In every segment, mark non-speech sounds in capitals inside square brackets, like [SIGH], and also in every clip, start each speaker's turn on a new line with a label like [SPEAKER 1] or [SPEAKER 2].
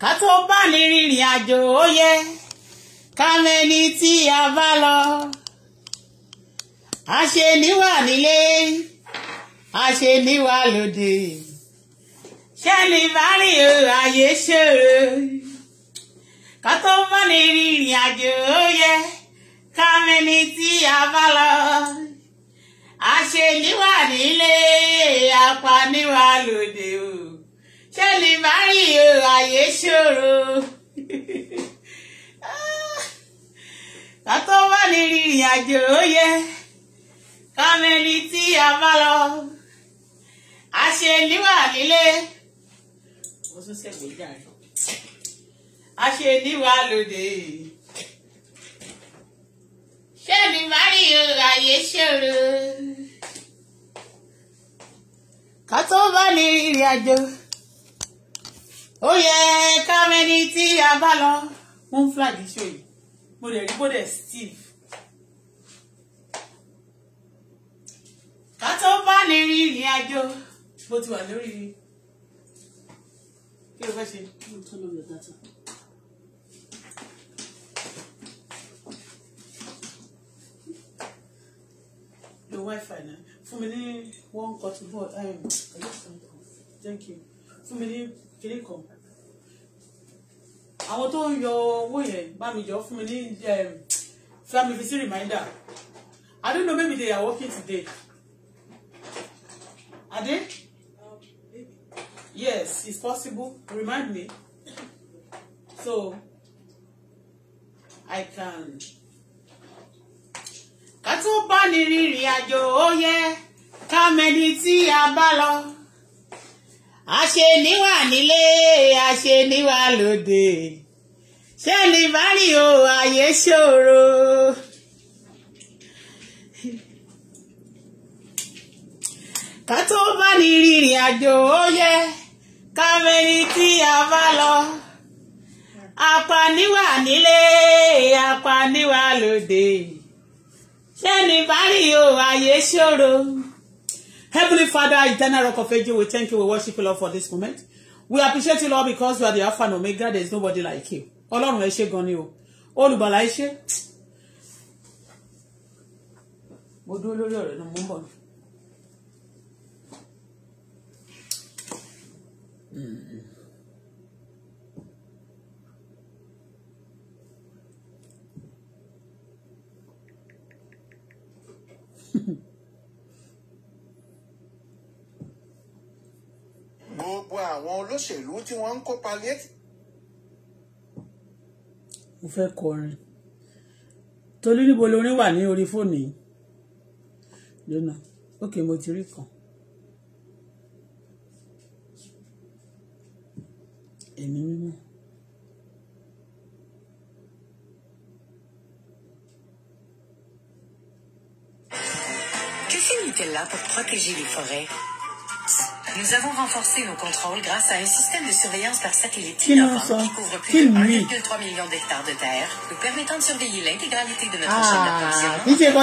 [SPEAKER 1] ká tó bá ní rìnrìn àjò ó yẹ ká mẹ́ni tí a bá lọ a ṣe níwà nílé a ṣe níwà lóde ṣẹ́ni bá rìn àyè ṣòro ká tó bá ní rìnrìn àjò ó yẹ ká mẹ́ni tí a bá lọ a ṣe níwà nílé apá níwà lóde o kẹ́lì márì ààyè ṣòro ká tó bá lè rìnrìn àjò ó yẹ kámẹ́ni tí a bá lọ a ṣe níwà nílé a ṣe níwà lóde
[SPEAKER 2] kẹ́lì márì ààyè ṣòro
[SPEAKER 1] ká bá lè rìnrìn àjò ó yẹ kámẹ́ni tí a bá lọ mú flag ṣó yìí mo lè rí bóde steve. ká tó bá ní rí ìrìn àjò mo ti wà lórí kí ló fẹ́ ṣe. lo wifi náà fún mi ní one cotton ball um, thank you fún mi ní kiri kan àwọn tó ń yọ owó yẹn bá mi jọ fún mi ní eh, flam if you see reminder I don't know maybe they are working today are they yes it's possible remind me so I can ká tó bá ní rìnrìn àjò ó yẹ ká mẹni tí a bá lọ àṣeníwà nílé àṣeníwà lóde ṣẹ́ni bárì o àyè ṣòro. ká tó bá ní rìnrìn àjò ó yẹ ká mẹ́ni tí a bá lọ. apaniwà nílé apaniwà lóde ṣẹ́ni bárì o àyè ṣòro. Heavenly Father, eternal rock of ages, we thank you, we worship you, Lord, for this moment. We appreciate you, Lord, because you are the Alpha and Omega. There is nobody like you. Ọlọ́run ẹ ṣé gan ni o. Olùgbàlà ẹ ṣé. Mo dúró lórí ọ̀rọ̀ náà, mo ń bọ̀. Hmm. gbogbo àwọn olóṣèlú tí wọ́n ń kó palliative. mo fẹ́ kọrin Tolú níbo lorin wà ní orí fóònù yìí lónà ókè mo ti rí kan ẹ̀mí mímọ́.
[SPEAKER 2] Que signent-elles là pour protéger les forêts Nous avons renforcé nos contrôles grâce à un système de surveillance par satellite qui couvre plus de 1,3 million d'hectares de terre, nous permettant de surveiller l'intégralité de notre ah,
[SPEAKER 1] chaîne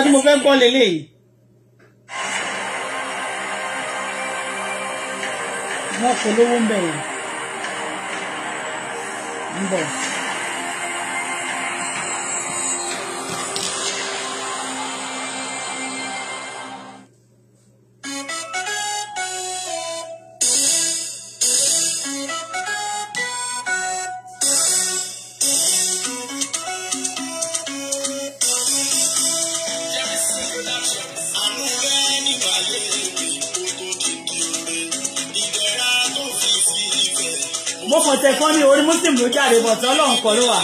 [SPEAKER 1] bọ̀tọ́ ọlọ́run ló wà.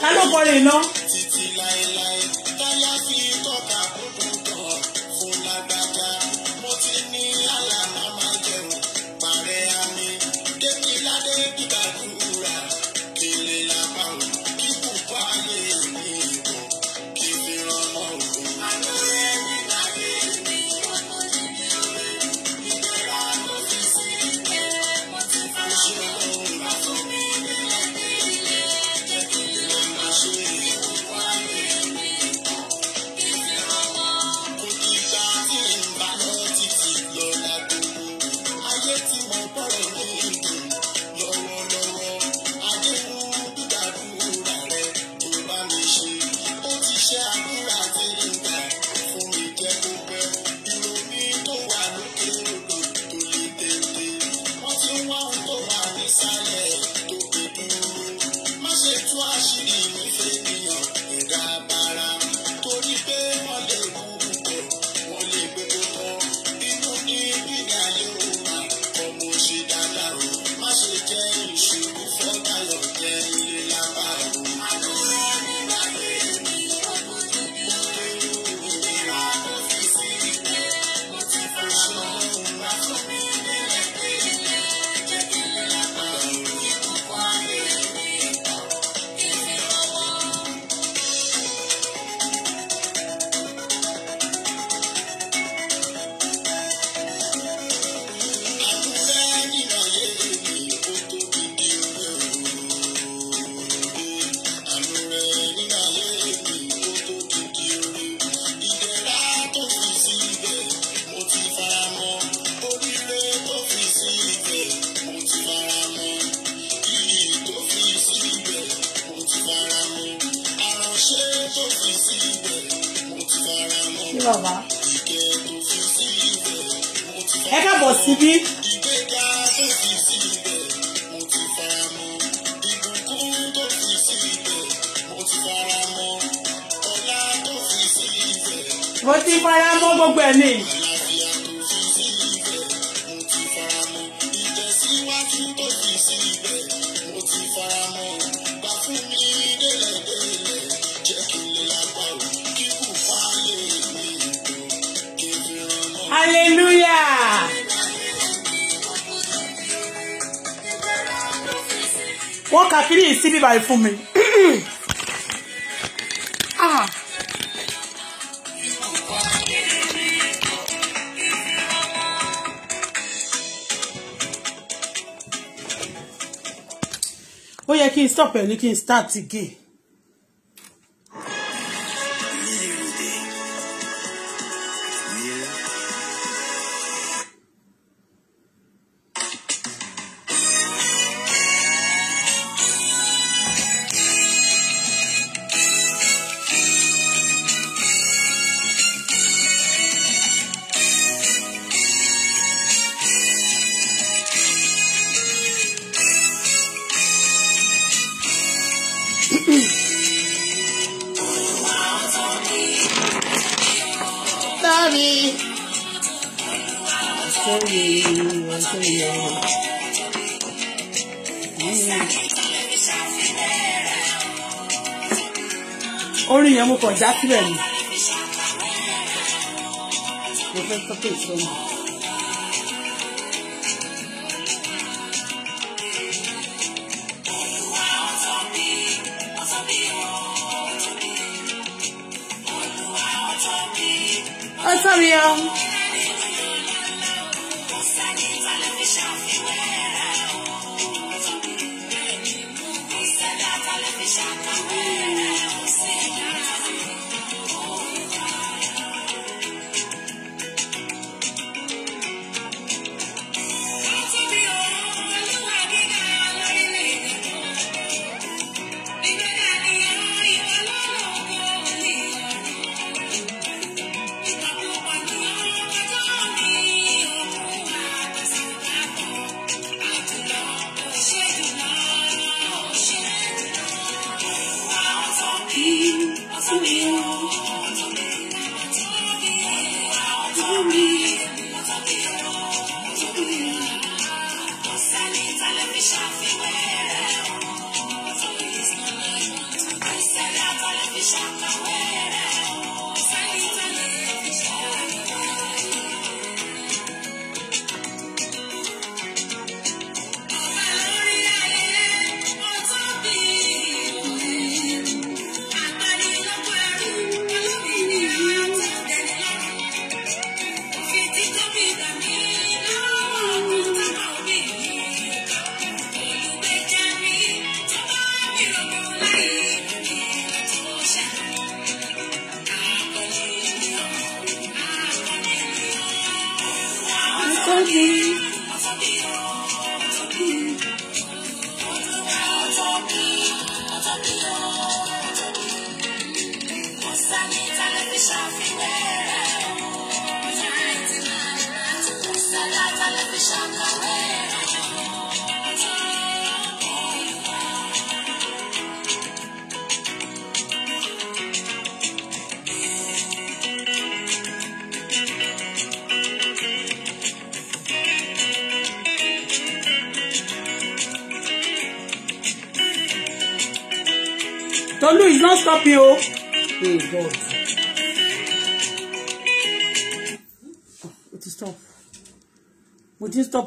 [SPEAKER 3] Hello, boy. lò ó
[SPEAKER 1] pẹ̀lú kí n start again.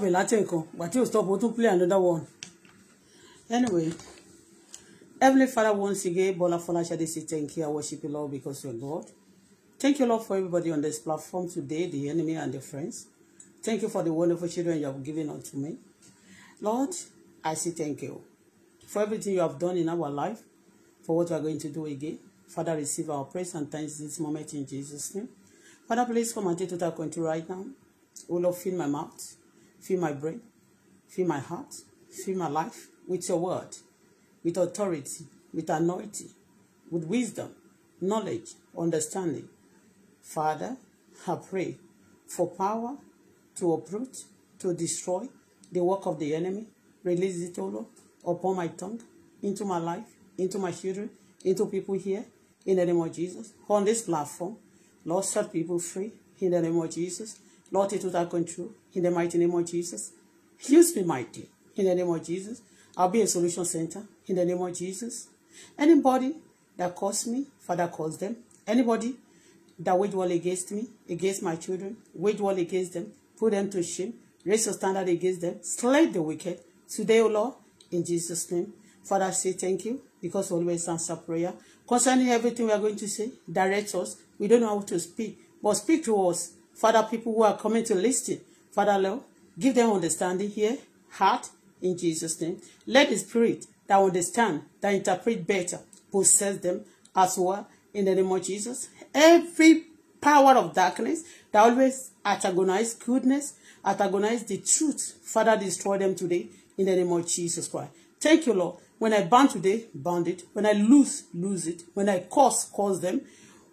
[SPEAKER 1] ẹ̀ látẹ̀kọ̀ but you stop to play another one anyway Heavenly Father once again Bola Folashade say thank you I worship you Lord because you're God thank you Lord for everybody on this platform today the enemy and the friends thank you for the wonderful children you have given unto me Lord I say thank you for everything you have done in our life for what we are going to do again Father receive our praise and thanks this moment in Jesus name Father please come and take total control right now O Lord fill my mouth Fill my brain, fill my heart, fill my life with your word, with authority, with anointing, with wisdom, knowledge, understanding. Father, I pray for power to uproot, to destroy the work of the enemy. Release it, all upon my tongue, into my life, into my children, into people here, in the name of Jesus. On this platform, Lord, set people free, in the name of Jesus. Lord, take total control in the mighty name of Jesus. Use me mighty in the name of Jesus. I'll be a solution center in the name of Jesus. Anybody that calls me, Father, calls them. Anybody that wage war against me, against my children, wage war against them, put them to shame, raise your standard against them, slay the wicked. Today, O Lord, in Jesus' name. Father, I say thank you because always answer prayer. Concerning everything we are going to say, direct us. We don't know how to speak, but speak to us Father, people who are coming to listen, Father, Lord, give them understanding here, heart, in Jesus' name. Let the spirit that understand, that interpret better, possess them as well, in the name of Jesus. Every power of darkness that always antagonize goodness, antagonize the truth, Father, destroy them today, in the name of Jesus Christ. Thank you, Lord. When I bound today, bound it. When I lose, lose it. When I curse, curse them.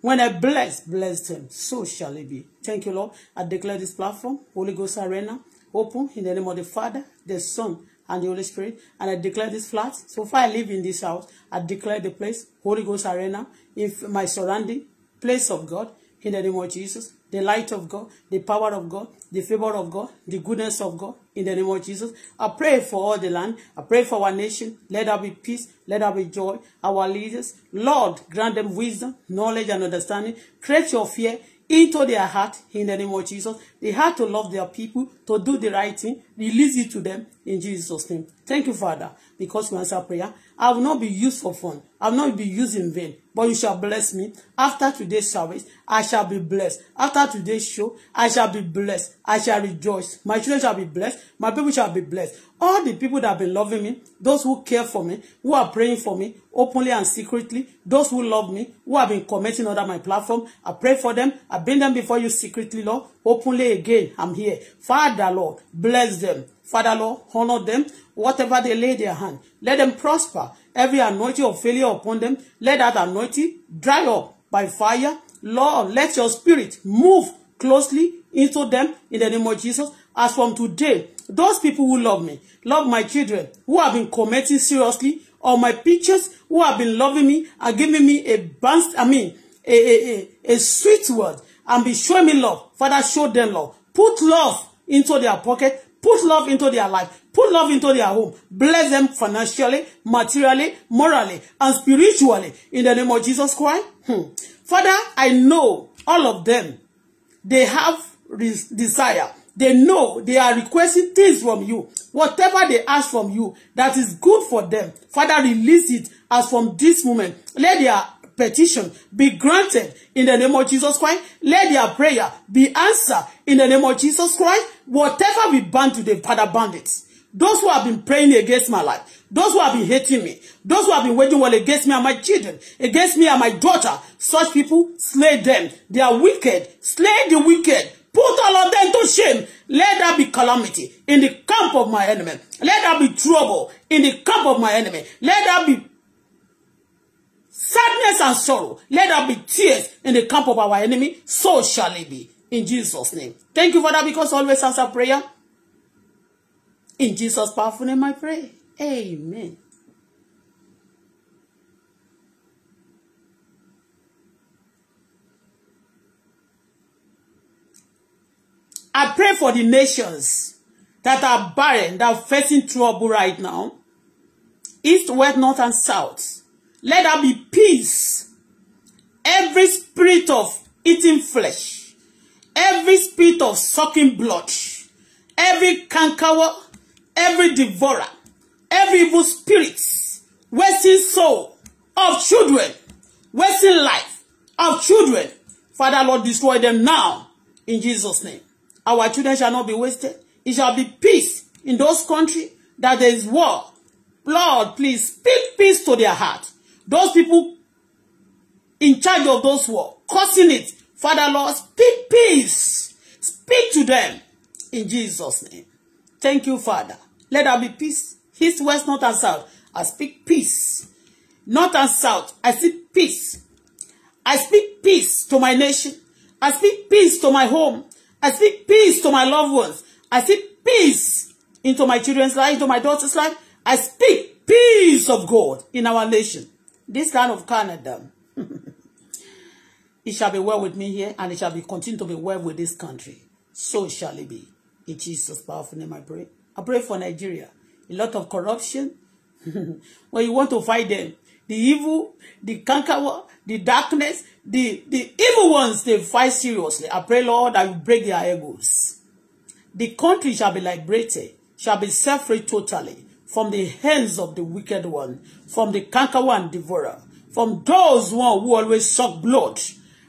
[SPEAKER 1] When I bless, bless them. So shall it be. Thank you, Lord. I declare this platform, Holy Ghost Arena, open in the name of the Father, the Son, and the Holy Spirit. And I declare this flat. So far I live in this house. I declare the place, Holy Ghost Arena, in my surrounding, place of God, in the name of Jesus. the light of God, the power of God, the favor of God, the goodness of God in the name of Jesus. I pray for all the land. I pray for our nation. Let there be peace. Let there be joy. Our leaders, Lord, grant them wisdom, knowledge, and understanding. Create your fear into their heart in the name of Jesus. They have to love their people, to do the right thing. Release it to them in Jesus' name. Thank you, Father, because you answer prayer. I will not be used for fun. I'll not be used in vain, but you shall bless me. After today's service, I shall be blessed. After today's show, I shall be blessed. I shall rejoice. My children shall be blessed. My people shall be blessed. All the people that have been loving me, those who care for me, who are praying for me, openly and secretly, those who love me, who have been commenting under my platform, I pray for them. I bring them before you secretly, Lord. Openly again, I'm here. Father, Lord, bless them. Father, Lord, honor them. Whatever they lay their hand, let them prosper every anointing of failure upon them. Let that anointing dry up by fire. Lord, let your spirit move closely into them in the name of Jesus. As from today, those people who love me, love my children, who have been commenting seriously on my pictures, who have been loving me and giving me a bounce, I mean, a, a, a, a sweet word and be showing me love. Father, show them love. Put love into their pocket. Put love into their life. Put love into their home. Bless them financially, materially, morally, and spiritually. In the name of Jesus Christ. Hmm. Father, I know all of them. They have desire. They know they are requesting things from you. Whatever they ask from you that is good for them, Father, release it as from this moment. Let their petition be granted in the name of Jesus Christ. Let their prayer be answered in the name of Jesus Christ. Whatever we banned today, Father, ban it. Those who have been praying against my life, those who have been hating me, those who have been waging war well against me and my children, against me and my daughter, such people, slay them. They are wicked. Slay the wicked. Put all of them to shame. Let that be calamity in the camp of my enemy. Let that be trouble in the camp of my enemy. Let that be sadness and sorrow. Let there be tears in the camp of our enemy. So shall it be. In Jesus' name. Thank you, Father, because always answer prayer. In Jesus' powerful name I pray. Amen. I pray for the nations that are barren, that are facing trouble right now. East, west, north, and south. Let there be peace. Every spirit of eating flesh, every spirit of sucking blood, every cankerer, every devourer, every evil spirit, wasting soul of children, wasting life of children. Father, Lord, destroy them now in Jesus' name. Our children shall not be wasted. It shall be peace in those countries that there is war. Lord, please speak peace to their heart. Those people in charge of those who are causing it, Father Lord, speak peace. Speak to them in Jesus' name. Thank you, Father. Let there be peace. East, west, north, and south. I speak peace. North and south. I speak peace. I speak peace to my nation. I speak peace to my home. I speak peace to my loved ones. I speak peace into my children's life, into my daughter's life. I speak peace of God in our nation this land of Canada, [LAUGHS] it shall be well with me here, and it shall be continued to be well with this country. So shall it be. In Jesus' powerful name I pray. I pray for Nigeria. A lot of corruption. [LAUGHS] when you want to fight them, the evil, the conqueror, the darkness, the, the evil ones, they fight seriously. I pray, Lord, that you break their egos. The country shall be liberated, shall be set free totally from the hands of the wicked one, from the cankerworm and devourer, from those one who always suck blood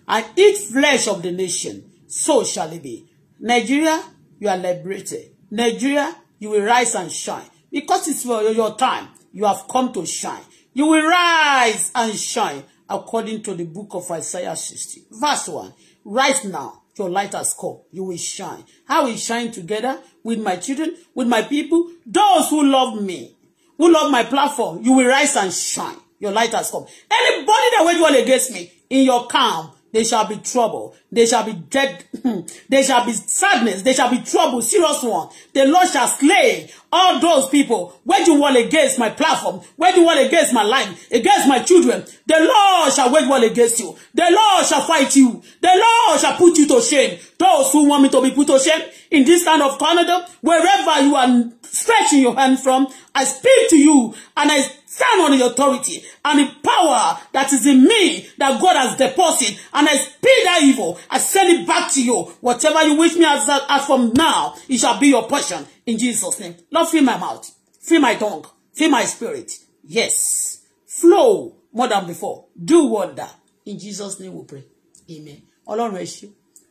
[SPEAKER 1] and eat flesh of the nation. So shall it be. Nigeria, you are liberated. Nigeria, you will rise and shine. Because it's your time, you have come to shine. You will rise and shine according to the book of Isaiah 60. Verse 1. Right now, your light has come. You will shine. I will shine together with my children, with my people, those who love me who love my platform, you will rise and shine. Your light has come. Anybody that wage war against me in your camp, they shall be trouble. They shall be dead. Hmm. they shall be sadness. They shall be trouble. Serious one. The Lord shall slay all those people. Wage war against my platform. Wage war against my life. Against my children. The Lord shall wage war against you. The Lord shall fight you. The Lord shall put you to shame. Those who want me to be put to shame in this land of Canada, wherever you are stretching your hand from, I speak to you and I stand on the authority and the power that is in me that God has deposited and I speak that evil. I send it back to you. Whatever you wish me as, as from now, it shall be your portion in Jesus' name. Lord, fill my mouth, fill my tongue, fill my spirit. Yes, flow more than before. Do wonder. In Jesus' name we pray. Amen. Ọlọ́run ẹ ṣé,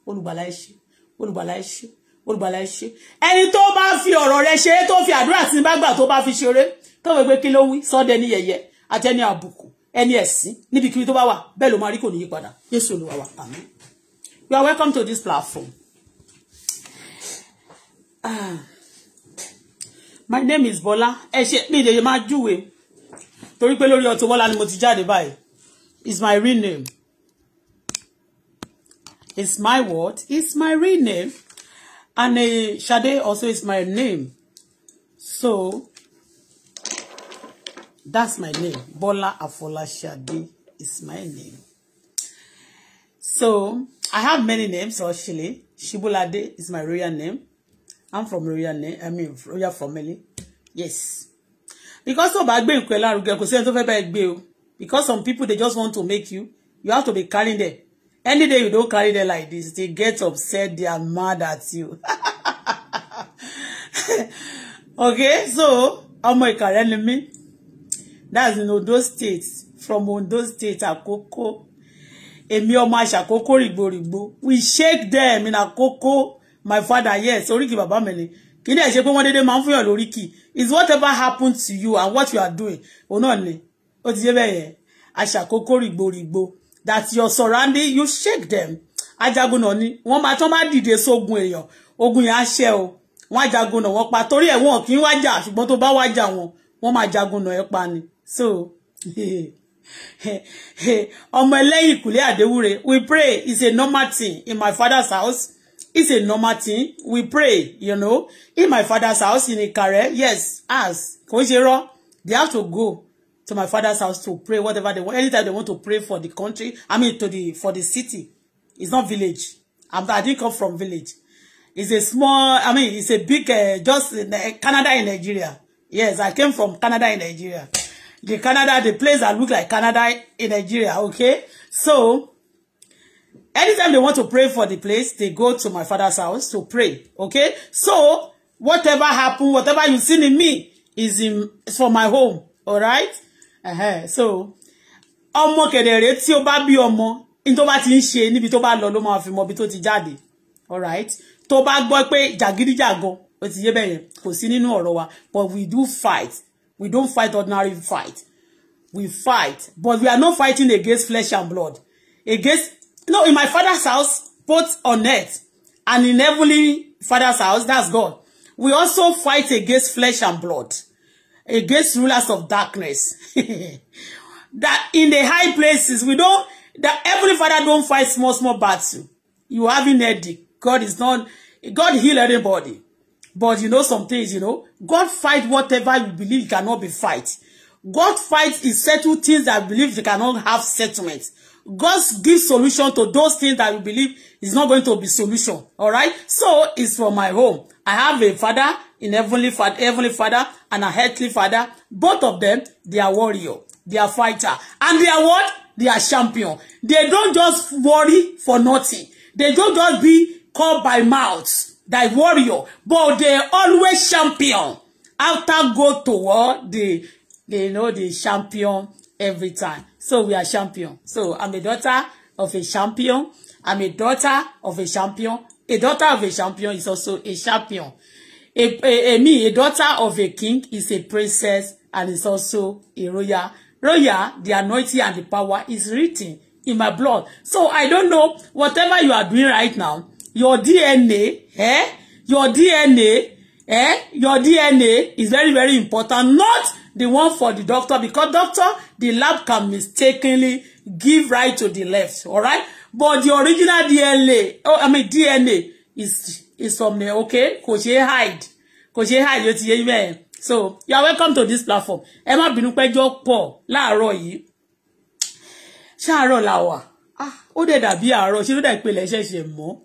[SPEAKER 1] olùgbàlà ẹ ṣé, olùgbàlà ẹ ṣe ẹni tó bá fi ọ̀rọ̀ rẹ ṣeré tó fi àdúrà tí bá tó bá fi ṣeré tó wọ́n pé kí ló wí sọ́dẹ̀ ní yẹ̀yẹ́ àtẹni àbùkù ẹni ẹ̀sìn níbikíbi tó bá wà bẹ́ẹ̀ ló máa rí kò ní yípadà Jésù Olúwa wa àmín you are welcome to this platform ah my name is Bọ́lá ẹ ṣe mi ìdèyẹ máa júwe torí pé lórí Auto Bola ni mo ti jáde báyìí is my real name is my what is my real name And uh, Shade also is my name. So, that's my name. Bola Afola Shade is my name. So, I have many names actually. Shibulade is my royal name. I'm from royal name. I mean, royal family. Yes. Because tó bá gbé Because some people, they just want to make you. You have to be carrying them. Any day you don't carry them like this, they get upset, they are mad at you. [LAUGHS] Okay, so ọmọ Ìkàrẹ́ ni enemy? That's in Ondo State, from Ondo State, Akoko. Èmi Akoko, aṣàkókò rìgbòrìgbò. We shake them in Akoko. My father, yes, oríkì bàbá mi ni. Kí ni ẹ ṣe pé wọ́n dédé máa It's whatever happened to you and what you are doing. Òun náà ni. Ó ti yé bẹ́ẹ̀ yẹn. Aṣàkókò rìgbòrìgbò that your surrounding you shake them ajagun náà ni wọ́n máa tán máa dìde sógun èèyàn ogun yẹn á ṣẹ́ o wọ́n ajagun náà wọ́n pa torí ẹ̀ wọ́n kì í wájà ṣùgbọ́n tó bá wájà wọn wọ́n máa jagun náà ẹ̀ pa ni so [LAUGHS] ọmọ ẹlẹ́yìn ìkúlẹ̀ àdéwúre we pray is a normal thing in my father's house it's a normal thing we pray you know in my father's house in Ikare yes as kò ń ṣe they have to go to my father's house to pray whatever they want. Anytime they want to pray for the country, I mean to the for the city. It's not village. I'm, I didn't come from village. It's a small, I mean, it's a big, uh, just in, uh, Canada in Nigeria. Yes, I came from Canada in Nigeria. The Canada, the place that look like Canada in Nigeria, okay? So, anytime they want to pray for the place, they go to my father's house to pray, okay? So, whatever happened, whatever you seen in me is in is for my home, all right? ẹ̀hẹ́ so ọmọ kẹ̀dẹ̀rẹ́ tí ó bá bí ọmọ ní tó bá ti ń ṣe níbi tó bá lọ ló máa fi mọ ibi tó ti jáde alright tó bá gbọ́ pé jàgídíjàgan ó ti yé bẹ̀yẹn kò sí nínú ọ̀rọ̀ wa but we do fight we don't fight ordinary fight we fight but we are not fighting against flesh and blood against you no know, in my father's house both on earth and in heavenly father's house that's God we also fight against flesh and blood against rulers of darkness. [LAUGHS] that in the high places, we don't, that every Father don't fight small, small battle. You having headache. God is not, God heal anybody. But you know some things, you know, God fight whatever you believe cannot be fight. God fights is settle things that believe they cannot have settlement. God gives solution to those things that you believe is not going to be solution. All right. So it's from my home. I have a father in heavenly, fa heavenly father and a earthly father. Both of them, they are warrior. They are fighter. And they are what? They are champion. They don't just worry for nothing. They don't just be called by mouth. They warrior. But they always champion. After go to war, they, they know they champion every time. So we are champion. So I'm a daughter of a champion. I'm a daughter of a champion. A daughter of a champion is also a champion. A, a, a, me, a daughter of a king is a princess and is also a royal. Royal, the anointing and the power is written in my blood. So I don't know whatever you are doing right now, your DNA, eh? Your DNA, eh? Your DNA is very, very important. Not the one for the doctor because doctor, the lab can mistakenly give right to the left, all right? but the original DNA oh, I mean DNA is is from there okay kò you hide kò you hide ó ti yé so you are welcome to this platform Emma má bínú péjọ pọ̀ láàárọ̀ yìí ṣáàárọ̀ la wà ah ó dẹ̀ dàbí àárọ̀ ṣé she dà ìpele ṣẹ̀ṣẹ̀ mọ́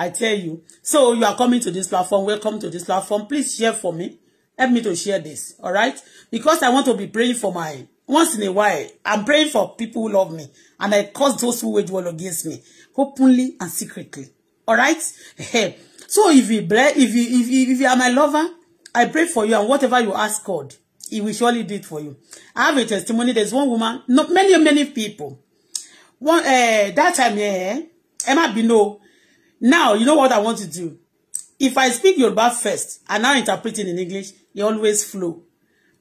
[SPEAKER 1] I tell you so you are coming to this platform welcome to this platform please share for me help me to share this all right because I want to be praying for my once in a while I'm praying for people who love me and I cause those who wage war against me openly and secretly. All right? Hey. so if you, if you if you if you are my lover, I pray for you and whatever you ask God, He will surely do it for you. I have a testimony. There's one woman, not many many people. One uh, that time, yeah, Emma Bino. Now you know what I want to do. If I speak Yoruba first and now interpreting in English, You always flow.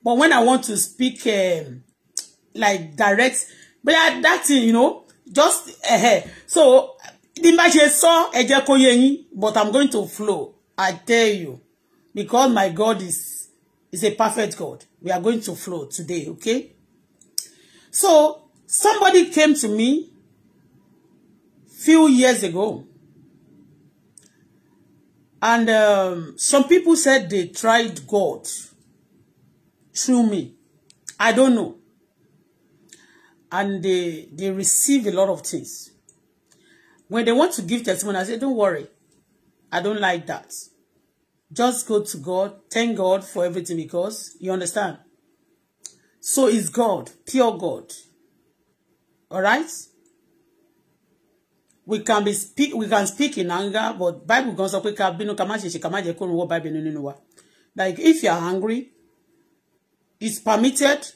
[SPEAKER 1] But when I want to speak um, like direct bóyá that thing you know just uh, so the magic bá ṣe sọ ẹ jẹ́ kó but i'm going to flow i tell you because my god is is a perfect god we are going to flow today okay so somebody came to me few years ago and um, some people said they tried god through me i don't know and they they receive a lot of things. When they want to give testimony, I say, don't worry. I don't like that. Just go to God. Thank God for everything because you understand. So is God, pure God. All right? We can be speak we can speak in anger, but Bible goes up. Bible Like if you are angry, it's permitted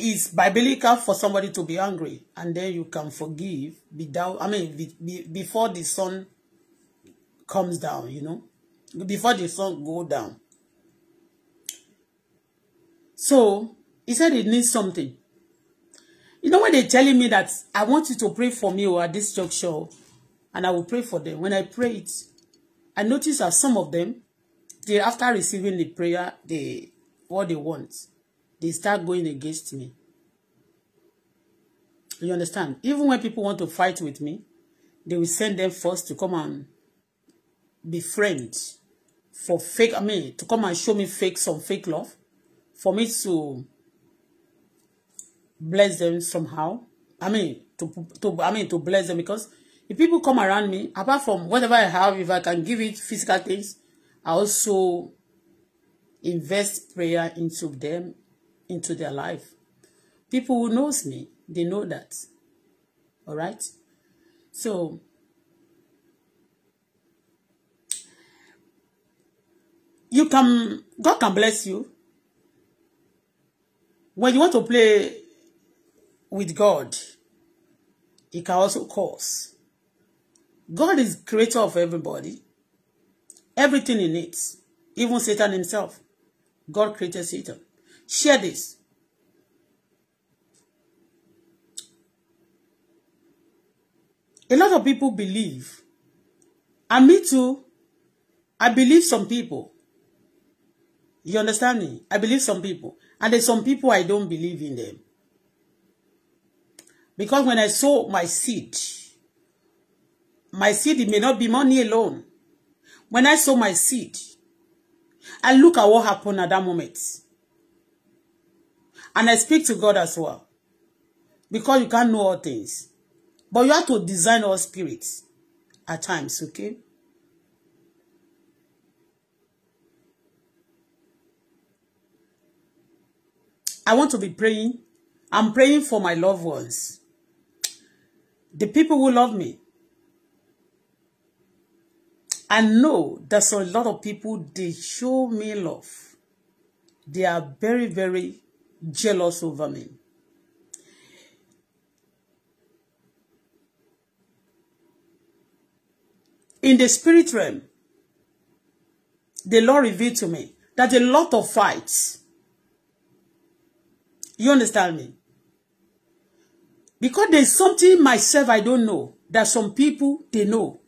[SPEAKER 1] it's biblical for somebody to be angry and then you can forgive without, I mean, be, be, before the sun comes down, you know, before the sun go down. So he said it needs something. You know when they're telling me that I want you to pray for me or oh, at this show, and I will pray for them. When I pray it, I notice that some of them, they after receiving the prayer, they what they want they start going against me. You understand? Even when people want to fight with me, they will send them first to come and be friends for fake, I mean, to come and show me fake, some fake love, for me to bless them somehow. I mean, to, to I mean, to bless them because if people come around me, apart from whatever I have, if I can give it physical things, I also invest prayer into them into their life. People who knows me, they know that. All right? So, you can, God can bless you. When you want to play with God, He can also cause. God is creator of everybody. Everything he needs, Even Satan himself. God created Satan. Share this. A lot of people believe, and me too, I believe some people. You understand me? I believe some people. And there's some people I don't believe in them. Because when I sow my seed, my seed, it may not be money alone. When I sow my seed, I look at what happened at that moment. And I speak to God as well. Because you can't know all things. But you have to design all spirits at times, okay? I want to be praying. I'm praying for my loved ones. The people who love me. I know there's a lot of people, they show me love. They are very, very jealous over me. In the spirit realm, the Lord revealed to me that a lot of fights, you understand me? Because there's something myself I don't know that some people, they know.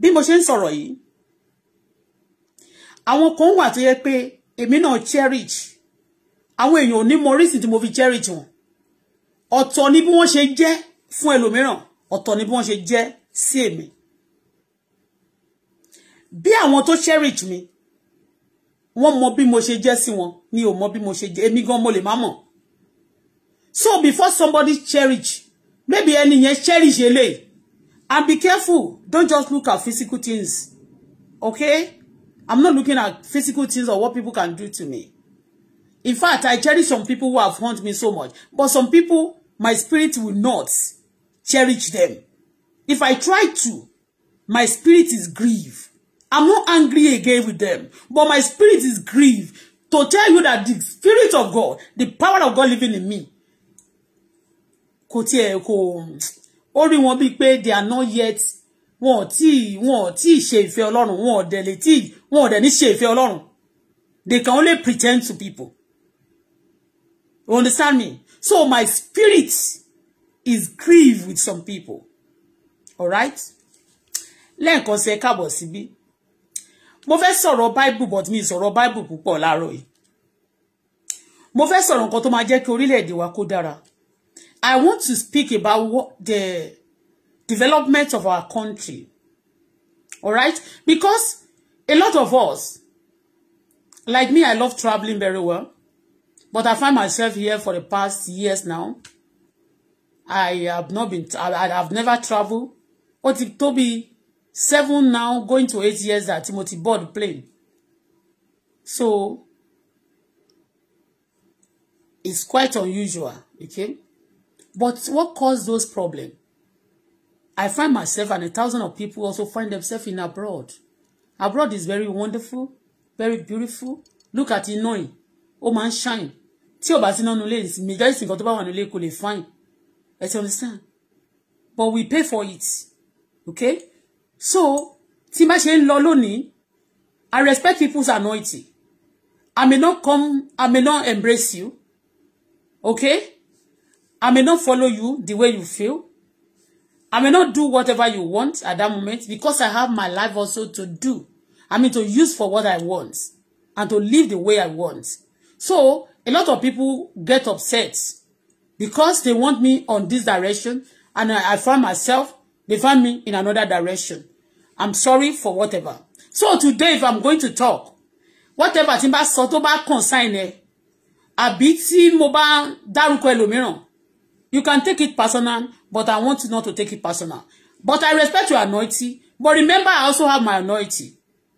[SPEAKER 1] Bí mo ṣe àwọn kan wà tó yẹ pé èmi náà cherish àwọn èèyàn ò ní mọ reason tí mo fi cherish wọn ọ̀tọ̀ ni bí wọ́n ṣe jẹ́ fún ẹlòmíràn ọ̀tọ̀ ni bí wọ́n ṣe jẹ́ sí èmi bí àwọn tó cherish mi wọ́n mọ bí mo ṣe jẹ́ sí wọn mi ò mọ bí mo ṣe jẹ́ èmi gan mo lè má mọ̀ so before somebody cherish maybe ẹni yẹn cherish eléyìí and be careful don't just look at physical things okay I'm not looking at physical things or what people can do to me. In fact, I cherish some people who have haunted me so much. But some people, my spirit will not cherish them. If I try to, my spirit is grieved. I'm not angry again with them, but my spirit is grieved to tell you that the spirit of God, the power of God living in me, kò tiẹ̀ kò ó rí wọn bíi pé they are not yet wọn ò tí wọn ò tí ṣe ìfẹ́ Ọlọ́run wọn ò dẹ̀ lè tí wọn ò dẹ̀ ní ṣe ìfẹ́ Ọlọ́run they can only pretend to people you understand me so my spirit is grieved with some people alright lẹ́ẹ̀kan sí ẹ káàbọ̀ síbí mo fẹ́ sọ̀rọ̀ bible but mi sọ̀rọ̀ bible púpọ̀ láàárọ̀ yìí mo fẹ́ sọ̀rọ̀ nǹkan tó máa jẹ́ kí orílẹ̀-èdè wa kó dára I want to speak about what the development of our country. All right? Because a lot of us, like me, I love traveling very well. But I find myself here for the past years now. I have not been, I, have never traveled. What if Toby seven now, going to eight years that Timothy board plane. So, it's quite unusual, okay? But what caused those problems? I find myself and a thousand of people also find themselves in abroad. Abroad is very wonderful, very beautiful. Look at Inoi. Oh man, shine. Tio o bá sí nínú ilé, majority kule fine. I understand? But we pay for it. Okay? So, tima má ṣe ń I respect people's anointing. I may not come, I may not embrace you. Okay? I may not follow you the way you feel. I may not do whatever you want at that moment because I have my life also to do. I mean, to use for what I want and to live the way I want. So, a lot of people get upset because they want me on this direction and I, I find myself, they find me in another direction. I'm sorry for whatever. So today, if I'm going to talk, whatever tí n bá sọ tó bá concern ẹ, àbí tí you can take it personal but I want you not to take it personal. But I respect your anointing. But remember, I also have my anointing.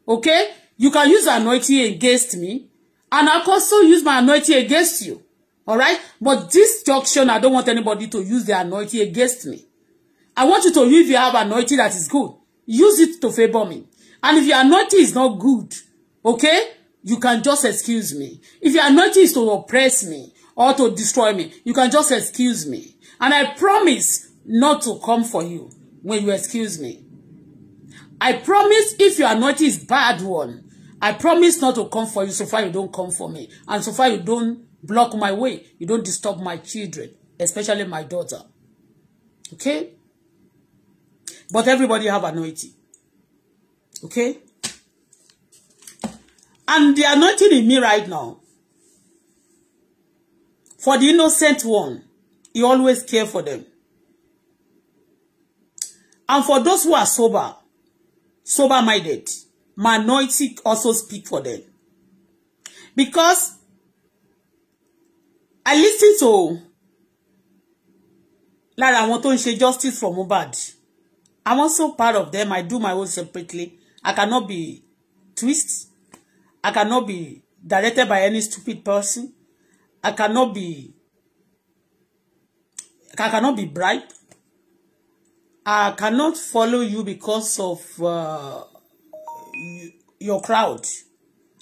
[SPEAKER 1] Okay? You can use anointing against me. And I can also use my anointing against you. Alright? But this junction, I don't want anybody to use their anointing against me. I want you to, if you have anointing that is good, use it to favor me. And if your anointing is not good, okay, you can just excuse me. If your anointing is to oppress me or to destroy me, you can just excuse me. And I promise not to come for you when you excuse me. I promise if your anointing is bad one, I promise not to come for you so far you don't come for me. And so far you don't block my way. You don't disturb my children, especially my daughter. Okay? But everybody have anointing. Okay? And the anointing in me right now, for the innocent one, He always care for them. And for those who are sober, sober-minded, my anointing also speak for them. Because I listen to lára àwọn tó ń ṣe justice for Mohbad. I'm also part of them. I do my own separately. I cannot be twist. I cannot be directed by any stupid person. I cannot be I cannot be bribed. I cannot follow you because of uh, your crowd.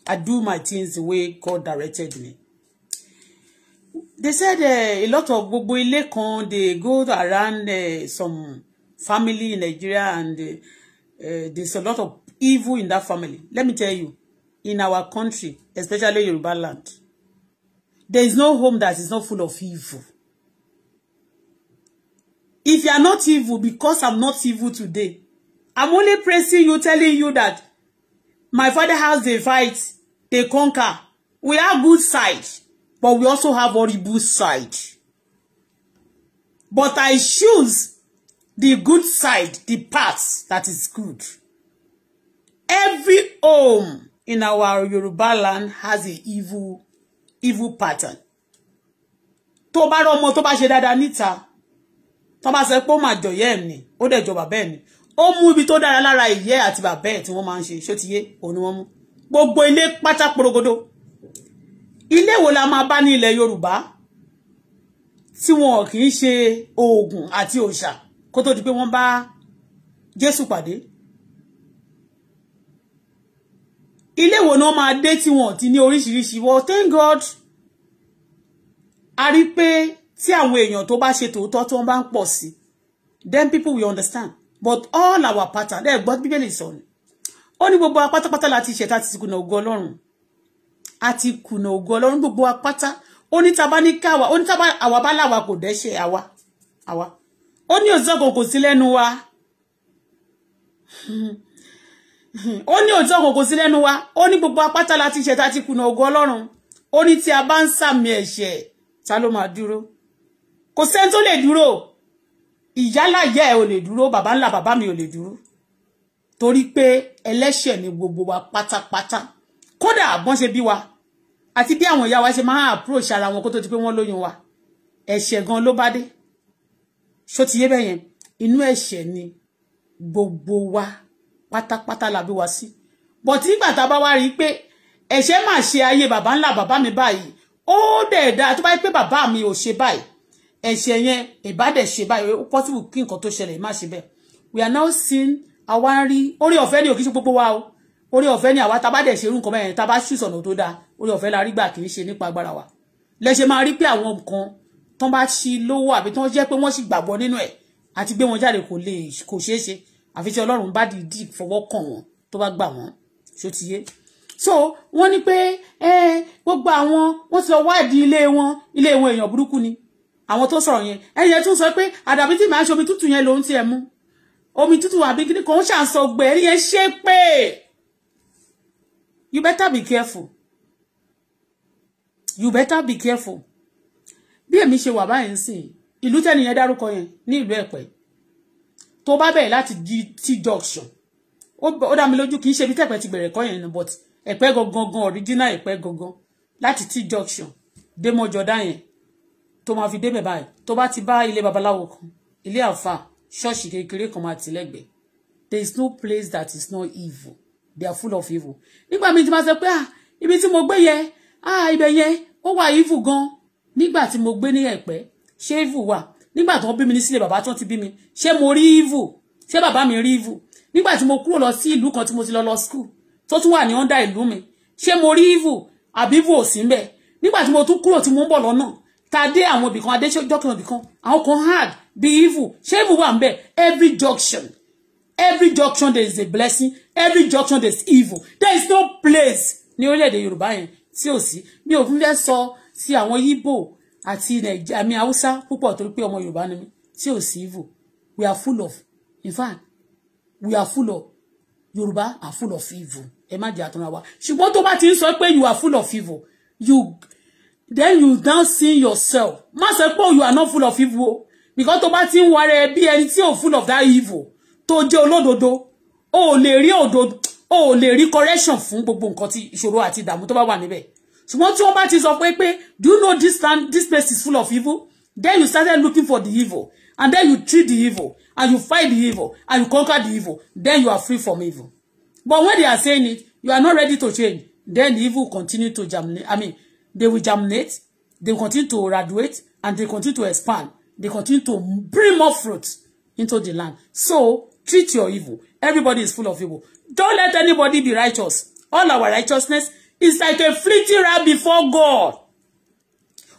[SPEAKER 1] I do my things the way God directed me. They said uh, a lot of gbogbo ilé kan go around uh, some family in Nigeria and uh, there's a lot of evil in that family. Let me tell you, in our country, especially Yoruba land, there is no home that is not full of evil. If you are not evil, because I'm not evil today, I'm only praising you, telling you that my father house, they fight, they conquer. We have good side, but we also have horrible side. But I choose the good side, the path that is good. Every home in our Yoruba land has a evil, evil pattern. Tó bá rọ́mọ tó bá ṣe dáadáa níta, tán bá sọ pé ó máa jọ̀yẹ́ ẹ̀ ni ó dẹ̀ jọ bàbá ẹ̀ ni ó mú ibi tó dára lára ìyẹ́ àti bàbá ẹ̀ tí wọ́n máa ń ṣe ṣó ti yé òun ni wọ́n mú gbogbo ilé pátá porogodo ilé wo la máa bá ní ilẹ̀ Yorùbá tí wọn kì í ṣe oògùn àti òòṣà kó tó di pé wọ́n bá Jésù pàdé ilé wo ni wọ́n máa dé tí wọn ti ní oríṣiríṣi wọ́n thank God a rí pé tí àwọn èèyàn tó bá ṣe tòótọ́ to wọ́n bá ń then people will understand but all our pattern ẹ gbọ́ bíbélì sọ ni ó ní gbogbo lati láti ṣẹ̀ta ti kùnà ògo ọlọ́run àti kùnà ògo ọlọ́run gbogbo apátá ó ní tá a bá ní káwa ó ní tá a bá láwa kò dẹ́ṣẹ̀ àwa àwa ó ní òtítọ́ kò kò sí lẹ́nu wa ó ní òtítọ́ kò kò wa ó ní gbogbo apátá láti ṣẹ̀ta ti kùnà ògo ọlọ́run ó ní a bá ń sàmì ẹ̀ṣẹ̀ ta ló máa dúró kò sẹ́ni tó lè dúró ìyálà ìyá ẹ̀ ò lè dúró bàbá ńlá bàbá mi ò lè dúró torí pé ẹlẹ́ṣẹ̀ ni gbogbo wa pátápátá kódà bọ́n ṣe bí wa àti bí àwọn ìyá wa ṣe máa approach ara wọn kó tó ti pé wọ́n lóyún wa ẹ̀ṣẹ̀ gan ló bá dé ṣó ti yé bẹ́yẹn inú ẹ̀ṣẹ̀ ni gbogbo wa pátápátá la bí wa sí bọ̀ tí nígbà tá a bá wá rí i pé ẹ̀ṣẹ̀ máa ṣe ayé bàbá ńlá bàbá mi báyìí ó dẹ̀ dáa tó bá yẹ pé bàbá mi ò ṣe báyìí ẹ̀ṣẹ̀ yẹn ìbádẹ̀ ṣe báyìí ó possible kí nǹkan tó ṣẹlẹ̀ má ṣe bẹ́ẹ̀ we are now seeing àwa ń rí orí ọ̀fẹ́ ni òkè ṣe gbogbo wa o orí ọ̀fẹ́ ni àwa tá a bá dẹ̀ ṣe irú nǹkan bẹ́ẹ̀ tá a bá ṣùṣọ̀ ọ̀nà tó dáa orí ọ̀fẹ́ la rí gbà kì í ṣe nípa agbára wa lẹ́ṣẹ̀ máa rí pé àwọn nǹkan tó bá ṣi lówó àbí tó jẹ́ pé wọ́n sì gbàgbọ́ nínú ẹ̀ àti gbé wọn jáde kò lè kò ṣeé ṣe àfi tí Ọlọ́run bá dìídì fọwọ́ kàn wọ́n tó bá gbà wọ́n ṣó ti yé so wọ́n ní pé gbogbo àwọn wọ́n ti lọ wádìí ilé wọn ilé wọn èèyàn burúkú ni àwọn tó sọ̀rọ̀ yẹn ẹ̀yẹ tún sọ pé àdàbí tí màá ṣe omi tútù yẹn ló ń tiẹ̀ mú omi tútù àbí kíní kan ó ṣàǹsọ gbẹ ẹni yẹn ṣe pé you better be careful you better be careful bí èmi ṣe wà báyìí sìn ìlú tẹ́niyẹn dárúkọ yẹn ní ìlú Ẹ̀pẹ́ tó bá bẹ̀rẹ̀ láti GT junction ó dá mi lójú kì í ṣe ibi tẹ́pẹ́ ti bẹ̀rẹ̀ kọ́ yẹn but Ẹ̀pẹ́ gangan original Ẹ̀pẹ́ gangan láti T junction dé mọ́jọ́dá yẹn tó máa fi débẹ̀ báyìí tó bá ti bá ilé babaláwo kan ilé àfà ṣọ́ọ̀ṣì kékeré kan máa ti lẹ́gbẹ̀ẹ́ there is no place that is not evil they are full of evil nígbà míì tí máa sọ pé ah ibi tí mo gbé yẹ ah ibẹ̀ yẹn ó wà evil gan nígbà tí mo gbé ní ẹ̀pẹ́ ṣé evil wà nígbà tí wọ́n bí mi ní sílé bàbá tí wọ́n ti bí mi ṣé mo rí evil ṣé bàbá mi rí evil nígbà tí mo kúrò lọ sí ìlú kan tí mo ti lọ lọ school tó tún wà ní under ìlú mi ṣé mo rí evil àbí evil ò sí ń nígbà tí mo tún kúrò tí mo ń bọ̀ lọ́nà tàdé àwọn ibì kan adéṣọjọ kan ibì kan àwọn kan hard be evil ṣé evil wà ń bẹ every junction every junction there is a blessing every junction there is evil there is no place ní orílẹ̀-èdè yorùbá yẹn tí ò sí mi ò fún fẹ́ sọ sí àwọn yíbò àti nàìjíríà mi haúsá púpọ̀ torí pé ọmọ yorùbá ni mi tí ò sí evil we are full of in fact we are full of yorùbá are full of evil ẹ má jẹ́ àtúnra wa ṣùgbọ́n tó bá ti ń sọ pé you are full of evil you then you now see yourself má sọ pé you are not full of evil because tó bá ti ń wọrẹ bí ẹni tí full of that evil tó jẹ́ olódodo o ò lè rí òdodo o ò lè correction fun gbogbo nǹkan tí ìṣòro àti ìdààmú tó bá wà níbẹ̀ ṣùgbọ́n tí wọ́n bá ti sọ pé pé do you know this land this place is full of evil then you started looking for the evil and then you treat the evil and you fight the evil and you conquer the evil then you are free from evil but when they are saying it you are not ready to change then the evil continue to germinate i mean They will germinate, they will continue to graduate, and they continue to expand. They continue to bring more fruit into the land. So, treat your evil. Everybody is full of evil. Don't let anybody be righteous. All our righteousness is like a fleeting rag before God.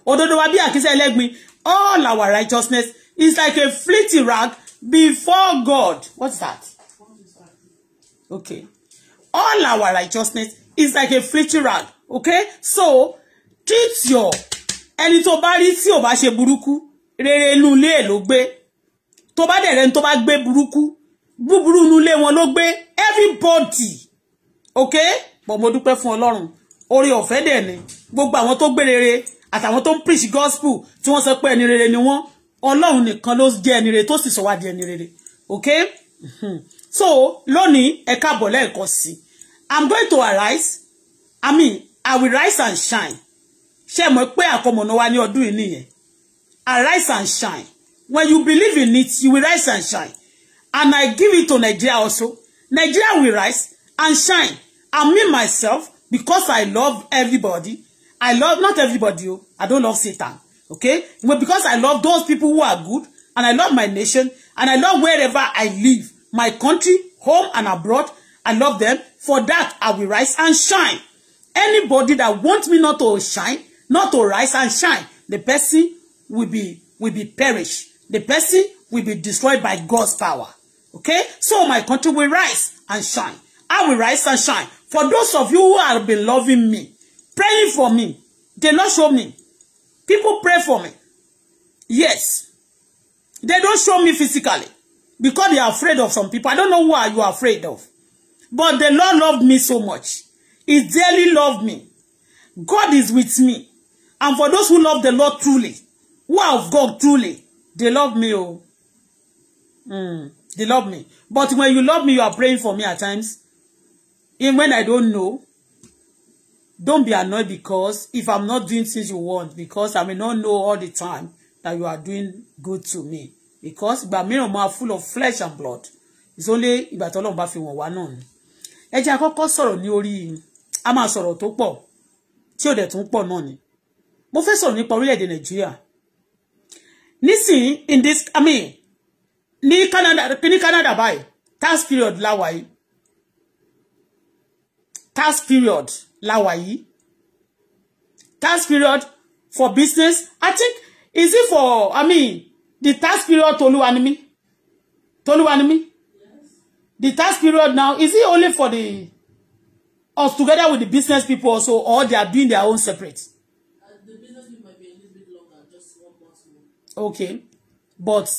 [SPEAKER 1] Òdodo wa All our righteousness is like a fleeting rag before God. What's that? Okay. All our righteousness is like a fleeting rag. Okay? So, treat your ẹni tó bá rí tí ò bá ṣe burúkú rere inú ilé ẹ̀ ló gbé tó bá dẹ̀ rẹni tó bá gbé burúkú búburú inú ilé wọn ló gbé everybody ok bọ̀ mo dúpẹ́ fún ọlọ́run orí ọ̀fẹ́ dẹ̀ ni gbogbo àwọn tó gbé rere àtàwọn tó ń preach gospel tí wọ́n sọ pé ẹni rere ni wọ́n ọlọ́run nìkan ló jẹ́ ẹni rere tó sì sọ wá di ẹni rere ok hmm. so lónìí ẹ káàbọ̀ lẹ́ẹ̀kan sí i'm going to arise i mean i will rise and shine ṣe mọ̀ pé àkọmọ̀nà wa ní ọdún yìí nìyẹn arise and shine when you believe in it you will rise and shine and I give it to Nigeria also Nigeria will rise and shine and me myself because I love everybody I love not everybody o I don't love Satan okay but because I love those people who are good and I love my nation and I love wherever I live my country home and abroad I love them for that I will rise and shine anybody that wants me not to shine not to rise and shine, the person will be will be perished. The person will be destroyed by God's power. Okay? So my country will rise and shine. I will rise and shine. For those of you who have been loving me, praying for me, they not show me. People pray for me. Yes. They don't show me physically because they are afraid of some people. I don't know why you are afraid of. But the Lord loved me so much. He dearly loved me. God is with me. And for those who love the Lord truly, who are of God truly, they love me. Oh, mm, they love me. But when you love me, you are praying for me at times. Even when I don't know, don't be annoyed because if I'm not doing things you want, because I may not know all the time that you are doing good to me. Because but ìgbà mìíràn are full of flesh and blood. It's only ìgbà tí Ọlọ́run bá fi wọ̀n wá náà ni. Ẹ jẹ́ àkọ́kọ́ sọ̀rọ̀ ní orí a máa sọ̀rọ̀ tó pọ̀ tí ò dẹ̀ tún pọ̀ náà mo fẹ́ sọ̀rọ̀ nípa orílẹ̀-èdè nàìjíríà nísìnyí in this i mean ní canada ní canada báyìí tax period láwa yìí tax period láwa yìí tax period for business i think is it for i mean the tax period toluwanimi toluwanimi yes. the tax period now is it only for the us together with the business people also or they are doing their own separate okay but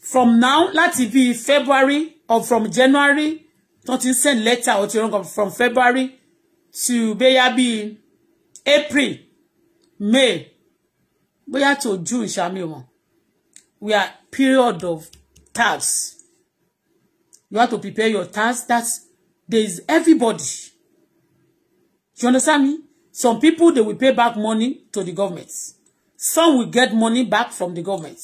[SPEAKER 1] from now láti bíi February or from January tó ti ń send letter or ti rán from February to bóyá bíi April May bóyá to June ṣàmì wọn we are period of tax you have to prepare your tax That there is everybody you understand me some people they will pay back money to the government some will get money back from the government.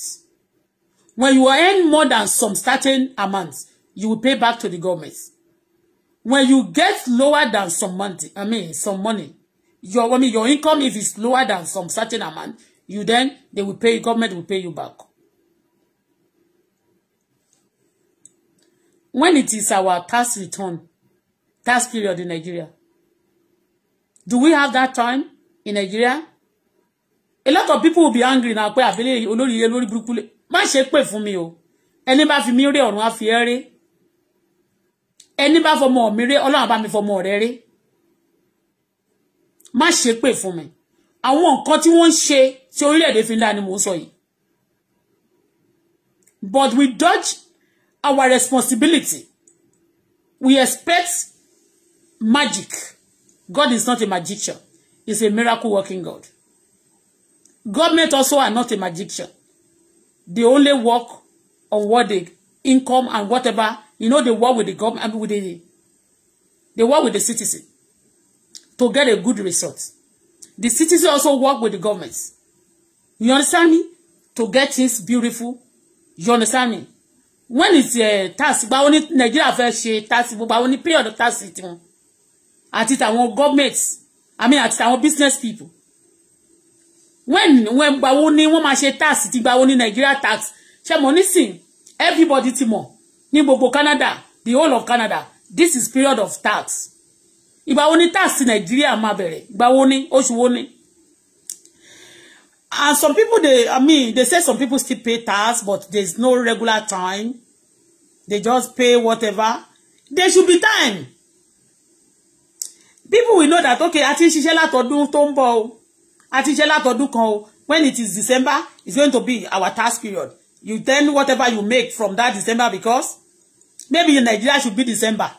[SPEAKER 1] When you earn more than some certain amounts, you will pay back to the government. When you get lower than some money, I mean some money, your I mean your income if it's lower than some certain amount, you then they will pay government will pay you back. When it is our tax return, tax period in Nigeria, do we have that time in Nigeria? a lot of people will be angry now pé àbílẹ̀ olóríire lórí burúkú lè má ṣe pè fún mi o ẹni bá fi mí rí ọ̀run á fi ẹ́ rí ẹni bá fọmọ mi rí ọlọ́run bá mi fọmọ rẹ rí má ṣe pè fún mi àwọn nǹkan tí wọ́n ń ṣe tí orílẹ̀-èdè fi ni mò ń sọ but we dodge our responsibility we expect magic God is not a magician he's a miracle working God. Government also are not a magician. They only work on what the income and whatever. You know, they work with the government, with the, they work with the citizen to get a good result. The citizen also work with the governments. You understand me? To get things beautiful. You understand me? When it's uh, tax, But ni Nigeria fẹ́ ṣe tax, báwo ni period of tax tiwọn. Àti our governments, I mean àti our business people when when gbawo ni wọ́n máa ṣe tax ti gbawo ní Nigeria tax ṣe mo nísìn everybody ti mọ̀ ní gbogbo Canada the whole of Canada this is period of tax ìgbàwo ni tax ti Nigeria máa bẹ̀rẹ̀ gbawo ni oṣù wo ni and some people they I mean they say some people still pay tax but there's no regular time they just pay whatever there should be time people will know that okay a ti ń ṣiṣẹ́ látọdún tó ń o àti ṣe látọdún kan o when it is December it's going to be our task period you then whatever you make from that December because maybe in Nigeria should be December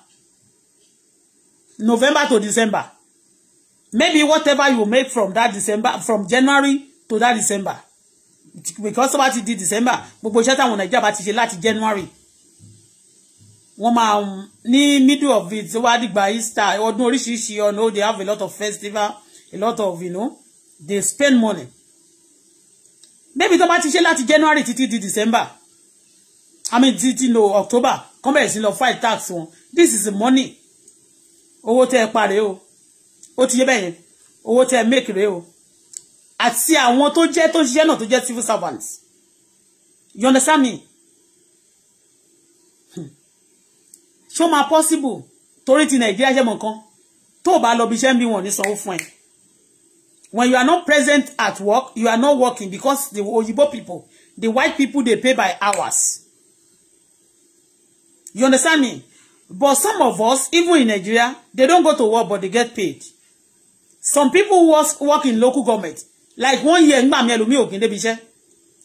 [SPEAKER 1] November to December maybe whatever you make from that December from January to that December because somebody ti di December gbogbo iṣẹ́ táwọn Nigeria, bá ti ṣe láti January wọ́n máa ní middle of it wá dìgbà Easter ọdún oríṣiríṣi ọ̀nà they have a lot of festival a lot of you know they spend money maybe tó bá ti ṣe láti January títí di December I mean títí no October Come bẹ̀rẹ̀ sí file tax wọn this is the money owó tẹ́ ẹ pa rèé o ó ti yé bẹ́ẹ̀ yẹn owó tẹ́ ẹ make rèé o àti àwọn tó jẹ́ tó ṣiṣẹ́ náà tó jẹ́ civil servants you understand me ṣó máa possible Tori ti Nàìjíríà jẹ́ mọ̀ nǹkan tó o bá lọ bí iṣẹ́ ń bí wọn ní sanwó When you are not present at work, you are not working because the Oyibo people, the white people, they pay by hours. You understand me? But some of us, even in Nigeria, they don't go to work, but they get paid. Some people work, work in local government. Like one year, ngbà mi ẹlòmíì ògìn débi iṣẹ́.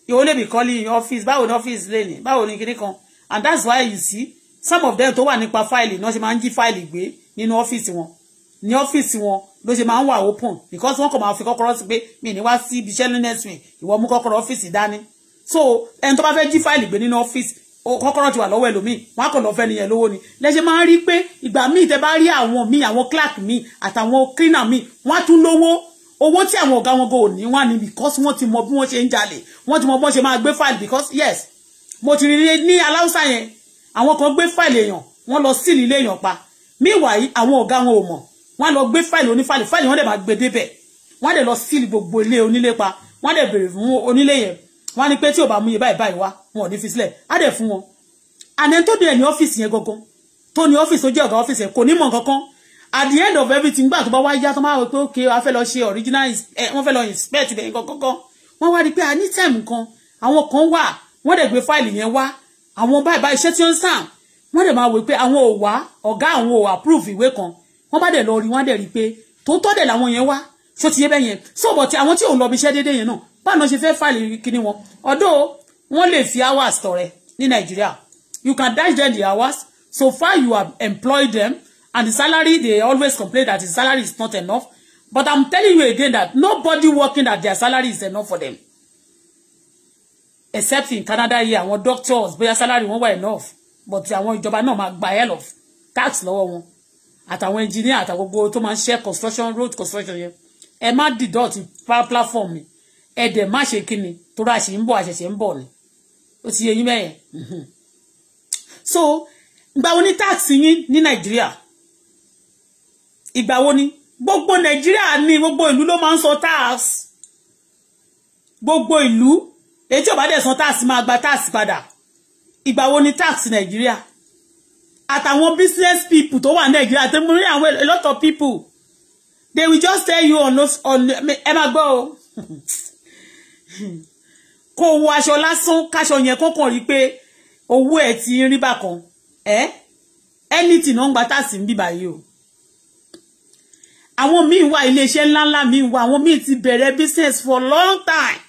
[SPEAKER 1] You only be calling in office, báwo ni office lè ní, báwo ni And that's why you see, some of them tó wà nípa fáìlì náà ṣe máa ń jí fáìlì gbé nínú ọ́fíìsì ló ṣe máa ń wà open because wọ́n kàn máa fi kọ́kọ́rọ́ sí pé mi ní wá sí ibi iṣẹ́ ní next week ìwọ mú kọ́kọ́rọ́ ọ́fíìsì dání so ẹni tó bá fẹ́ jí fáìlì gbé nínú ọ́fíìsì kọ́kọ́rọ́ ti wà lọ́wọ́ ẹlòmíì wọ́n á kàn lọ́ọ́ fẹ́ nìyẹn lówó ni lẹ́sẹ̀ máa ń rí pé ìgbà míì tẹ́ bá rí àwọn míì àwọn clerk míì àtàwọn cleaner míì wọ́n á tún lówó owó tí àwọn ọ̀gá wọn kò ní wà ní because wọ́n ti mọ bí wọ́n ṣe ń jalè wọ́n ti mọ bí wọ́n ṣe máa gbé fáìlì because yes mo ti rí ní aláùsá yẹn àwọn kan gbé fáìlì èèyàn wọ́n lọ sílì ilé èèyàn pa meanwhile àwọn ọ̀gá wọn ò mọ̀ wọ́n lọ gbé fáìlì onífáìlì fáìlì wọ́n dẹ̀ máa gbé débẹ̀ wọ́n dẹ̀ lọ sílì gbogbo ilé onílé pa wọ́n dẹ̀ béèrè fún onílé yẹn wọ́n ní pé tí ò bá mú iye báyìí báyìí wá wọn ò ní fi sílẹ̀ á dẹ̀ fún wọn àná tó dẹ̀ ní ọ́fíìsì yẹn gangan tó ní ọ́fíìsì ó jẹ́ ọ̀gá ọ́fíìsì yẹn kò ní mọ̀ kankan at the end of everything gbà tó bá wá yá tó máa wọ pé ok wọ́n fẹ́ lọ ṣe original eh, wọ́n fẹ́ lọ inspect bẹ̀yìn kankan wọ́n wá rí pé a ah, time kan àwọn kan wà wọ́n dẹ̀ gbé fáìlì yẹn wá àwọn báyìí báyìí iṣẹ́ tí ó ń sàn wọ́n dẹ̀ máa wò pé àwọn ò wá ọ̀gá àwọn ò approve ìwé kan wọ́n bá dẹ̀ lọ rí wọ́n dẹ̀ rí pé tòótọ́ dẹ̀ làwọn yẹn wá ṣó ti yé bẹ́ẹ̀ yẹn so but àwọn tí òun lọ bí iṣẹ́ déédéé yẹn náà báwọn náà ṣe fẹ́ fàìlì kíní wọn ọ̀dọ́ wọ́n lè fi hours tọrẹ ní Nàìjíríà you can dash them the hours so far you have employed them and the salary they always complain that the salary is not enough but I'm telling you again that nobody working that their salary is enough for them except in Canada here àwọn doctors bóyá salary wọn wà enough but àwọn ìjọba náà máa gba hell of tax lọ́wọ́ wọn àtàwọn engineer àtàwọn gbogbo tó máa ń ṣe construction road construction yẹn ẹ má deduct platform mi ẹ dẹ̀ má ṣe kíni torí àṣì ń bọ̀ àṣẹ̀ṣẹ̀ ń bọ̀ ni ó ti yẹ bẹ́ẹ̀ mhm. so ìgbà wo ni tax yín ní nàìjíríà ìgbà wo ni gbogbo nàìjíríà ní gbogbo ìlú ló máa ń sọ tax gbogbo ìlú èyí tí ò bá dẹ̀ san tax máa gba tax padà ìgbà wo ni tax nàìjíríà àtàwọn business people to one nàìjíríà tó múrí àwọn a lot of people they will just tell you on on Emma go. gbọ́ o [LAUGHS] kó wo aṣọ lásán káṣọ yẹn kó kàn rí pé owó ẹ̀ ti rí bákan ẹ anything náà ń gba táàsì ń bíbá yìí o àwọn míì wà iléeṣẹ́ ńláńlá míì wà àwọn míì ti bẹ̀rẹ̀ business for long time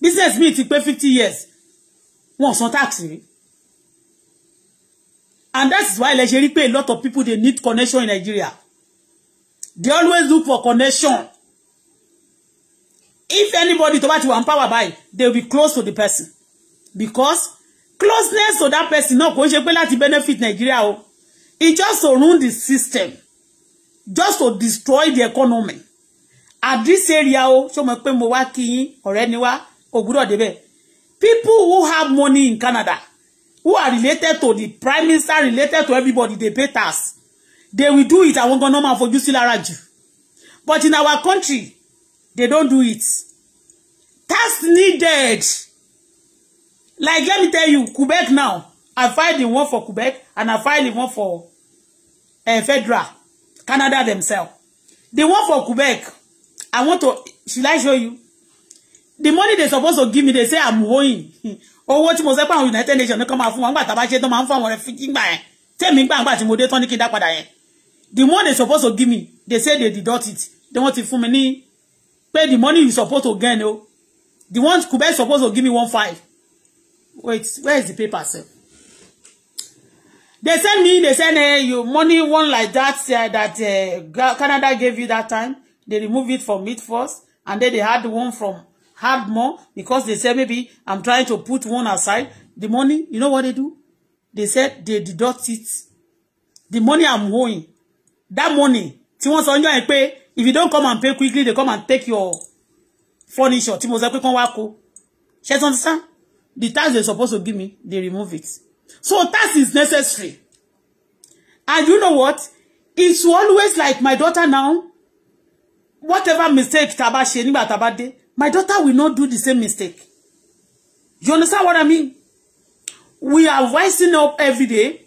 [SPEAKER 1] business míì ti pé fifty years wọ́n san tax rí and that's why lè ṣe a lot of people they need connection in Nigeria they always look for connection if anybody tó bá you empower by they will be close to the person because closeness to that person náà kò ń ṣe pé benefit Nigeria o it's just to ruin the system just to destroy the economy at this area o ṣé o mọ̀ pé mo wá kí yín ọ̀rẹ́ ni people who have money in Canada who are related to the prime minister related to everybody they pay tax they will do it I won't go normal for sí lára jù but in our country they don't do it tax needed like let me tell you Quebec now I filed the one for Quebec and I filed the one for uh, federal Canada themselves the one for Quebec I want to should I show you the money they supposed to give me they say I'm owing [LAUGHS] owó tí mo sẹ́ pé àwọn United Nations kan máa fún wọn nígbà tá a bá ṣe tán máa ń fún àwọn refugee gbà yẹn tèmi gbà ńgbà tí mo dé tán ní kí n dá padà yẹn the money they suppose to give me they say they deduct it they want to fún mi ní pé the money you suppose to gain o oh, the one Quebec suppose to give me one five wait where is the paper sef they send me they send uh, eh, you money one like that uh, that uh, Canada gave you that time they remove it from it first and then they had one from Hard more because they say maybe I'm trying to put one aside. The money, you know what they do? They said they deduct it. The money I'm owing, that money, tí wọ́n sọ ǹjọ́ pé if you don't come and pay quickly, they come and take your furniture. Tí mo sọ pé understand? The tax they're supposed to give me, they remove it. So tax is necessary. And you know what? It's always like my daughter now. Whatever mistake tabashi a tabade. My daughter will not do the same mistake. You understand what I mean? We are rising up every day,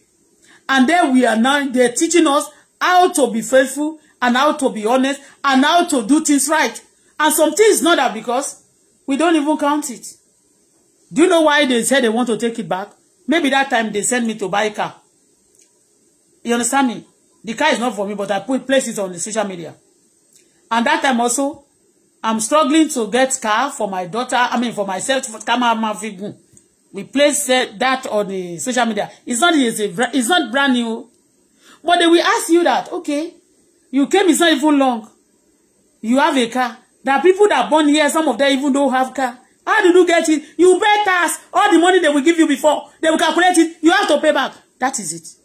[SPEAKER 1] and then we are now they're teaching us how to be faithful and how to be honest and how to do things right. And some things not that because we don't even count it. Do you know why they said they want to take it back? Maybe that time they sent me to buy a car. You understand me? The car is not for me, but I put places on the social media. And that time also, I'm struggling to get car for my daughter, I mean for myself, for Kama Mafigun. We place that on the social media. It's not, it's, a, it's not brand new. But they will ask you that, okay, you came, it's not even long. You have a car. There are people that born here, some of them even don't have car. How did you get it? You pay tax. All the money they will give you before, they will calculate it. You have to pay back. That is it.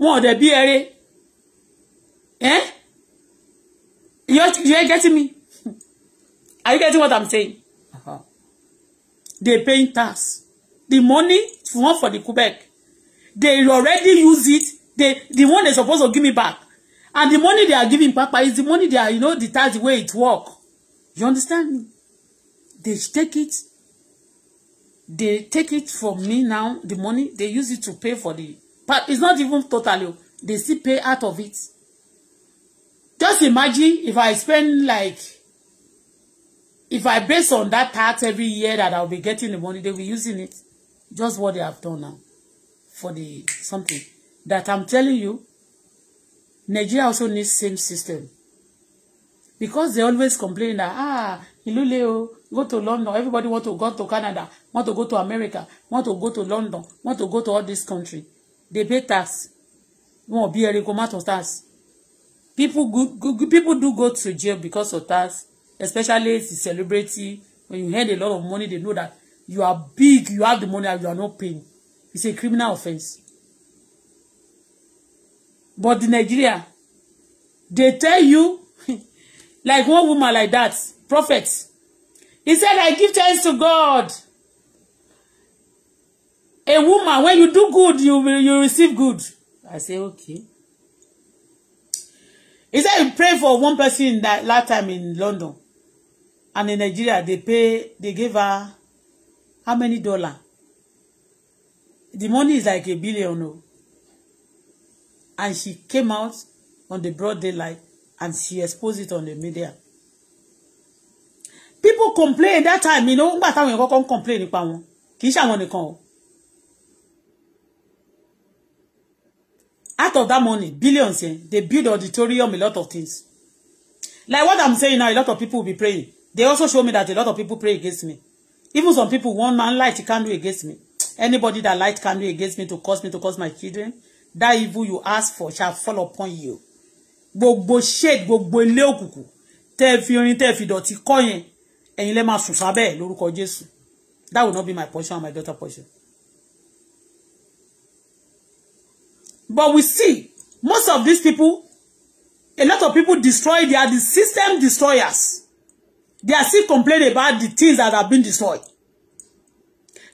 [SPEAKER 1] Wọ́n ò dẹ̀ bí ẹrẹ́. Eh? You're, you're getting me? Are you getting what I'm saying? Uh-huh. They paying tax. The money one for the Quebec. They already use it. They the one they're supposed to give me back. And the money they are giving Papa is the money they are, you know, the tax way it work. You understand me? They take it. They take it from me now, the money. They use it to pay for the But It's not even totally. They still pay out of it. Just imagine if I spend like, if I base on that tax every year that I'll be getting the money, they'll be using it. Just what they have done now for the something. That I'm telling you, Nigeria also needs same system. Because they always complain that, ah, Iluleo, go to London. Everybody want to go to Canada, want to go to America, want to go to London, want to go to all this country. They pay tax. Wọ́n bí ẹ̀rí kò má tax people go. good people do go to jail because of tax especially if you celebrity when you earn a lot of money they know that you are big you have the money and you are not paying it's a criminal offense. but in Nigeria they tell you [LAUGHS] like one woman like that prophet he said I give thanks to God a woman when you do good you will you receive good I say okay He said he prayed for one person in that last time in London. And in Nigeria, they pay, they gave her how many dollar? The money is like a billion. No? Oh. And she came out on the broad daylight and she exposed it on the media. People complain that time, you know, but táwọn èèyàn kọ́kọ́ ń complain nípa wọn. Kì í ṣàwọn nìkan o. out of that money billions eh, they build auditorium a lot of things like what i'm saying now a lot of people will be praying they also show me that a lot of people pray against me even some people one man light can do against me anybody that light can do against me to cause me to cause my children that evil you ask for shall fall upon you gbogbo shade gbogbo ilé òkùnkùn tẹ́ fi orin tẹ́ fi dọ̀tí koyen yẹn ẹ̀yin lẹ́ máa sùn that will not be my portion and my daughter portion But we see most of these people, a lot of people destroy, they are the system destroyers. They are still complaining about the things that have been destroyed.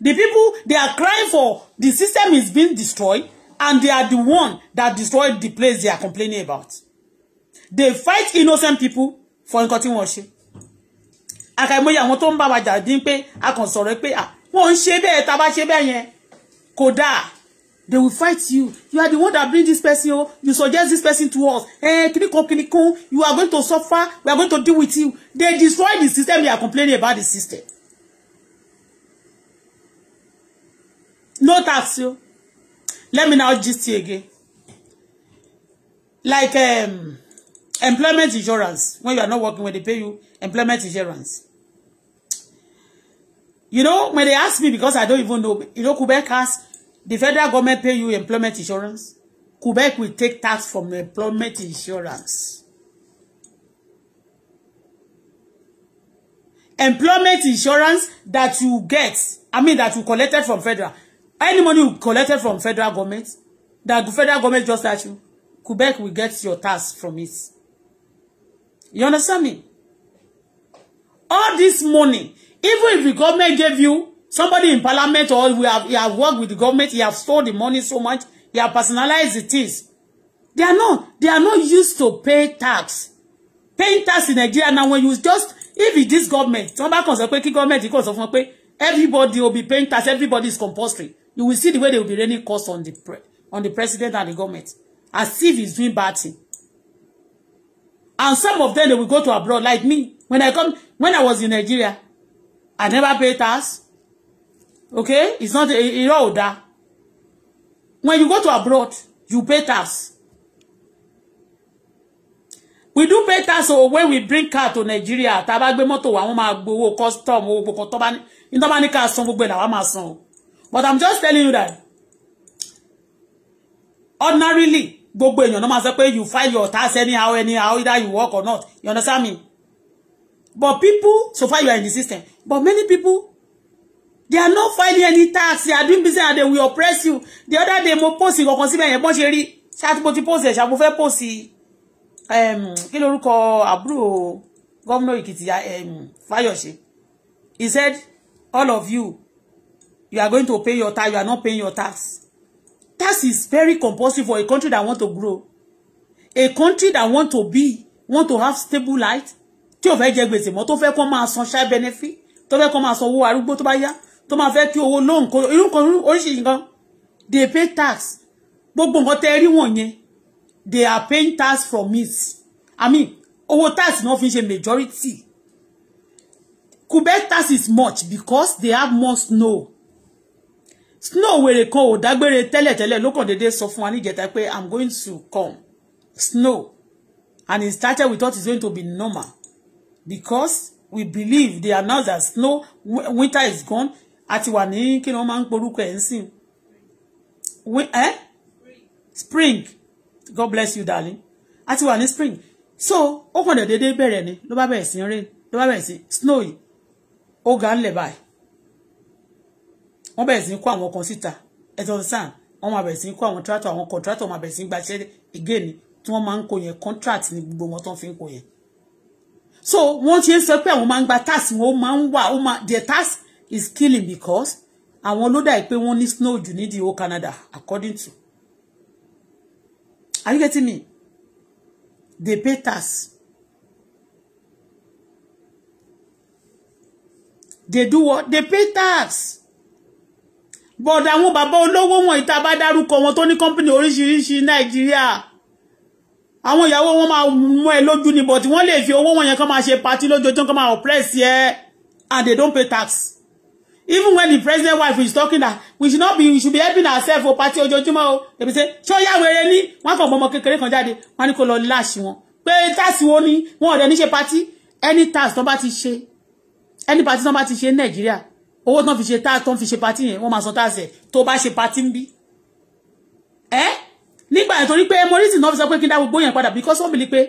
[SPEAKER 1] The people, they are crying for the system is being destroyed and they are the one that destroyed the place they are complaining about. They fight innocent people for nǹkan tí wọ́n ṣe. Àkàìmọye àwọn ba ń bá wa jà pe a kàn sọ̀rọ̀ pé wọ́n ń ṣe bẹ́ẹ̀ tá a bá ṣe bẹ́ẹ̀ yẹn kò They will fight you. You are the one that bring this person. Oh, you suggest this person to us. Eh, kiniko, kiniko. You are going to suffer. We are going to deal with you. They destroy the system. They are complaining about the system. No tax you. Oh. Let me now gist you again. Like um, employment insurance. When you are not working, when they pay you employment insurance. You know, when they ask me, because I don't even know, you know, Quebec has The federal government pay you employment insurance. Quebec will take tax from employment insurance. Employment insurance that you get, I mean that you collected from federal. Any money you collected from federal government, that the federal government just at you, Quebec will get your tax from it. You understand me? All this money, even if the government gave you Somebody in parliament or we have, he have worked with the government, he have stored the money so much, he have personalized the things. They are not, they are not used to pay tax. Paying tax in Nigeria now when you just, if this government, somebody can say, key government, because of one pay, everybody will be paying tax, everybody is compulsory. You will see the way they will be raining costs on the, pre on the president and the government. As if he's doing bad thing. And some of them, they will go to abroad, like me. When I come, when I was in Nigeria, I never paid tax okay it's not a ò when you go to abroad you pay tax we do pay tax so when we bring car to Nigeria tá a bá gbé mọ́tò wa wọ́n máa gbowó custom owó gbogbo tó bá ní ní tó bá ní ká san gbogbo ẹ̀ làwa máa san but i'm just telling you that ordinarily gbogbo èèyàn náà máa sọ pé you file your tax anyhow anyhow either you work or not you understand me but people so far you are in the system but many people they are not filing any tax they are doing business and they will oppress you the other day mo post kankan Consider yẹn bọ́n ṣe rí ṣáàtì mo ti post ẹ̀ ṣáà Um, fẹ́ post um, kí lorúkọ àbúrò gómìnà Èkìtì um, Fáyọ̀ṣe he said all of you you are going to pay your tax you are not paying your tax tax is very compulsory for a country that want to grow a country that want to be want to have stable life tí o fẹ́ jẹ gbèsè mọ́ tó fẹ́ kó máa benefit to fẹ́ kó máa san owó arúgbó tó bá yá tó máa fẹ́ kí owó lóhùn kó irú kan oríṣiríṣi nǹkan they pay tax gbogbo nǹkan tẹ́ rí wọ̀nyẹn they are paying tax from it i mean owó tax náà fi ń ṣe majority Quebec tax is much because they have more snow snow wèrè kan ò dágbére tẹ́lẹ̀tẹ́lẹ̀ ló kàn déédéé sọ fún wa níjẹta pé i'm going to come snow and it started we thought it's going to be normal because we believe they announced that snow winter is gone àti wà ní kí ni wọ́n máa ń porúkọ ẹ̀ ń sìn eh? spring god bless you darling àti wà ní spring so ó kàn déédéé bẹ̀rẹ̀ ni ló bá bẹ̀rẹ̀ sí rain ló bá bẹ̀rẹ̀ sí snow yìí ó ga ńlẹ̀ báyìí wọ́n bẹ̀rẹ̀ sí kó àwọn kan síta ẹ̀tọ́ sàn wọ́n máa bẹ̀rẹ̀ sí kó àwọn tractor àwọn contractor máa bẹ̀rẹ̀ sí gbaṣẹ́ again tí wọ́n máa ń kó yẹn contract ní gbogbo wọn tó fi ń kó yẹn so wọ́n ti ń sọ pé àwọn máa ń gba tax wọ́n máa ń wà ó máa their tax is killing because àwọn ló dà pé wọ́n ní snow jù ní the whole Canada according to are you getting me they pay tax they do what they pay tax but àwọn bàbá olówó wọn ìta bá dárúkọ wọn tó ní company oríṣiríṣi Nàìjíríà àwọn ìyàwó wọn máa mú ẹ lójú ni but wọ́n lè fi owó wọn yẹn kàn máa ṣe party lójoojúmọ́ kàn máa oppress yẹ and they don't pay tax even when the president wife is talking that we should not be we should be helping ourselves for oh, party ojoojúmọ́ o they be ṣé ó yá wèrè ní wọ́n kàn mọ́mọ́ Kekere kan jáde wọ́n ní kó lọ láàṣì wọn pé táàsì wo ni wọn ò dẹ̀ ní party any task tó bá ti ṣe any party tó bá ti ṣe ní nàìjíríà owó tó fi ṣe tax tó fi ṣe party yẹn wọ́n máa san tax ẹ̀ tó bá ṣe party ń bí ẹ́ nígbà yẹn torí pé morrison náà fi sọ pé kí n gbogbo yẹn padà because wọ́n believe pé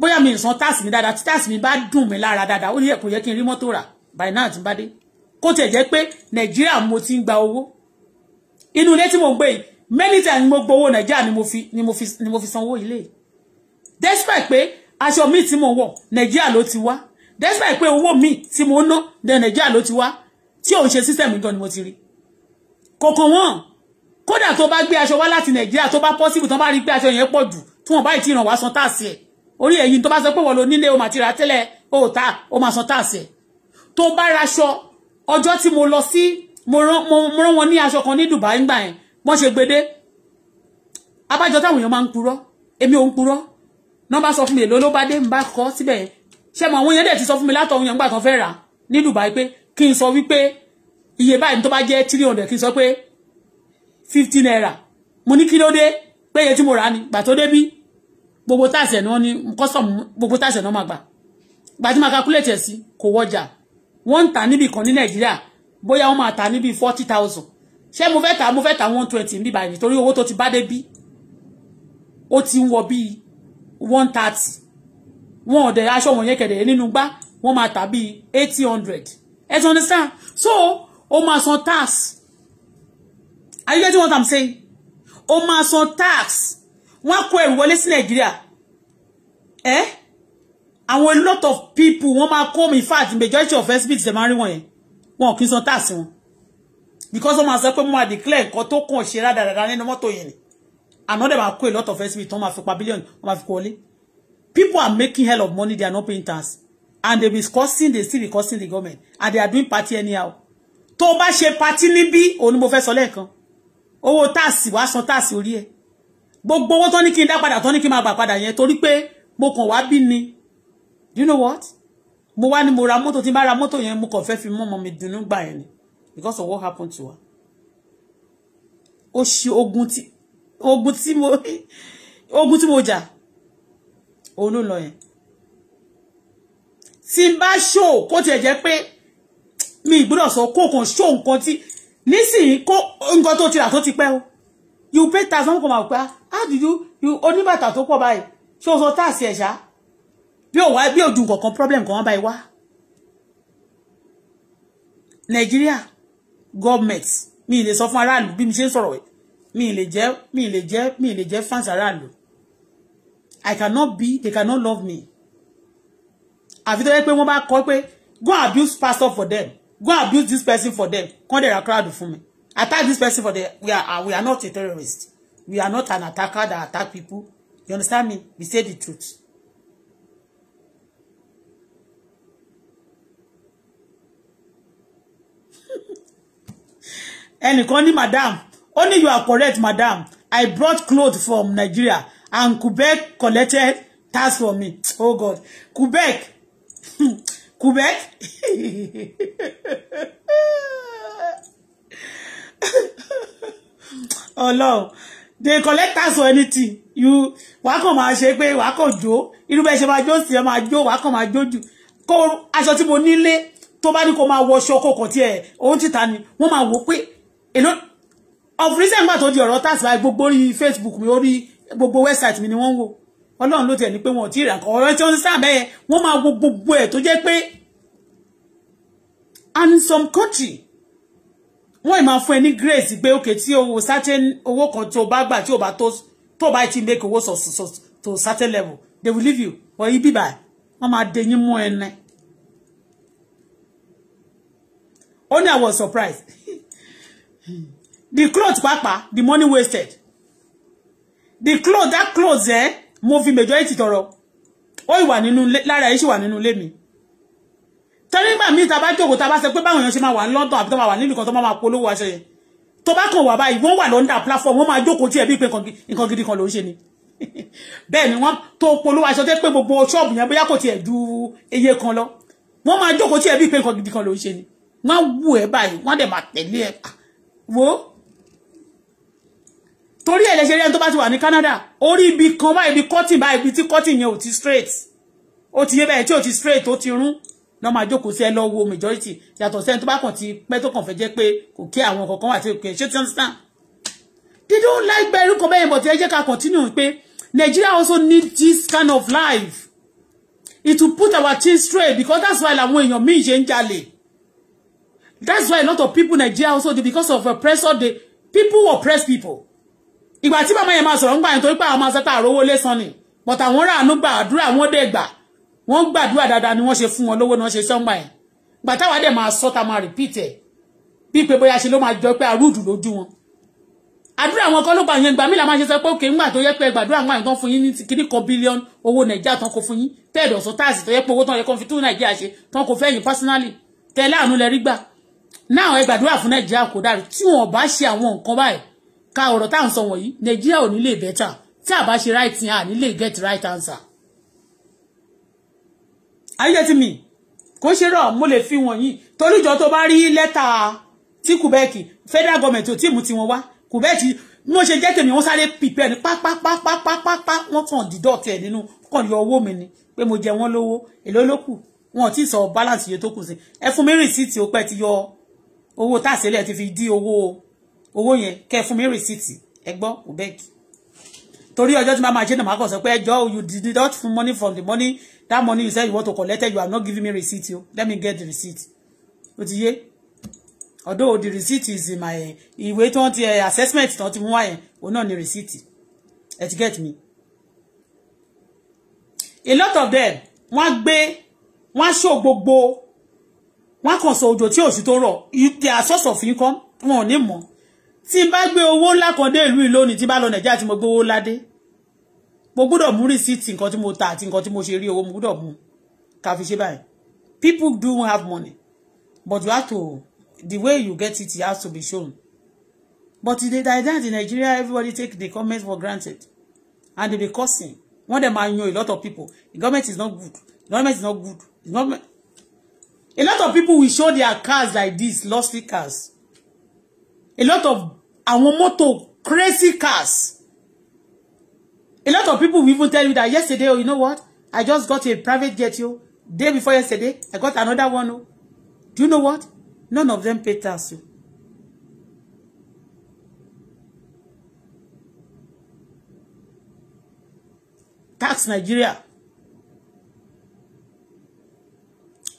[SPEAKER 1] bóyá mi ìsan task mi dáadáa tí tax mi bá dùn mí lára dáadáa ó yẹ kó yẹ kí n rí mọ́tò rà by now ti bá dé kó tiẹ̀ jẹ́ pé nàìjíríà mo ti ń gba owó inú ilé tí mo gbé yìí many times ni mo gbowó nàìjíríà ni mo fi ni mo fi ni mo fi sanwó ilé despite pé aṣọ mi tí mo wọ̀ nàìjíríà ló ti wá despite pé owó mi tí mo ná nàìjíríà ló ti wá tí òun ṣe system gan ni mo ti rí kọ̀ọ̀kan wọn kódà tó bá gbé aṣọ wá láti nàìjíríà tó bá possible tó bá rí pé aṣọ yẹn pọ̀ jù tí wọ́n bá ì tí ìrànwá san táàsì ẹ̀ orí ẹ̀yìn tó bá sọ pé wọ́n lo nílé o mà ra tẹ́lẹ̀ o ta o mà san táàsì ẹ̀ tó bá raṣọ ọjọ́ tí mo lọ sí mo rán wọn ní aṣọ kan ní Dubai ńgbà yẹn wọ́n ṣe gbede abájọ táwọn èèyàn máa ń purọ́ èmi ò ń purọ́ nọ́mbà sọ fún mi èlò ló bá dé ń bá kọ́ síbẹ̀ yẹn ṣé mo àwọn èèyàn dẹ̀ ti sọ fún mi látọ̀ òun yẹn kan fẹ́ rà ní Dubai pé kí n sọ wípé iye báyìí tó bá jẹ́ three hundred kí n sọ pé fifty naira mo ní kí ló dé pé iye tí mo rà á ni gbà tó dé bí gbogbo táàsì ẹ̀ ni wọ́n ní kọ́sọ̀mù gbogbo táàsì ẹ̀ ni wọ́n máa gbà gbà tí máa calculate ẹ̀ sí kò wọ́jà wọ́n ń tà níbì kan ní nàìjíríà bóyá wọ́n máa tà níbì forty thousand ṣé mo fẹ́ tà mo fẹ́ tà one twenty níbí báyìí nítorí owó tó ti bá dé bí ó ti ń wọ bíi one thirty wọn ọ̀dẹ̀ aṣọ wọ̀nyẹn kẹ̀dẹ̀ nínú gbá wọ́n máa tà bíi eighty hundred ẹ ti understand so o máa san tax are you getting what i'm saying o máa san tax wọ́n kó ẹrù wọlé sí nàìjíríà Eh? àwọn a lot of people wọ́n máa kó mi fact majority of hospitals ẹ̀ máa rí wọn yẹn kì í san tax wọn because wọ́n máa sọ pé mo máa declare nǹkan tó kàn ṣe rádaràdà nínú mọ́tò yẹn ni àná dẹ̀ máa kó a lot of hospitals wọ́n máa fi pa billion wọ́n máa fi kó wọlé people are making hell of money they are not paying tax and they be causing they still be causing the government and they are doing party anyhow tó bá ṣe party níbí òun ni mo fẹ́ sọ lẹ́ẹ̀kan owó táàsì wàá san tax orí ẹ̀ gbogbo owó tó ní kí n dá padà tó ní kí n máa gbà padà yẹn torí pé mo kàn wá bí ni do you know what mo wá ní mo ra mọ́tò tí n ra mọ́tò yẹn mo kàn fẹ́ fi mọ́ mi dùnnú gbà yẹn because of what happened to her ó ṣe ogun tí ogun tí mo [LAUGHS] ogun tí mo jà òun ló lọ yẹn tí n bá ṣó kó tiẹ̀ jẹ́ mi ìgbọ́dọ̀ sọ kó kàn ṣó nǹkan tí nísìnyí kó nǹkan tó ti rà tó ti pẹ́ o you pay thousand kò máa pẹ́ ah, how do you you oníbàtà tó pọ̀ báyìí ṣé o sọ táàsì ẹ̀ ṣáá bí ò wá bí ò dùn kankan problem kan wọ́n bá wá nàìjíríà gọ́ọ̀mẹ̀t mi ì lè sọ fún aráàlú bí mi ṣe ń sọ̀rọ̀ ẹ̀ mi ì lè mi ì lè mi ì lè fans aráàlú i cannot be they cannot love me àfi tó yẹ pé wọ́n bá kọ́ pé go abuse pastor for them go abuse this person for them kàn dẹ̀ ra crowd fún mi attack this person for them we are we are not a terrorist we are not an attacker that attack people you understand me we say the truth. ẹnìkan ní madam ó ní you are correct madam I brought clothes from Nigeria and Quebec collected tax for me [TSK] oh God Quebec [LAUGHS] Quebec [LAUGHS] Ọlọ́run they collect tax for anything you wàá kàn máa ṣe pé wàá kàn jó irú bẹ́ẹ̀ ṣe máa jó sí ẹ máa jó wàá kàn máa jó jù kó aṣọ tí mo nílé tó bá ní kó máa wọṣọ kókò tí ẹ òun ti ni wọ́n máa wò pé èló of recent gbà tó di ọ̀rọ̀ tax báyìí gbogbo orí facebook mi orí gbogbo website mi ni wọ́n ń wò ọlọ́run ló tiẹ̀ ní pé wọn ò tí ì rà kọ́ ọ̀rọ̀ tí wọ́n ń sábẹ́ yẹn wọ́n máa wo gbogbo ẹ̀ tó jẹ́ pé and some country wọ́n ì máa fún ẹ ní grace pé òkè tí owó certain owó kan tó bá gbà tí ò bá tó tó bá ti make owó to certain level they will leave you wọ́n yí bíbà wọ́n máa dẹyìn mú ẹ náà ó I was surprised the clothes, Papa. the money wasted the cloth that clothes, eh mo majority tọrọ ó ìwà nínú lára yìí sì wà nínú ilé mi torí nígbà míì tá bá jókòó tá bá sọ pé báwọn èèyàn ṣe máa wà ní London àbí tó máa wà níbi kan tó máa máa polówó aṣọ yẹn tó bá kàn platform wọ́n máa jókòó tí ẹ̀bí pé nǹkan gidi kan ló ń ṣe ni [LAUGHS] bẹ́ẹ̀ ni wọ́n tó polówó aṣọ tẹ́ pé gbogbo ṣọ́ọ̀bù yẹn bóyá kò tiẹ̀ ju iye kan lọ wọ́n máa jókòó tí ẹ̀bí pé nǹkan gidi kan ló ń wo torí ẹ̀ lẹ́sẹ̀ rí ẹni tó bá ti wà ní Canada orí ibi kan báyìí ibi cutting báyìí ibi tí cutting yẹn ò ti straight ó ti yé bẹ́ẹ̀ tí ò ti straight ó ti rún lọ́ máa jókòó sí ẹ lọ wo majority yàtọ̀ sẹ́ni tó bá kàn ti pẹ́ tó kàn fẹ́ jẹ́ pé kò kí àwọn kọ̀ọ̀kan wà tí kò ṣe ti understand they don't like bẹ́ẹ̀ rúkọ bẹ́ẹ̀ but ẹ jẹ́ ká continue pé Nigeria also need this kind of life it will put our things straight because that's why làwọn èèyàn míì ṣe ń jalè that's why a lot of people in Nigeria also dey because of oppressor uh, dey people oppress people ìgbà tí màmá yẹn máa sọ̀rọ̀ ńgbà yẹn torí pé àwọn máa sẹ́pà àrówó lẹ́sàn ni but àwọn ráàánú gba àdúrà wọn dẹ̀ gbà wọ́n gbàdúrà dáadáa ni wọ́n ṣe fún wọn lówó ni wọ́n ṣe sọ́ngbà yẹn gbà táwa dẹ̀ máa sọ ta máa repeat ẹ̀ bí pé bóyá ṣe ló máa jọ pé arúdù lójú wọn àdúrà àwọn kan ló bá yẹn gbà mí là máa ṣe sọ pé òkè ńgbà tó yẹ pé gbàdúrà àwọn àìtán fún yín ní kíní kan bílíọ̀nù owó nàìjíríà tán kó fún yín tẹ́ẹ̀dọ̀sán táàsì tó yẹ pé owó tán yẹ kó fi tún nàìjíríà ṣe tán kó fẹ́yìn personally tẹ́ẹ̀ láàánú lẹ rí gbà now ẹ gbàdúrà fún nàìjíríà kò dára tí wọn bá ṣe àwọn nǹkan báyìí ka ọ̀rọ̀ tá à ń sọ wọ̀nyí nàìjíríà ò ní lè bẹ́tà tí a bá ṣe right yẹn à ní lè get right answer. ayé ti mi kò ṣe rọ mo lè fi wọ̀nyí toríjọ tó bá rí lẹ́tà tí kùbẹ́ẹ̀kì federal government ò tí ì mú tiwọn wá kùbẹ́ẹ̀kì mo ṣe jẹ́ tèmi wọ́n sáré pìpẹ́ ni pápápápápápá wọ́n kàn dídọ̀ tẹ̀ nínú kàn yọ owó mi ni pé mo jẹ wọ́n lówó èló ló kù wọn ò tí balance iye tó kù sí ẹ fún mi rìsíìtì ó pẹ́ ti yọ owó tàṣẹlẹ̀ ti fi dí owó owó yẹn kẹ́ fún mi rìsíìtì ẹ gbọ́ kò bẹ́ẹ̀kì torí ọjọ́ tí màá máa ṣe náà màá kàn sọ pé ẹjọ́ you did not fún money from the money that money you said you want to collect you are not giving me receipt o let me get the receipt ó ti yé although the receipt is my ìwé tí wọ́n ti eh, assessment tí wọ́n ti mú wá òun náà ni receipt ẹ ti get me a lot of them wọ́n gbé wọ́n ṣó gbogbo wọ́n kàn sọ òjò tí òṣù tó rọ̀ they are source of income wọn ò ní mọ̀ tí n bá gbé owó ńlá kan dé ìlú ìlónìí tí n bá lọ nàìjíríà tí mo gbé owó ńlá dé mo gbọ́dọ̀ mú rìsíìtì nǹkan tí mo ta àti nǹkan tí mo ṣe rí owó mo gbọ́dọ̀ mú ká fi ṣe báyìí people do have money but you have to the way you get it, has to be shown. But today, like in Nigeria, everybody take the government for granted. And they be cursing. One of them, I know a lot of people. The government is not good. The government is not good. The government, A lot of people will show their cars like this, lusty cars. A lot of àwọn mọ́tò crazy cars. A lot of people will even tell you that yesterday, oh, you know what? I just got a private jet, yo. Day before yesterday, I got another one, oh. Do you know what? None of them pay tax, yo. Tax Nigeria.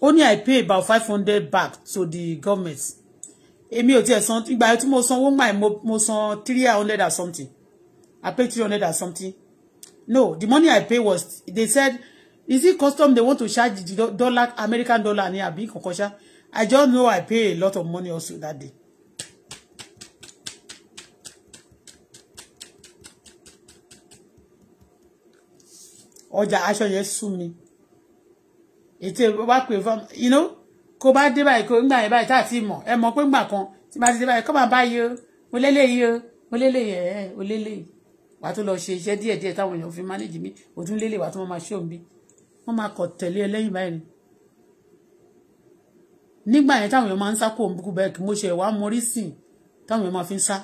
[SPEAKER 1] Only i pay about five hundred back to the government èmi ò tiẹ̀ san ìgbà tí mo sanwó gbà mo san three hundred something i pay three hundred something no the money i pay was they said is it custom they want to charge the dollar american dollar ní àbí kankan i just know i pay a lot of money also that day. ọjà aṣọ yẹn sú mi ètò wá pè fún you know kó bá dé báyìí kó ńgbà yẹn báyìí tá à ti mọ̀ ẹ mọ̀ pé ńgbà kan tí bá ti dé báyìí kọ́ máa bá yẹ o lélẹ̀ yẹ o lélẹ̀ yẹ ẹ o lélẹ̀ yìí wàá tó lọ ṣe iṣẹ́ díẹ̀díẹ̀ táwọn èèyàn fi manage mi òtún lélẹ̀ wàá tó máa ṣó mi wọ́n máa kọ̀ tẹ̀lé ẹlẹ́yìn báyìí ni nígbà yẹn táwọn èèyàn máa ń sá kó òǹbùkù bẹ́ẹ̀ kí mo ṣe wàá mọrí sìn táwọn èèyàn máa fi ń sá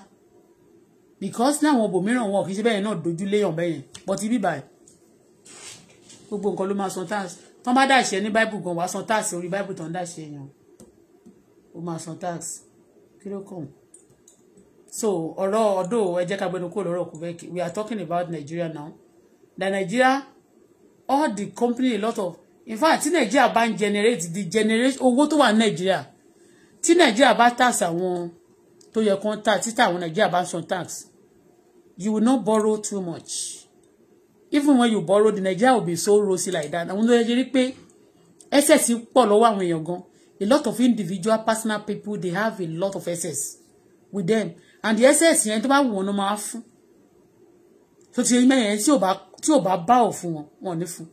[SPEAKER 1] because ní àwọn òbòmíràn wọn kì í ṣe bẹ́ẹ̀ náà dojú léyàn bẹ́yẹn but ibi báyìí gbogbo nǹkan ló máa san tax tán bá dàṣẹ ní Bible gan wàá san tax, orí báìbù tán dàṣẹ yẹn ó máa san táàsì kí ló kàn so ọ̀rọ̀ ọ̀dọ́ ẹ jẹ́ ká gbẹnu kó lọ́rọ̀ kò fẹ́ we are talking about Nigeria now na Nigeria all the company a lot of in fact tí Nigeria bá ń generate the generation owó tó wà ní Nigeria tí Nigeria bá tax àwọn tó yẹ kán tax títà àwọn Nigeria bá ń san tax you will not borrow too much even when you borrow the Nigeria will be so rosy like that àwọn olóyè ṣe rí pé excess pọ̀ lọ́wọ́ àwọn èèyàn gan a lot of individual personal people they have a lot of excess with them and the excess yẹn tó bá wù wọn ló máa fún tó ti yẹn mẹ́yẹn tí ò bá bá ò fún wọn wọn ní fún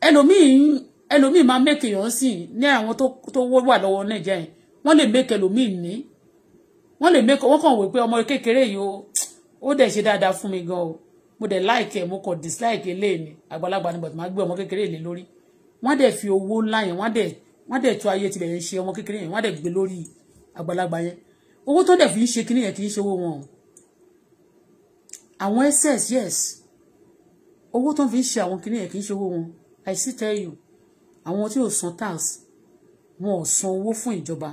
[SPEAKER 1] ẹlòmíín ẹlòmíì máa mẹ́kẹ̀ yọ̀ sí ní àwọn tó wà lọ́wọ́ nàìjíríà yẹn wọ́n lè mẹ́kẹ̀ ẹlòmíì ní wọ́n lè mẹ́kẹ̀ wọ́n kàn wò pé ọmọ kékeré yìí ó dẹ̀ ṣe dáadáa fún mi gan o mo dẹ̀ like ẹ̀ mo kọ̀ dislike eléyìí ni àgbàlagbà ni bọ̀dùmá gbé ọmọ kékeré lé lórí wọ́n dẹ̀ fi owó ńlá yẹn wọ́n dẹ̀ wọ́n dẹ̀ tó ayé tibẹ̀ yẹn ṣe ọmọ kékeré yẹn wọ́n dẹ̀ gbé lórí àgbàlagbà yẹn owó tó dẹ̀ fi ń ṣe kíní yẹn kì í ṣe owó wọn àwọn excess yes owó tó fi ń ṣe àwọn kíní yẹn kì í ṣe owó wọn I still tell you àwọn tí ò san tax wọn ò san owó fún ìjọba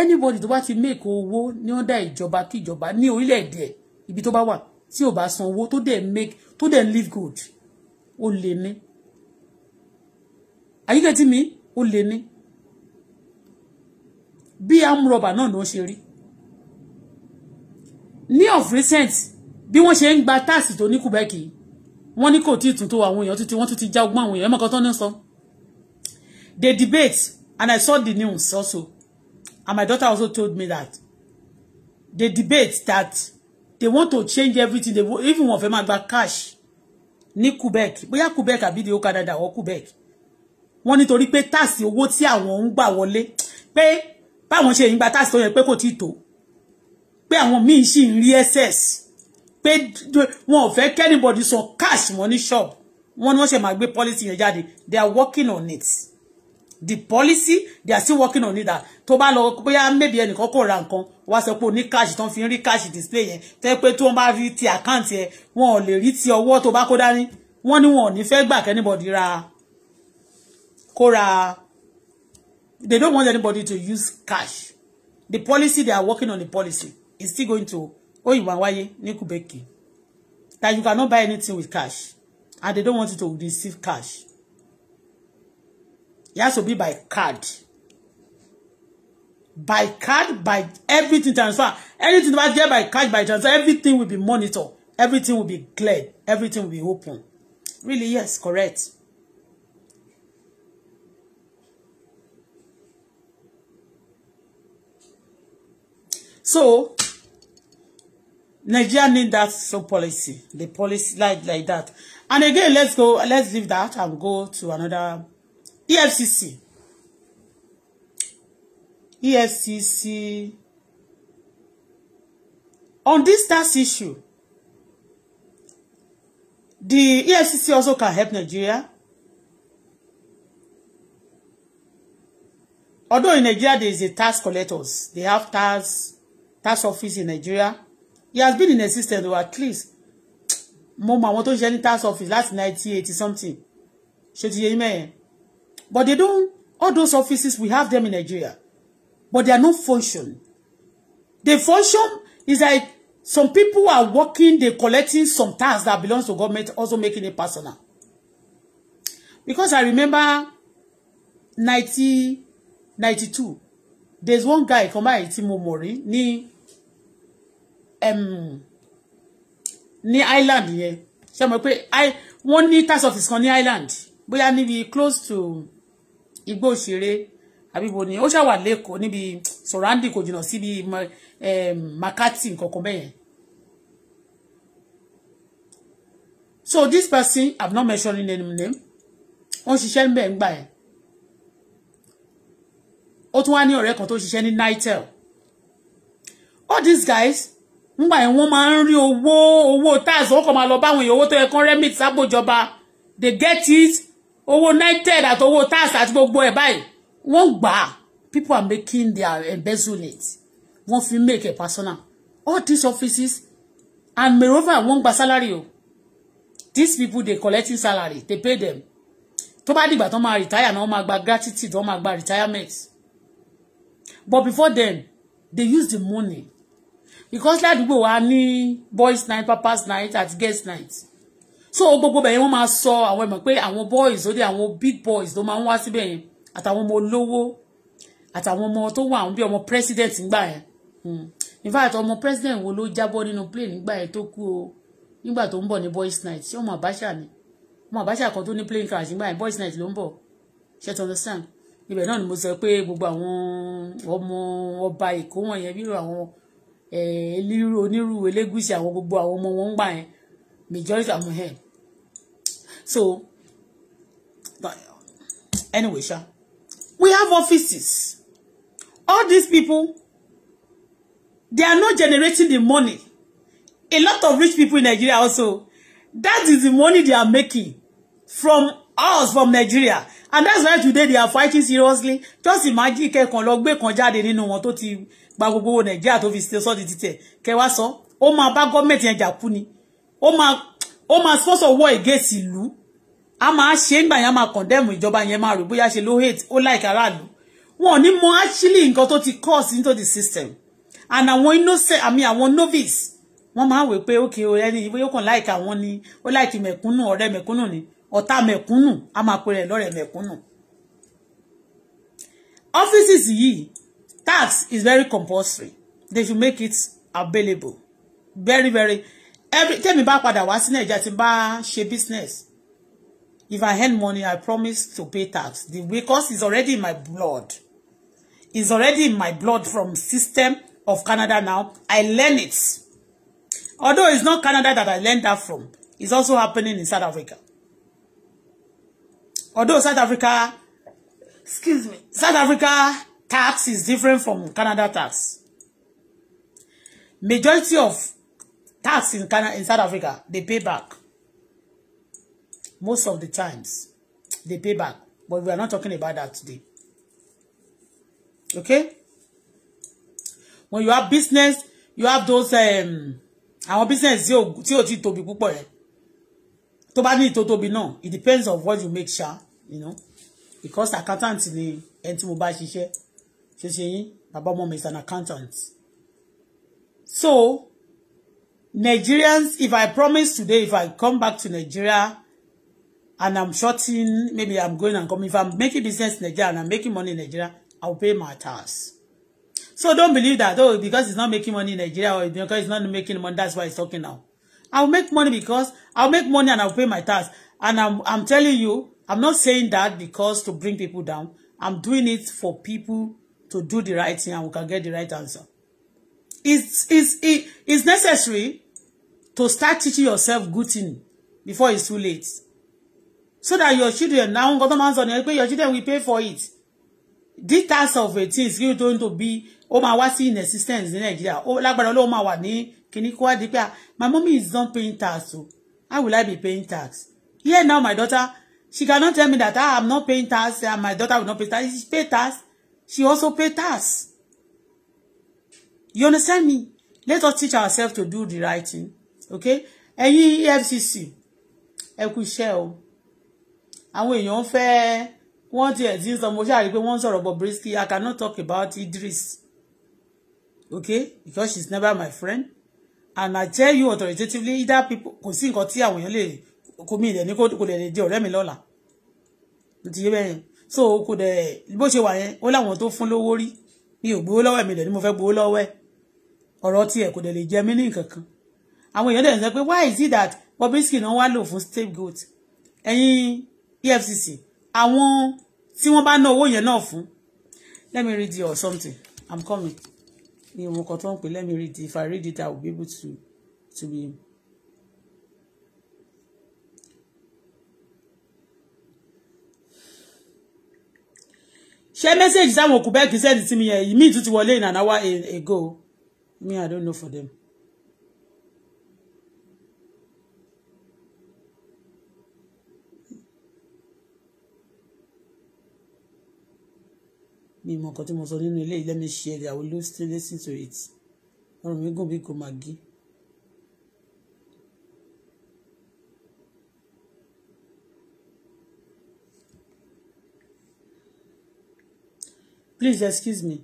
[SPEAKER 1] anybody tó bá ti make owó ní ọ̀dà ìjọba kí ìjọba ní orílẹ̀-èdè ibi tó bá wà tí ò bá san owó tó dẹ̀ make tó dẹ̀ live good ó lè ní àyíkẹ́tì mi ó lè ní bí amúrọ̀bà náà ló ṣe rí ní of recent bí wọ́n ṣe ń gba táàsì tó ní kúbẹ́kì wọ́n ní kò tí ì tún tó àwọn èèyàn títí wọ́n tún ti já ọgbọ́n àwọn èèyàn ẹ̀ mọ̀kàn tó ní sọ they debate and I saw the news also and my daughter also told me that they debate that they want to change everything they want, even wọ́n fẹ́ máa gba cash ní Quebec bóyá Quebec àbí the okada okadada or Quebec wọ́n nítorí pé táàsì owó tí àwọn ń gbà wọlé pé báwọn ṣe ń gba táàsì tó yẹ pé kò tí tó pé àwọn míín sì ń rí excess pé wọn ò fẹ́ kẹ́nìbọ̀dì san cash Money shop wọn ni wọ́n ṣe máa policy yẹn jáde they are working on it the policy they are still working on it that tó bá lọ bóyá maybe ẹnìkan kò ra nǹkan wá sọ pé o ní káàṣì tán fi ń rí káàṣì display yẹn tẹ́ pé tí wọ́n bá rí ti àkáǹtì ẹ wọn ò lè rí ti ọwọ́ tó bá kó dání wọ́n ní wọn ò ní fẹ́ gbà kẹ́nìbọ̀dì ra kó they don't want anybody to use cash the policy they are working on the policy is still going to oyinbo awaye ní kubeki that you cannot buy anything with cash and they don't want you to receive cash it has to be by card by card by everything transfer anything about get by card by transfer everything will be monitored everything will be cleared everything will be open really yes correct so Nigeria need that so policy the policy like like that and again let's go let's leave that and go to another EFCC EFCC on this tax issue the EFCC also can help Nigeria although in Nigeria there is a tax collectors they have tax tax office in Nigeria he has been in existence or at least mo mọ àwọn tó ń tax office last nineteen eighty something ṣe ti yẹ yín but they don't all those offices we have them in Nigeria but they are not function. The function is like some people are working, they're collecting some tasks that belongs to government, also making it personal. Because I remember 90, 92, there's one guy, come by Timo Mori, ni, um, ni island here. I one pé wọ́n ní tax office kan ní island bóyá níbi close to Igbo Shire àbíbo ni ó ṣàwà lẹ́kọ̀ọ́ níbi surrounding kò jìnnà síbi eh, makati nkankan bẹ́ẹ̀ so this person i'm not mentioned any name ó ń ṣiṣẹ́ níbẹ̀ ń gbà ẹ̀ ó tún wá ní ọ̀rẹ́ kan tó ṣiṣẹ́ ní nitel all these guys ngbà yẹn wọ́n máa ń rí owó owó tax wọ́n kàn máa lọ báwọn èèyàn owó tó yẹ kán remit sábòjọba they get it owó nitel àti owó tax àti gbogbo ẹ̀ báyìí wọ́n gbà á people are making their eh, embezzle it wọ́n fi make a personal all these offices and moreover wọ́n gba salary o these people dey collecting salary they pay them tó bá dìgbà tó máa retire náà wọ́n máa gba gratitude wọ́n máa gba retirement but before then they use the money because ládùúgbò wa ní boys night papas night àti girls night so gbogbo bẹ̀yẹn wọ́n máa sọ àwọn ìmọ̀ pé àwọn boys ó dé àwọn big boys ló máa ń wá síbẹ̀ yẹn àtàwọn ọmọ olówó àtàwọn ọmọ tó wà àwọn bí ọmọ president ńgbà yẹn hmm. in fact ọmọ president wo ló jábọ́ nínú plane nígbà yẹn tó kú o nígbà tó ń bọ̀ ní boys night ṣé ọmọ Abacha ni ọmọ Abacha kan tó ní plane crash nígbà yẹn boys night ló ń bọ̀ ṣe to understand ibẹ̀ náà ni mo sọ pé gbogbo àwọn ọmọ ọba Èkó wọ̀nyẹn bí àwọn elérò onírú Elégùṣì àwọn gbogbo àwọn ọmọ wọn ń gbà yẹn majority àwọn ẹ̀ so anyway ṣá. Sure. We have offices. All these people, they are not generating the money. A lot of rich people in Nigeria also, that is the money they are making from us, from Nigeria. And that's why today they are fighting seriously. Just imagine kẹ́ kàn lọ gbé kan jáde nínú wọn tó ti gba gbogbo owó Nàìjíríà tó fi sọ di títẹ̀. Kẹ́ wá sọ, ó máa bá gọ́ọ̀mẹ̀ntì ẹjà kú ni. Ó máa ó sponsor war against ìlú a máa ṣe ń gbà yẹn a máa condemn ìjọba yẹn máa rò bóyá ṣe ló hate ó like aráàlú wọn ò ní actually nǹkan tó ti cause into the system and àwọn innocent àmì àwọn novice wọ́n máa wè pé ókè o ẹni ìwé yóò kàn láìka àwọn ni ó láìkì mẹ̀kúnnù ọ̀rẹ́ mẹ̀kúnnù ni ọ̀tá mẹ̀kúnnù a máa pe rẹ̀ lọ́rẹ̀ mẹ̀kúnnù. offices yìí tax is very compulsory they should make it available very very every tẹ́mi bá padà wá sí nàìjíríà tí bá ṣe business If I earn money, I promise to pay tax. The, because it's already in my blood. It's already in my blood from system of Canada now. I learn it. Although it's not Canada that I learned that from. It's also happening in South Africa. Although South Africa, excuse me, South Africa tax is different from Canada tax. Majority of tax in Canada, in South Africa, they pay back most of the times they pay back but we are not talking about that today okay when you have business you have those um, àwọn business tí ò tí tóbi púpọ̀ To tó bá to ìtò tóbi náà it depends on what you make sure you know because accountant ni ẹni tí mo bá ṣiṣẹ́ ṣe ṣe yín bàbá is an accountant so Nigerians if I promise today if I come back to Nigeria and I'm shorting, maybe I'm going and coming. If I'm making business in Nigeria and I'm making money in Nigeria, I'll pay my tax. So don't believe that, oh, because it's not making money in Nigeria or because it's not making money, that's why it's talking now. I'll make money because I'll make money and I'll pay my tax. And I'm, I'm telling you, I'm not saying that because to bring people down. I'm doing it for people to do the right thing and we can get the right answer. It's, it's, it, it's necessary to start teaching yourself good thing before it's too late so that your children now got tó máa ń sọ your children will pay for it this task of a thing is going to be ó máa wá sí in existence ní Nàìjíríà Oh, like Ọlọ́run máa wà ní kíní kó wá di pé ah, my mommy is not paying tax o how will I be paying tax here now my daughter she cannot tell me that ah, I am not paying tax and ah, my daughter will not pay tax she pay tax she also pay tax you understand me let us teach ourselves to do the right thing okay ẹ̀yin EFCC ẹ kú iṣẹ́ o àwọn èèyàn fẹ́ wọ́n ti ẹ̀ ti ń sọ mo ṣáà rí i pé wọ́n ń sọ̀rọ̀ Bobrisky I cannot talk about Idris okay because she's never my friend and I tell you authoritatively either people kò sí nǹkan tí àwọn èèyàn lè kò mí ilẹ̀ ní kò lè di ọ̀rẹ́ mi lọ́la so kò dẹ̀ bó ṣe wà yẹn ó láwọn tó fún lówó rí mi ò gbowó lọ́wọ́ mi dẹ̀ ni mo fẹ́ gbowó lọ́wọ́ ẹ̀ ọ̀rọ̀ tiẹ̀ kò dẹ̀ lè jẹ mí ní nǹkan àwọn èèyàn dẹ̀ sọ pé why is it that Bobrisky náà wá lò fún scapegoat ẹ̀yin EFCC àwọn tí wọ́n bá ná owó yẹn náà fún let me read you or something i'm coming ní ìwọ̀n kan tó ń pè let me read if i read it i will be able to to be. ṣé message. sáwọn òkú bẹ́ẹ̀ kì í sẹ́ẹ̀dì sí mi yẹn ìmí ìtú ti wọlé in ago me i don't know for them. mi mọ̀ nǹkan tí mo sọ nínú ilé yìí let me share it I will listen listen to it ọ̀rọ̀ mi gùn bí gò màgí. Please excuse me.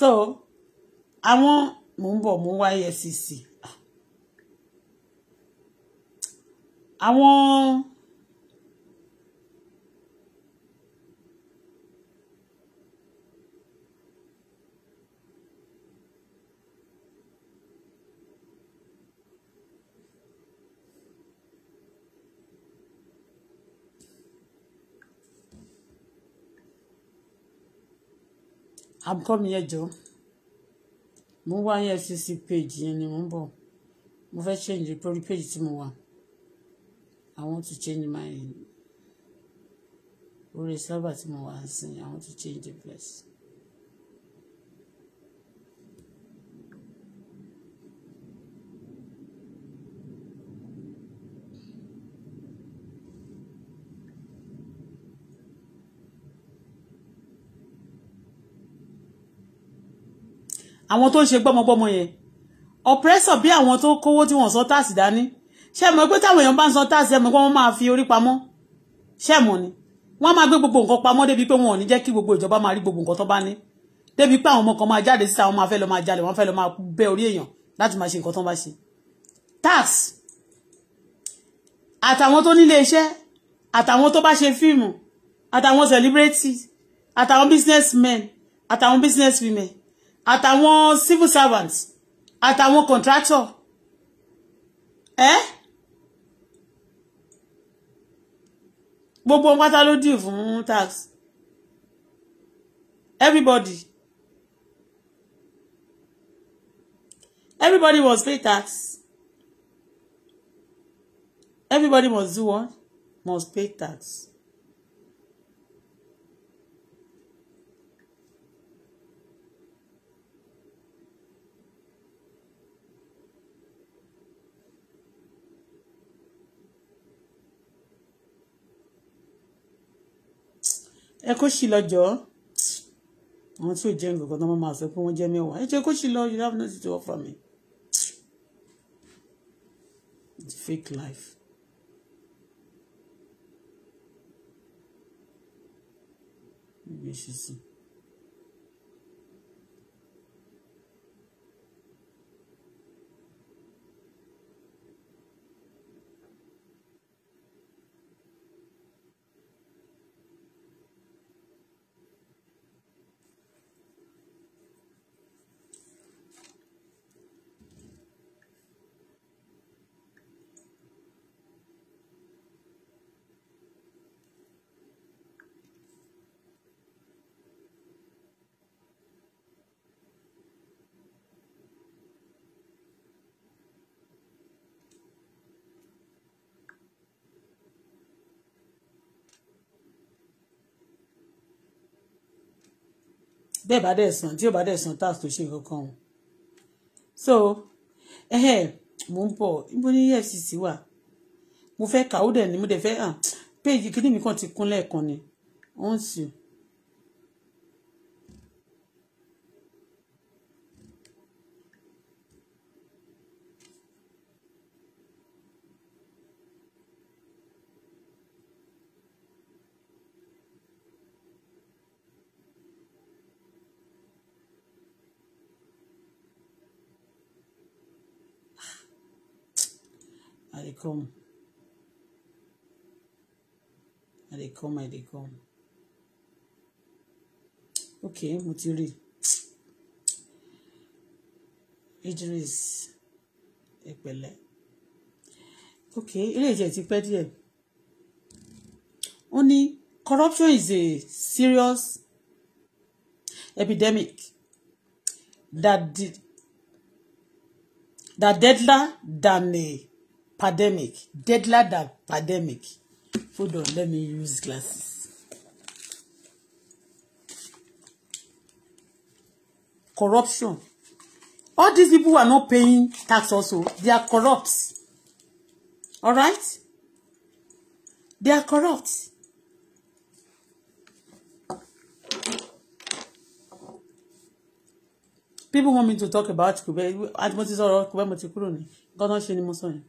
[SPEAKER 1] so àwọn mò ń bọ̀ mú wá EFCC
[SPEAKER 2] àwọn.
[SPEAKER 1] I'm coming here jọ mo wá EFCC page yẹn ni mo ń bọ̀ mo fẹ́ change lórí page tí mo wà I want to change my orí sábà tí mo wà ń sìn I want to change the place. àwọn tó ń ṣe gbọ́mọgbọ́mọ yẹn oppressor bí àwọn tó kówó tí wọ́n san táàsì dání ṣé mọ̀ pé táwọn èèyàn bá ń san táàsì ẹ̀mọ̀ pé wọ́n máa fi orí pamọ́ ṣé mọ̀ ni wọ́n máa gbé gbogbo nǹkan pamọ́ débi pé wọn ò ní jẹ́ kí gbogbo ìjọba máa rí gbogbo nǹkan tó bá ní débi pé àwọn ọmọ kan máa jáde síta wọn máa fẹ́ lọ máa jalè wọn fẹ́ lọ máa bẹ́ orí èèyàn láti máa ṣe nǹkan tó ń bá ṣe tax àtàwọn tó nílé iṣẹ́ àtàwọn tó bá ṣe fíìmù àtàwọn celebrities àtàwọn businessmen àtàwọn business women àtàwọn civil servants àtàwọn contractor ẹ gbogbo pátá ló dì fún tax everybody everybody was pay tax everybody must do what must pay tax. ẹ kó sì lọ jọ àwọn tí ò jẹ́ nǹkan tó máa sọ pé wọ́n jẹ́ mẹ́wàá ẹ jẹ́ kó sì lọ you have nothing to offer me it's fake life. Let me see. bẹ́ẹ̀ bá dẹ̀ san tí ò bá dẹ̀ san tax tó ṣe nǹkan o so mo ń bọ̀ níbo ní EFCC wà mo fẹ́ kà ó dẹ̀ ni mo dẹ̀ fẹ́ hàn ah, péèjì kíní mi kàn ti kún lẹ́ẹ̀kan ni ó ń sùn. Come, i dey come, i dey come. okay mo ti rí Idris ìpẹ̀lẹ́ okay ilé ìjẹ ti pẹ́ díẹ̀ ó ní corruption is a serious epidemic that did that deadlier than a pandemic, deadlier than pandemic. Hold on, let me use glasses. Corruption. All these people are not paying tax also. They are corrupt. All right? They are corrupt. People want me to talk about Quebec. Àti mo ti sọ̀rọ̀ Quebec mo ti ni mo sọ yẹn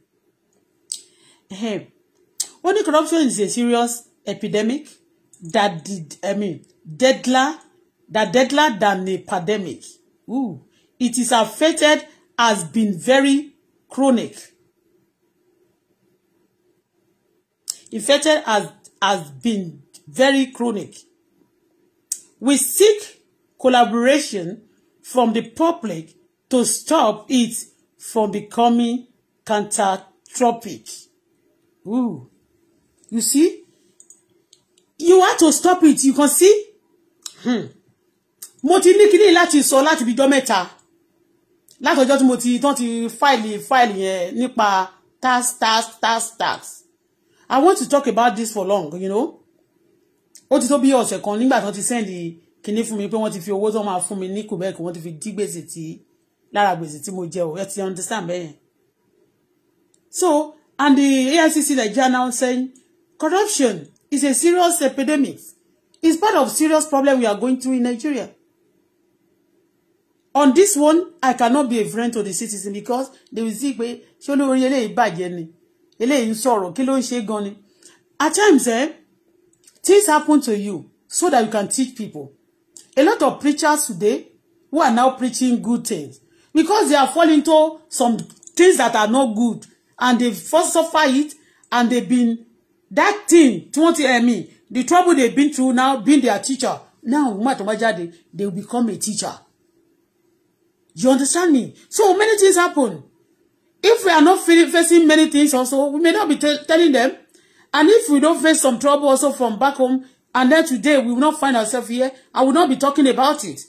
[SPEAKER 1] help ó ní corruption is a serious epidemic that did, I mean, deadly that deadly than a pandemic Ooh. it is affected has been very chronic infected has has been very chronic. We seek collaboration from the public to stop it from becoming catastrophic. Ooh. You see? You want to stop it. You can see? Hmm. Mo ti ní kíní láti sọ láti bíjọ́ mẹ́ta. Látọjọ́ tí mo ti tán ti file, file, yẹn nípa tax tax tax tax. I want to talk about this for long, you know? Ó ti tó bí ọ̀sẹ̀ kan nígbà tán ti sẹ́ndì kíní fún mi pé wọ́n ti fi owó tán máa fún mi ní Quebec wọ́n ti fi dí gbèsè tí lára gbèsè tí mo jẹ o ẹ understand me? So And the AICC Nigeria now saying corruption is a serious epidemic. It's part of serious problem we are going through in Nigeria. On this one, I cannot be a friend to the citizen because they will see pé She olórí eléyìí bàjẹ́ ni eléyìí ń sọ̀rọ̀ kí ló ń ṣe gan At times, eh, things happen to you so that you can teach people. A lot of preachers today who are now preaching good things because they are falling to some things that are not good and they first suffer it and they been that thing tí wọ́n ti ẹ̀mí the trouble they've been through now being their teacher now woman tó bá jáde they will become a teacher you understand me so many things happen if we are not facing many things also we may not be telling them and if we don't face some trouble also from back home and then today we will not find ourselves here I will not be talking about it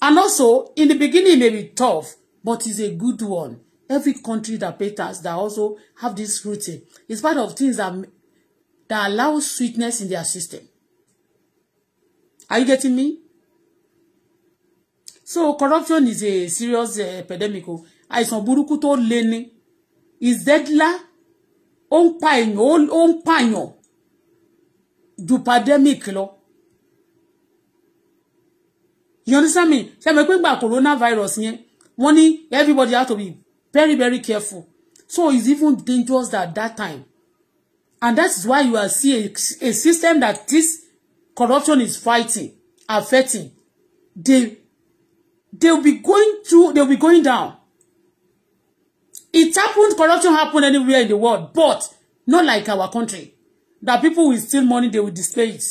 [SPEAKER 1] and also in the beginning it may be tough but it's a good one every country that pay tax that also have this routine is part of things that that allow sweetness in their system are you getting me so corruption is a serious uh, epidemic o oh. àìsàn burúkú tó le ni ìzẹ́dílá ó ń pa èèyàn ó ń pààyàn ju pandemic lọ you understand me ṣe mọ̀ pé gbà coronavirus yẹn wọ́n ní everybody has to be Very, very careful. So it's even dangerous at that time. And that is why you are see a, a system that this corruption is fighting, affecting. They, they will be going through, They will be going down. It happened, corruption happened anywhere in the world, but not like our country. That people will steal money, they will display it.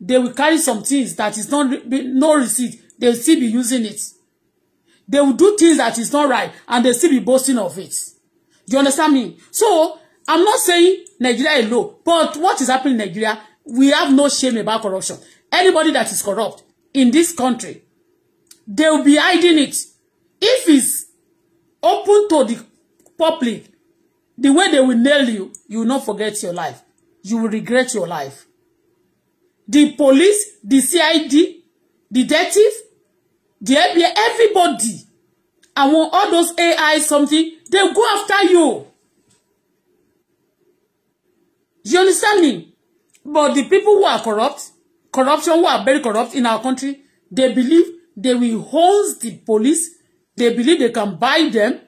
[SPEAKER 1] They will carry some things that is not no receipt. They will still be using it. They will do things that is not right and they still be boasting of it. Do you understand me? So, I'm not saying Nigeria is low, but what is happening in Nigeria, we have no shame about corruption. Anybody that is corrupt in this country, they will be hiding it. If it's open to the public, the way they will nail you, you will not forget your life. You will regret your life. The police, the CID, the detective, There be everybody, I want all those AI something, they go after you. You understand me? But the people who are corrupt, corruption who are very corrupt in our country, they believe they will hold the police. They believe they can buy them.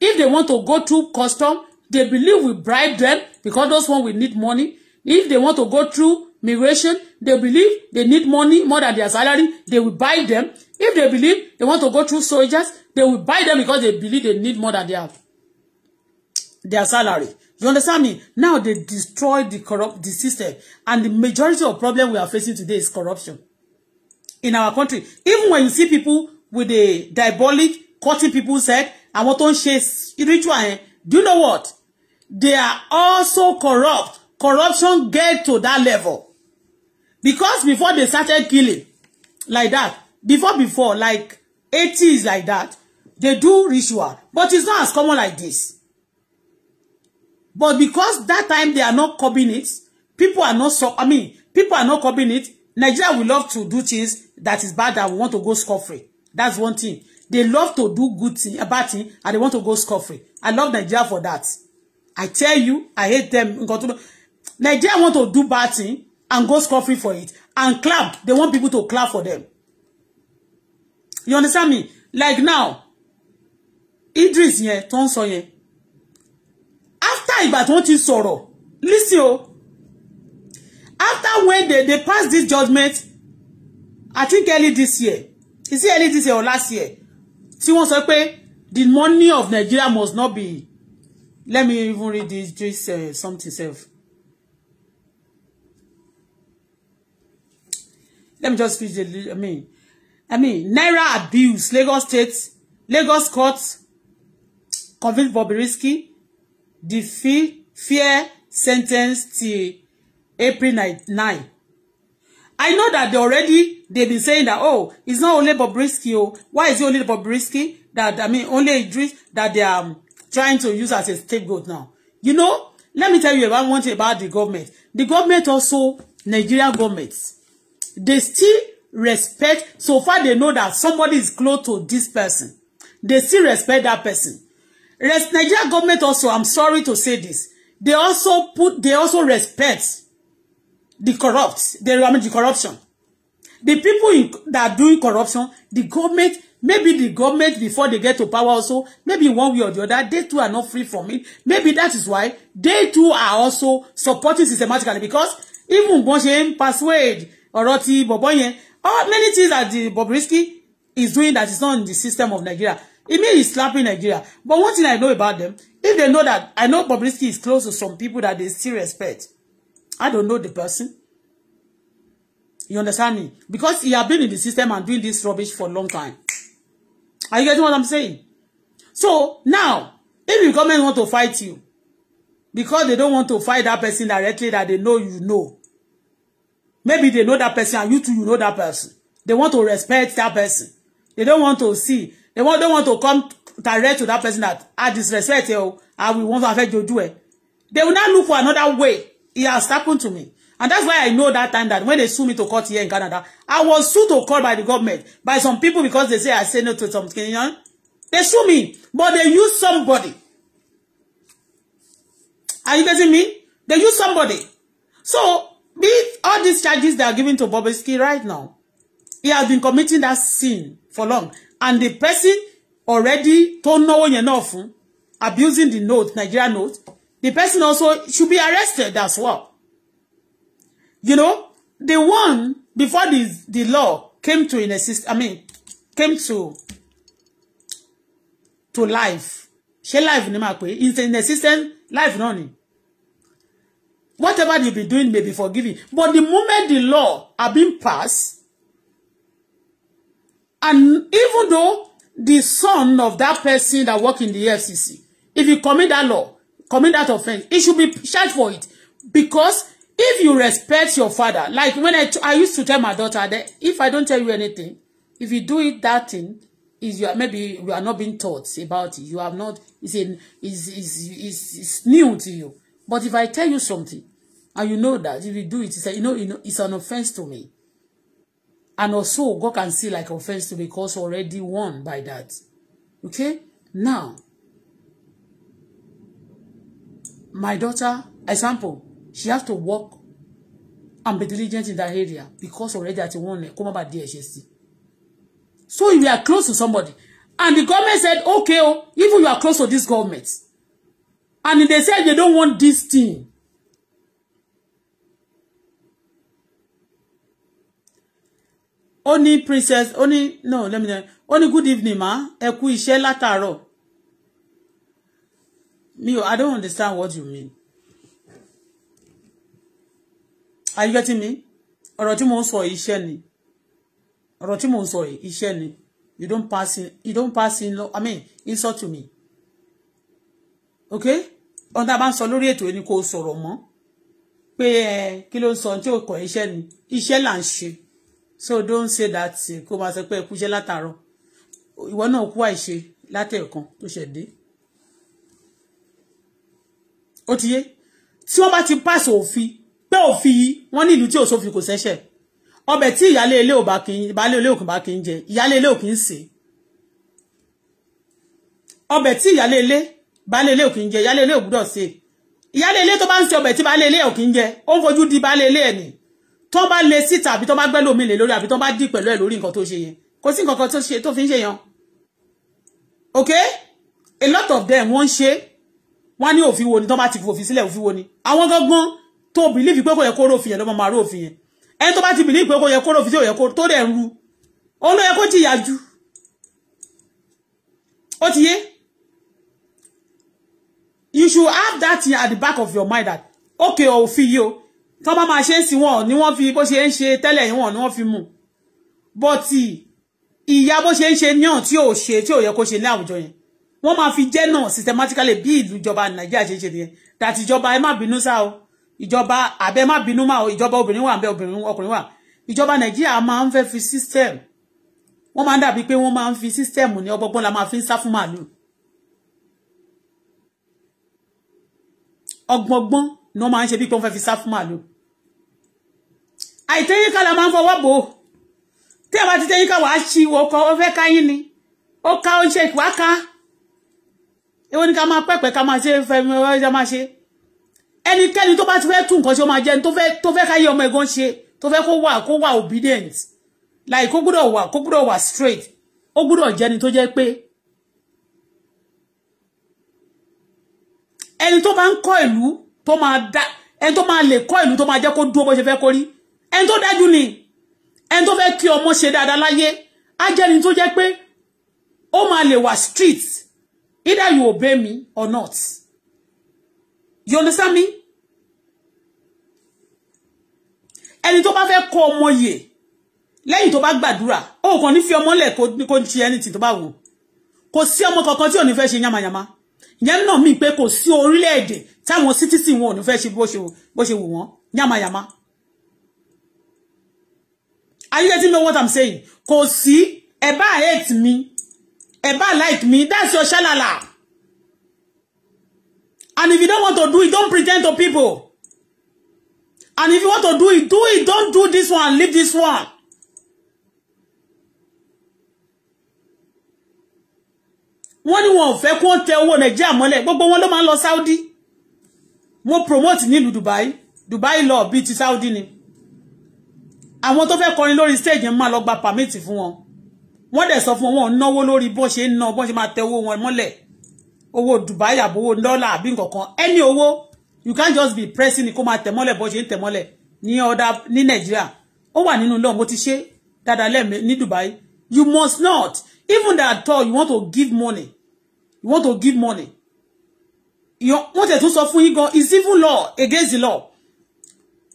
[SPEAKER 1] If they want to go through custom, they believe we bribe them because those one will need money. If they want to go through migration they believe they need money more than their salary they will buy them if they believe they want to go through soldiers they will buy them because they believe they need more than their their salary you understand me now they destroy the corrupt the system and the majority of problem we are facing today is corruption in our country even when you see people with a diabolic cutting people's head àwọn tó ń spiritual yẹn do you know what they are also corrupt corruption get to that level Because before they started killing like that, before before, like 80s like that, they do ritual. But it's not as common like this. But because that time they are not copying it, people are not so, I mean, people are not copying it. Nigeria will love to do things that is bad and we want to go scot-free. That's one thing. They love to do good thing, a bad thing, and they want to go scot-free. I love Nigeria for that. I tell you, I hate them. Nigeria want to do bad thing, and go scot for it and clap. They want people to clap for them. You understand me? Like now, Idris yẹn tó ń sọ yẹn. After ìgbà tó ń ti sọ̀rọ̀, listen o. After when they, they pass this judgment, I think early this year, is it early this year or last year? Tí wọ́n sọ pé the money of Nigeria must not be. Let me even read this, this uh, something self. let me just finish the I mean I mean Naira abuse Lagos State Lagos court convict Bobrisky the fee fear sentence till April 9. I know that they already they've been saying that oh it's not only Bobrisky oh why is it only Bobrisky that I mean only Idris that they are um, trying to use as a scapegoat now you know let me tell you about one thing about the government the government also Nigerian governments they still respect so far they know that somebody is close to this person they still respect that person rest Nigeria government also I'm sorry to say this they also put they also respect the corrupt the I mean, the corruption the people in, that are doing corruption the government maybe the government before they get to power also maybe one way or the other they too are not free from it maybe that is why they too are also supporting systematically because even once they persuade ọ̀rọ̀ ti bọ̀bọ̀ yẹn all many things that the Bobrisky is doing that is not in the system of Nigeria it mean he's slapping Nigeria but one thing I know about them if they know that I know Bobrisky is close to some people that they still respect I don't know the person you understand me because he have been in the system and doing this rubbish for a long time are you getting what I'm saying so now if the government want to fight you because they don't want to fight that person directly that they know you know Maybe they know that person and you too, you know that person. They want to respect that person. They don't want to see. They want, don't want to come direct to that person that I ah, disrespect you. I will want to affect you do it. They will not look for another way. It has happened to me. And that's why I know that time that when they sue me to court here in Canada, I was sued to court by the government, by some people because they say I say no to some Kenyan. They sue me, but they use somebody. Are you getting me? They use somebody. So These, all these charges they are giving to Bobrisky right now, he has been committing that sin for long. And the person already tó náwó yẹn náà fún, abusing the note, Nigeria note, the person also should be arrested as well. You know, the one before the, the law came to in exist, I mean, came to to life. She life ni ma pe, in existence, life running. Whatever you've been doing may be forgiven. But the moment the law are being passed, and even though the son of that person that work in the FCC, if you commit that law, commit that offense, it should be charged for it. Because if you respect your father, like when I, I used to tell my daughter that if I don't tell you anything, if you do it that thing, is you are, maybe you are not being taught about it. You have not, it's, in, it's, it's, it's, it's new to you. But if I tell you something, and you know that if you do it, it's a, you know, you know it's an offense to me. And also, God can see like offense to me because already won by that. Okay? Now, my daughter, example, she has to work and be diligent in that area because already at one come about DHSC. So if you are close to somebody, and the government said, okay, oh, even you are close to this government, And they said they don't want this thing. Only princess, only, no, let me know. Only good evening, ma. Ẹ kú iṣẹ́ látàárọ̀. Me, I don't understand what you mean. Are you getting me? Ọ̀rọ̀ mo ń sọ iṣẹ́ ni. Ọ̀rọ̀ mo ń sọ ni. You don't pass in, you don't pass in, I mean, insult to me. Okay? ohun tá a bá ń sọ lórí ètò yìí ni kò sọ̀rọ̀ mọ́ pé ẹ kí ló ń sọ tí ò kọ̀ iṣẹ́ ni iṣẹ́ là ń ṣe so don't say that kó máa sọ pé ẹ kúṣẹ́ látàárọ̀ ìwọ náà kú àìṣe látẹ̀ẹ̀kan tó ṣẹ̀ dé ó ti yé tí wọ́n bá ti pàṣẹ òfin pé òfin yìí wọ́n ní ìlú tí òṣòfin kò ṣẹ̀ṣẹ̀ ọbẹ̀ tí ìyálé ilé òbá kì í ìbálé ilé òkùnbá kì í jẹ ìyálé ilé òkì í sè ọbẹ̀ tí ìyálé ilé baálé ilé ò kì í jẹ ìyálé ilé ò gbúdọ̀ ṣe ìyálé ilé tó bá ń ṣe ọbẹ̀ tí baálé ilé ò kì í jẹ ó ń fojú di baálé ilé ẹ̀ ni tó bá lé síta àbí tó bá gbẹ́ lómi lè lórí àbí tó bá dì pẹ̀lú ẹ̀ lórí nǹkan tó ṣe yẹn kò sí nǹkan kan tó ṣe tó fi ń yan okay a lot of them wọ́n ń ṣe wọ́n ní òfin wo ni tó bá ti fòfin sílẹ̀ òfin wo ni àwọn gangan tó bìlífì pé kò yẹ kó rófin yẹn ló máa rófin yẹn ẹni tó bá ti bìlífì pé kò yẹ kó rófin tí ò yẹ kó tó dẹ̀ ń ru ó ló yẹ kó jìyà ju ó ti yé you should have that thing at the back of your mind that okay oh, o fi yí o tó bá máa ṣe ń sin wọn ni wọ́n fi bó ṣe ń ṣe tẹ́lẹ̀ wọn ni wọ́n fi mú but ìyá bó ṣe ń ṣe ní ọ̀n tí ò ṣe tí ò yẹ kó ṣe ní àwùjọ yẹn wọ́n máa fi jẹ́ náà systematically bí ìlú ìjọba nàìjíríà ṣe ṣe nìyẹn that ìjọba ẹ má bínú sá o ìjọba àbẹ má bínú má o ìjọba obìnrin wà bẹ obìnrin ọkùnrin wà ìjọba nàìjíríà máa ń fẹ́ fi system wọ́n máa ń dàbí pé wọ́n máa ń fi system ní ọgbọ́gbọ́n la máa fi ń sá fún màálùú ọgbọ̀ngbọ́n ni wọ́n máa ń ṣe bí pé wọ́n fẹ́ fi sá fún màálù àìtẹ́yíká la máa ń fọwọ́ bò ó tí a bá ti tẹ́yíká wàá ṣí ọkọ̀ ó fẹ́ ká yín ni ó ká ó ń ṣe ìwá ká èwo ni ká máa pẹ́pẹ́ ká máa ṣe fẹ́mi ọjọ́ máa ṣe ẹnikẹ́ni tó bá ti fẹ́ tún nǹkan ṣe ó máa jẹ́ ni tó fẹ́ káyé ọmọ ẹ̀gán ṣe tó fẹ́ kó wà kó wà obedient like kó gbúdọ̀ wà kó gbúdọ̀ wà straight ó gbúdọ̀ jẹ́ni tó jẹ́ pé ẹni tó bá ń kọ́ ìlú tó máa dá ẹni tó máa lè kọ́ ìlú tó máa jẹ́ kó dúró bó ṣe fẹ́ kó rí ẹni tó dájú ni ẹni tó fẹ́ kí ọmọ ṣe dáadáa láyé á jẹ́ ẹni tó jẹ́ pé ó máa lè wà street either you obey me or not you understand me ẹni tó bá fẹ́ kọ́ ọmọ yè lẹ́yìn tó bá gbàdúrà ó kàn ní fi ọmọ lẹ̀ kó ní ṣe anything tó bá wù kò sí ọmọ kankan tí ò ní fẹ́ ṣe yamayama ìyẹn náà mí pé kò sí orílẹ̀-èdè táwọn sítìsì wọn ò ní fẹ́ ṣe bó ṣe wù wọ́n yàmàyàmà are you getting me what i'm saying kò sí ẹ bá hate me ẹ bá like me that's your shalala and if you don't want to do it don't pretend to people and if you want to do it do it don't do this one leave this one wọ́n ní wọn ò fẹ́ kó tẹ owó nàìjíríà mọ́lẹ̀ gbogbo wọn ló máa ń lọ saudi mo promote nílùú dubai dubai lọ bíi ti saudi ni àwọn tó fẹ́ kọrin lórí stage máa lọ gba permit fún wọn wọ́n dẹ̀ sọ fún wọn wọn náwó lórí bó ṣe ń ná bó ṣe máa tẹ owó wọn mọ́lẹ̀ owó dubai àbò owó dọ́là àbí nǹkankan ẹni owó you can't just be pressing kó máa tẹ̀ mọ́lẹ̀ bó ṣe ń tẹ̀ mọ́lẹ̀ ní ọ̀dà ní nàìjíríà ó wà nínú lọ́ọ̀ mo ti ṣe dáadáa lẹ́ẹ̀mẹ́ ní dubai you must not even that all you want to give money you want to give money you want to sọ fún yín gan even law against the law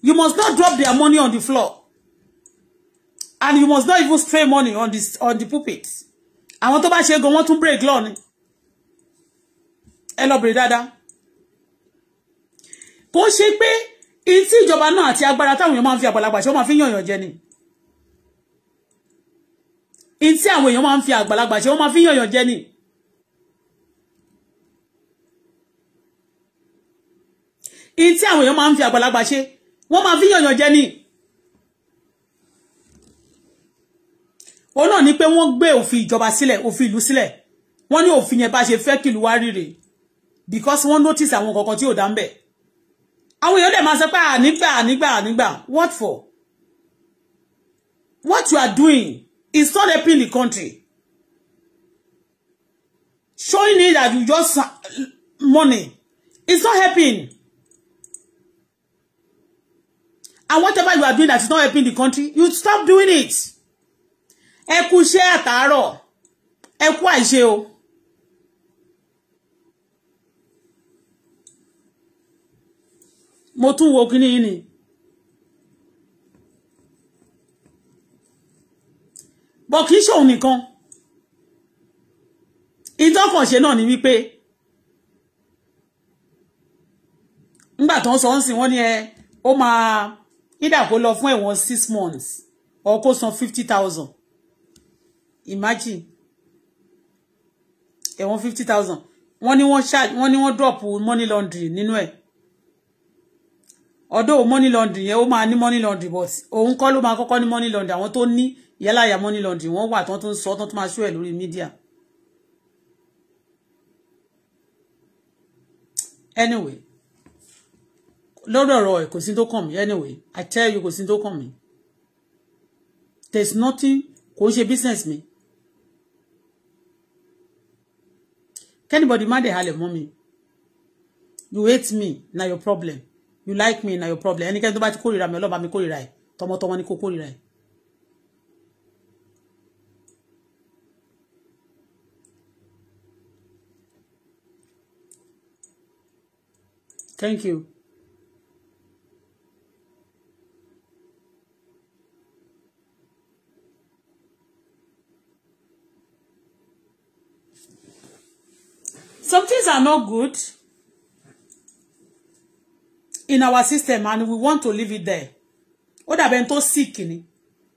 [SPEAKER 1] you must not drop their money on the floor and you must not even stray money on this on the pulpit I want to buy ṣe gan want to break law ni ẹ lọ bèrè dáadáa kò ṣe pé ìtí ìjọba your àti agbára táwọn èèyàn máa your fi àgbàlagbà ṣe wọ́n máa fi yànyàn jẹ ni in tí àwọn èèyàn máa ń fi àgbàlagbà ṣe wọ́n máa fi yànyàn jẹ ni. in tí àwọn èèyàn máa ń fi àgbàlagbà ṣe wọ́n máa fi yànyàn jẹ ni. òun náà ni pé wọ́n gbé òfin ìjọba sílẹ̀ òfin ìlú sílẹ̀ wọ́n ní òfin yẹn bá ṣe fẹ́ kìlú wá rírè because wọ́n notice àwọn kankan tí ò dá ń bẹ̀. àwọn èèyàn dẹ̀ máa sọ pé ànígbà ànígbà ànígbà what for? what you are doing? It's not helping the country. Showing it that you just money. It's not helping. And whatever you are doing that is not helping the country, you stop doing it. Eku share iṣẹ́ àtàárọ̀. Ẹ kú àìṣe o. Mo bọ̀ kì í ṣòun nìkan ìtọ́kànṣe náà ni wípé ńgbà tó ń sọ ń sìn wọ́n ní ẹ ó máa ìdà kó lọ fún ẹ̀wọ̀n six months or kó san fifty thousand imagine ẹ̀wọ̀n fifty thousand wọ́n ní wọ́n ṣáà wọ́n ní wọ́n drop money laundry nínú ẹ̀ ọ̀dọ̀ money laundry yẹn ó máa ní money laundry but òun kọ́ ló máa kọ́kọ́ ní money laundry àwọn tó ní yálàyà money laundering wọ́n wà tán tó ń sọ tán tó máa ṣó ẹ̀ lórí mídíà anyway lórí ọ̀rọ̀ ẹ̀ kò sí tó kàn mí anyway I tell you kò sí tó kàn mí there is nothing kò ń ṣe business mi kẹ́nìbọ̀dì má dẹ̀ halẹ̀ mọ́ mi you hate me na your problem you like me na your problem ẹnikẹ́ni tó bá ti kórìíra mi ọlọ́ba mi kórìíra ẹ̀ tọmọtọmọ ni kò kórìíra ẹ̀. Thank you. Some things are not good in our system and we want to leave it there. Ó dàbí ẹni tó sick ni.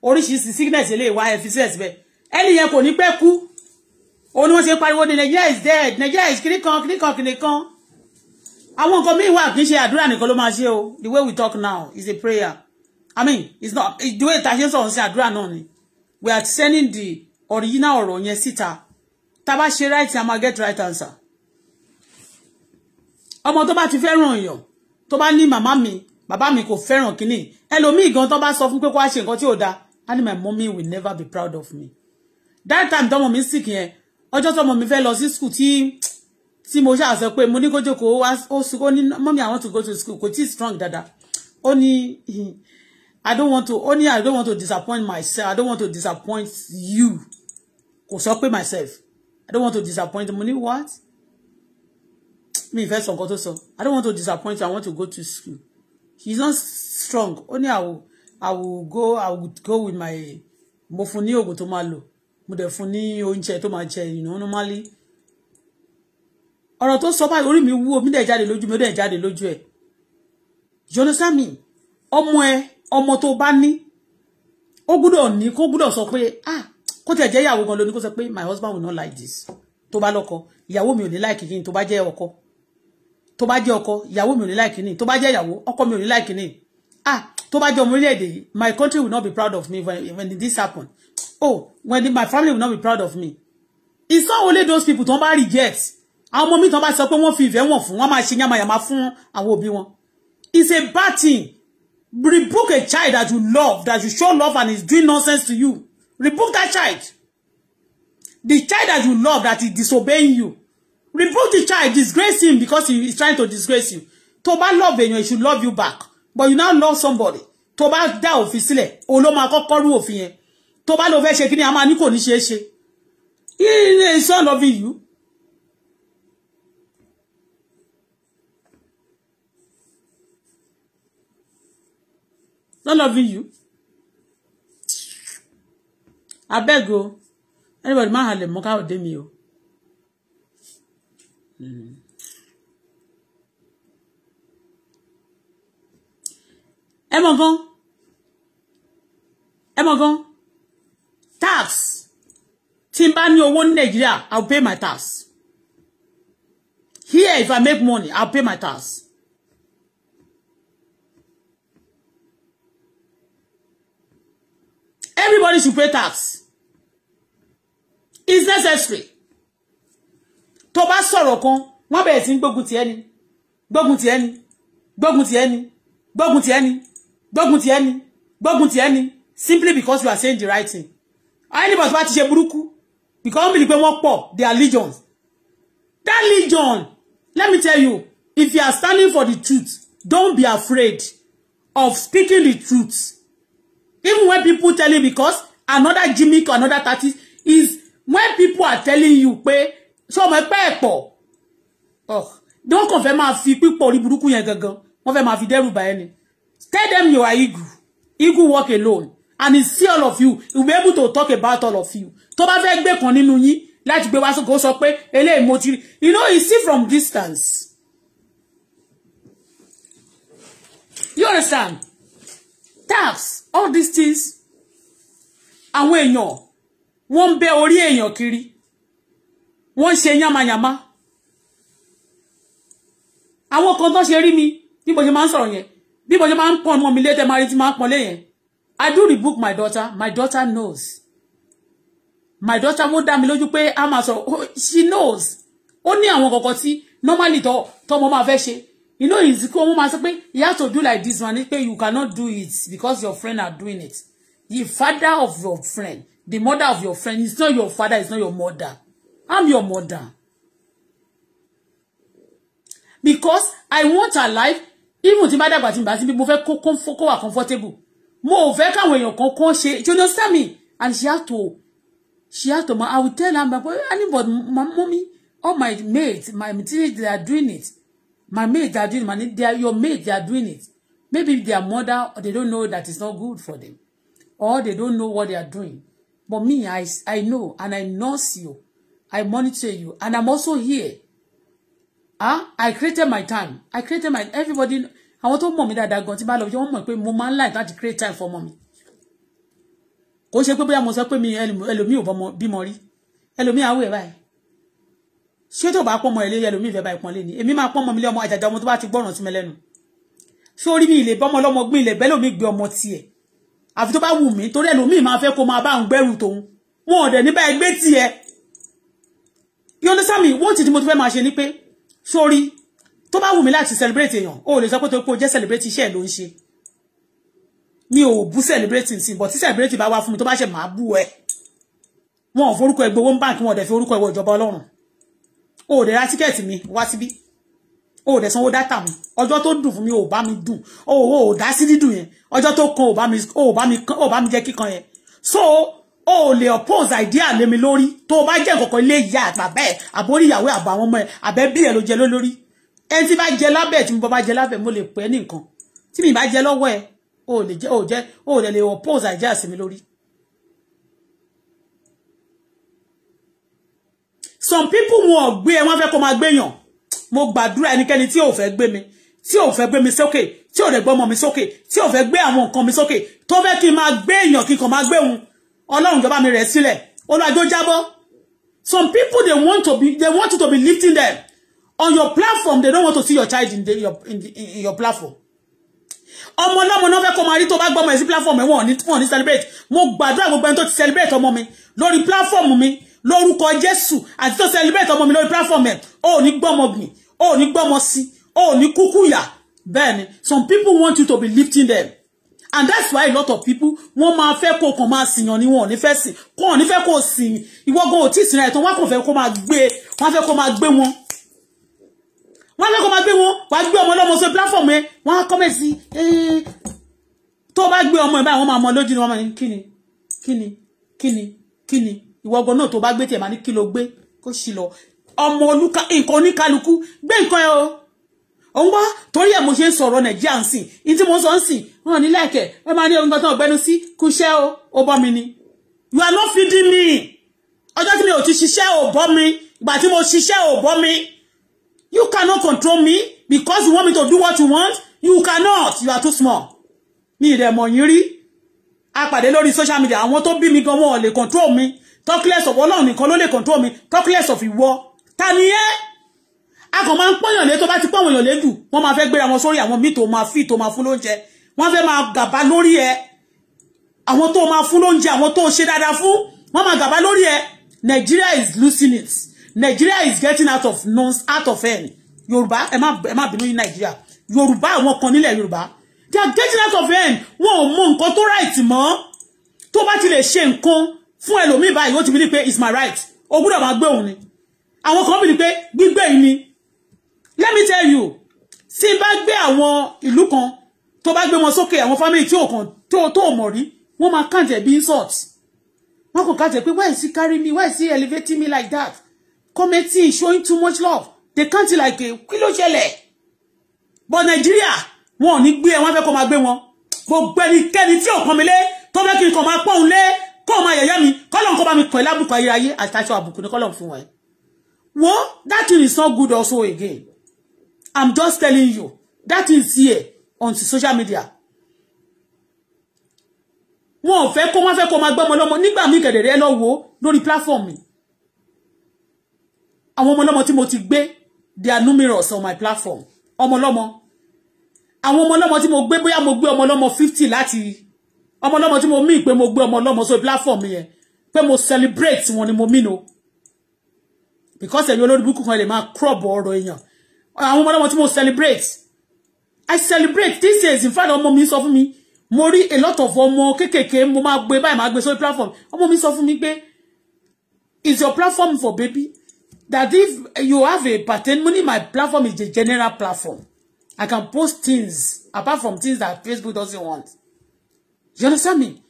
[SPEAKER 1] Oríṣiríṣi sickness lè wá efficient bẹ́ẹ̀. Ẹni yẹn kò ní pẹ́ kú. Òun ni wọ́n ṣe pariwo ni Nigeria is dead. Nigeria is kìnìkan kìnìkan kìnìkan àwọn nǹkan míì wà kì í ṣe àdúrà nìkan ló máa ṣe o the way we talk now is a prayer i mean it's not the way ìtàṣe sọ̀rọ̀ sí àdúrà náà ni we are sending the original ọ̀rọ̀ yẹn síta tá bá ṣe right a máa get right answer ọmọ tó bá ti fẹ́ràn èèyàn tó bá ní màmá mi bàbá mi kò fẹ́ràn kínní ẹlòmíì gan tó bá sọ fún pé kó wá ṣe nǹkan tí ò dáa and my mommy will never be proud of me that time tọmọ mi sick yẹn ọjọ́ tọmọ mi fẹ́ lọ sí school tí tí mo ṣáà sọ pé mo ní kó jókòó wá ó sùkó ní mọ́mí àwọn to go to school kò tí strong dada. ó ní i don't want to ó ní i don't want to disappoint myself i don't want to disappoint you kò sọ pé myself i don't want to disappoint mo ní what mi ìfẹ́ sọ nǹkan tó sọ i don't want to disappoint you i want to go to school He is not strong ó ní i i will go i will go with my mo fún ní oògùn tó máa lò mo dẹ̀ fún ní oúnjẹ tó máa jẹ you know normally ọ̀rọ̀ tó sọ báyìí orí mi wú omi dẹ̀ lójú mi ó dẹ̀ jáde lójú ẹ̀ jọlọsàmì ọmọ ẹ ọmọ tó bá ní ó gbúdọ̀ ní kó gbúdọ̀ sọ pé ah kó tẹ̀ jẹ́ ìyàwó gan lóní kó sọ pé my husband will not like this tó bá lọ́kọ ìyàwó mi ò ní like kí ni tó bá jẹ́ ọkọ tó bá jẹ́ ọkọ ìyàwó mi ò ní like kí ni tó bá jẹ́ ìyàwó ọkọ mi ò ní like kí ah tó bá jẹ́ ọmọ orílẹ̀-èdè my country will not be proud of me when, when this happen oh when my family will not be proud of me it's not only those people tó ń bá reject àwọn ọmọ mi tán bá sọ pé wọ́n fi ìfẹ́ wọn fún wọn máa ṣe yàmàyàmà fún àwọn òbí wọn it's a bad thing rebuke a child that you love that you show love and is doing nonsense to you rebuke that child the child that you love that is disobeying you rebuke the child disgrace him because he is trying to disgrace you tó bá love èèyàn he should love you back but you now love somebody tó bá dá òfin sílẹ̀ òun ló máa kọ́kọ́ rú òfin yẹn tó bá lọ fẹ́ ṣe kí ni a máa ní kò ní ṣeé ṣe he is not loving you not loving you abeg o anybody ma halẹ̀ mọ́ káwọ̀ dé mi o. ẹ mm-hmm. mọ̀ gan ẹ mọ̀ gan tax tí n bá ní owó ní nàìjíríà i will pay my tax here if i make money i will pay my tax. Everybody should pay tax. It's necessary. Tó bá sọ̀rọ̀ kan, wọ́n bẹ̀rẹ̀ sí gbógun ti ẹni. Gbógun ti ẹni. Gbógun ti ẹni. Gbógun ti ẹni. Gbógun ti ẹni. Gbógun ti ẹni. Simply because you are saying the right thing. Anybody tó bá ti ṣe burúkú. Because we bìlì pé wọ́n pọ̀, they are legions. That legion, let me tell you, if you are standing for the truth, don't be afraid of speaking the truth. Even when people tell you because another Jimmy or another tactic is when people are telling you pé so my pe Oh, don't confirm my fi pipo orí burúkú yẹn gangan. Wọ́n fẹ́ ma fi dẹ́rù bà ẹni. Tell them you are eagle. Eagle walk alone and he see all of you. He be able to talk about all of you. Tó bá fẹ́ gbé kan nínú yín láti gbé wá so go sọ pé eléyìí mo You know you see from distance. You understand? tax all these things àwọn èèyàn wọ́n ń bẹ orí èèyàn kiri wọ́n ń ṣe yánmayànmá àwọn kan tó ṣe rí mi bí mo ṣe máa ń sọ̀rọ̀ yẹn bí mo ṣe máa ń pọ̀ mọ́ mi létẹ́ máa rí tí máa pọ̀ lé I do rebuke my daughter my daughter knows my daughter wọ́n dá mi lójú pé a máa sọ̀rọ̀ she knows ó ní àwọn kọ̀ọ̀kan tí normally tọ́ tọ́mọ máa fẹ́ ṣe you know it's kó wọ́n máa sọ you have to do like this one ni you cannot do it because your friend are doing it the father of your friend the mother of your friend is not your father is not your mother I'm your mother because I want her life even tí n bá dàgbà tí n bá sí bí mo fẹ́ comfortable mo ò fẹ́ káwọn èèyàn kan kó ṣe you understand me and she had to she had to I will tell her my boy anybody my mommy all my mates my teenage they are doing it My mates are doing money. They are, your mates they are doing it. Maybe their mother, or they don't know that it's not good for them. Or they don't know what they are doing. But me, I, I know, and I nurse you. I monitor you. And I'm also here. Huh? Ah, I created my time. I created my... Everybody... I want mọ̀ mommy that gan tí bá lọ jẹ́ wọ́n mọ̀ pé mo máa create time for mommy. mi. Kò ṣe pé mo sọ pé mi ẹlòmíì ò bọ́mọ bímọ rí. Ẹlòmíì àwọ̀ ẹ̀ báyìí ṣé tó bá pọ́nmọ́ ilé yẹlò mi ìfẹ́ bá ìpọ́nlé ni èmi máa pọ́nmọ́ mi lé ọmọ àjàjà ọmọ tó bá ti gbọ́ràn sí mi lẹ́nu ṣé orí mi ilé bọ́mọ lọ́mọ gbìn ilẹ̀ bẹ́lòmí gbé ọmọ tiẹ̀ àfi tó bá wù mí torí ẹlòmíì máa fẹ́ kó máa bá òun gbẹ́rù tòun wọn ò dẹ̀ ní bá ẹgbẹ́ tiẹ̀ you understand me wọ́n ti di mo ti fẹ́ máa ṣe ni pé sórí tó bá wù mí láti celebrate èèyàn o lè sọ pé torí pé o jẹ́ celebrate iṣẹ́ ẹ̀ ló ń ṣe mi ò bú celebrate sí but tí celebrate bá wá fún mi tó bá ṣe máa bú ẹ wọn ò forúkọ ẹ gbowó ń báǹkì wọn ò dẹ̀ fi orúkọ ẹ ìjọba ọlọ́run o ò dẹ̀ ra tíkẹ́ẹ̀tì mi wá síbí o ò dẹ̀ sanwó dátà mi ọjọ́ tó dùn fún mi ò bá mi dùn o ò dá sí dídùn yẹn ọjọ́ tó kan ò bá mi ò bá mi ò bá mi jẹ́ kíkan yẹn so o ò oppose idea Le mi lórí tó o bá jẹ́ nǹkan kan ilé ìyá àgbà bẹ́ẹ̀ àbórí ìyàwó àbọ̀ àwọn ọmọ ẹ̀ àbẹ́bí ẹ̀ ló jẹ lólórí ẹni tí bá jẹ lábẹ́ tí mo bá jẹ lábẹ́ mo lè pẹ́ nìkan tí mi bá jẹ lọ́wọ́ ẹ̀ o ò lè o ò o ò oppose idea sí mi lórí some people wọn ò gbé ẹ wọ́n fẹ́ kó máa gbéyàn mo gbàdúrà ẹnikẹ́ni tí ò fẹ́ gbé mi tí ò fẹ́ gbé mi sókè tí ò lè gbọ́ ọmọ mi sókè tí ò fẹ́ gbé àwọn nǹkan mi sókè tó fẹ́ kí n máa gbé èèyàn kí n kàn máa gbé òun ọlọ́run ìjọba mi rẹ̀ sílẹ̀ olùwàjò jábọ́ some people they want to be they want you to be lifting them on your platform they don't want to see your child in, the, your, in, the, in your platform ọmọ ọlọ́mọ náà fẹ́ kọ́ máa rí tó bá gbọ́ ọmọ ẹ̀ sí platform ẹ̀ wọ́n ní wọ́n ní celebrate mo gbàdúrà gbogbo ẹni tó ti celebrate ọmọ mi lórí platform mi lórúkọ Jésù àti tó celebrate ọmọ mi lórí platform ẹ̀ o ò ní gbọ́mọ bì o ò ní gbọ́mọ sí o ò ní kúkú yà bẹ́ẹ̀ some people want you to be lifting them and that's why a lot of people wọ́n máa fẹ́ kó kàn máa sìyàn ni wọn ò ní fẹ́ sìn kó wọn ò ní fẹ́ kó sìn ìwọ́gbọ́n ò tí ì sinra ẹ̀tàn wọn kò fẹ́ kó máa gbé wọn fẹ́ kó máa gbé wọn wọn fẹ́ kó máa gbé wọn wàá gbé ọmọ ọlọ́mọ sórí platform ẹ wọn á kọ́mẹ̀ sí tó bá gbé ọmọ ẹ báyìí wọn máa mọ lójú ni wọn máa ní kíni kíni kíni kíni ìwọ ọgbọ́n náà tó bá gbé tiẹ̀ máa ní kí ló gbé kó sì lọ ọmọ nǹkan oníkálukú gbé nǹkan ẹ o òun wá torí ẹ̀ mo ṣe ń sọ̀rọ̀ nàìjíríà ń sìn ní tí mo sọ ń sìn wọn ní lẹ́ẹ̀kẹ́ ẹ máa ní ohun tó tán ọ̀gbẹ́nu sí kú iṣẹ́ o ó bọ́ mi ni you are not feeding me ọjọ́ tí mi ò ti ṣiṣẹ́ ò bọ́ mi ìgbà tí mo ṣiṣẹ́ ò bọ́ mi you cannot control me because you want me to do what you want you cannot you are too small mi ì dẹ̀ mọ̀ yín rí a pàdé lórí social media àwọn tó bí mi gan wọn ò lè control mi talk less of ọlọ́run nìkan ló lè control mi talk less of ìwọ ta ni ẹ́ a kò máa ń pọ́yàn lé tó bá ti pọ́wọ̀n èèyàn lédù wọ́n máa fẹ́ gbéra wọn sórí àwọn míì tó máa fi tó máa fún lóúnjẹ wọ́n fẹ́ máa gàba lórí ẹ àwọn tó máa fún lóúnjẹ àwọn tó ṣe dáadáa fún wọ́n máa gàba lórí ẹ Nigeria is losing it Nigeria is getting out of nonce out of end Yorùbá ẹ má ẹ má bínú ní Nigeria Yorùbá àwọn kan nílẹ̀ Yorùbá they are getting out of end wọn ò mọ nǹkan tó right mọ́ tó bá ti lè ṣe nǹkan fún ẹlòmíì báyìí ó ti believe pé it's my right o gbọ́dọ̀ máa gbé òun ni àwọn kan believe pé gbígbé yìí ni let me tell you tí bá gbé àwọn ìlú kan tó bá gbé wọn sókè àwọn family tí ò kàn tó mọ̀ rí wọ́n máa count ẹ̀ bí insult wọ́n kàn count pé why is he carry me why is he elevating me like that commenting showing too much love they can't be like a kí ló ṣẹlẹ̀ but Nigeria wọn ò ní gbé ẹ wọ́n fẹ́ kó máa gbé wọn gbogbo ẹnikẹ́ni tí ò kàn mí lé tó fẹ́ kí n kàn máa pọ́n lé kó o máa yẹ̀yẹ́ mi kọ́lọ̀ kó bá mi pọ̀ lábùkù ayé ayé àtàṣọ àbùkù ní kọ́lọ̀ fún wa wo that thing is not good also again i'm just telling you that is here on social media wọn ò fẹ́ kó wọ́n fẹ́ kó máa gbọ́mọ lọ́mọ nígbà míì kẹ̀dẹ̀rẹ́ ẹ lọ wò lórí platform mi àwọn ọmọ lọ́mọ tí mo ti gbé they are numerous on my platform ọmọ lọ́mọ àwọn ọmọ lọ́mọ tí mo gbé bóyá mo gbé ọmọ lọ́mọ fifty lati ọmọ ọlọ́mọ tí mo mí pé mo gbé ọmọ ọlọ́mọ sórí platform yẹn pé mo celebrate wọn ni mo mí no because ẹ̀yin olórí burúkú kan lè máa crop ọ̀rọ̀ èèyàn àwọn ọmọ ọlọ́mọ tí mo celebrate I celebrate these days in fact ọmọ mi sọ fún mi mo rí a lot of ọmọ kéékèèké mo máa gbé báyìí máa gbé sórí platform ọmọ mi sọ fún mi pé is your platform for baby that if you have a pattern money my platform is a general platform I can post things apart from things that Facebook doesn't want. You understand me?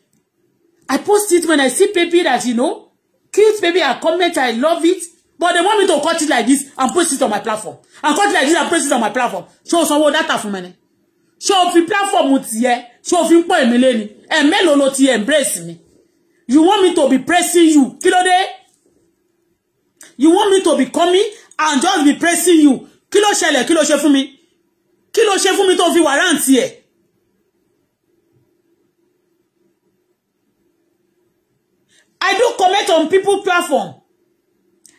[SPEAKER 1] I post it when I see baby that, you know, cute baby, I comment, I love it. But they want me to cut it like this and post it on my platform. I cut it like this and post it on my platform. So, so what data for mi ni? So, if you platform tiẹ̀, so if you point me lẹ́ni, And mélòó ló here embrace me. You want me to be pressing you. Kí ló dé? You want me to be coming and just be pressing you. Kí ló ṣẹlẹ̀, kí ló ṣe fún mi. Kí ló ṣe fún mi tó fi warrant here. I do comment on people platform.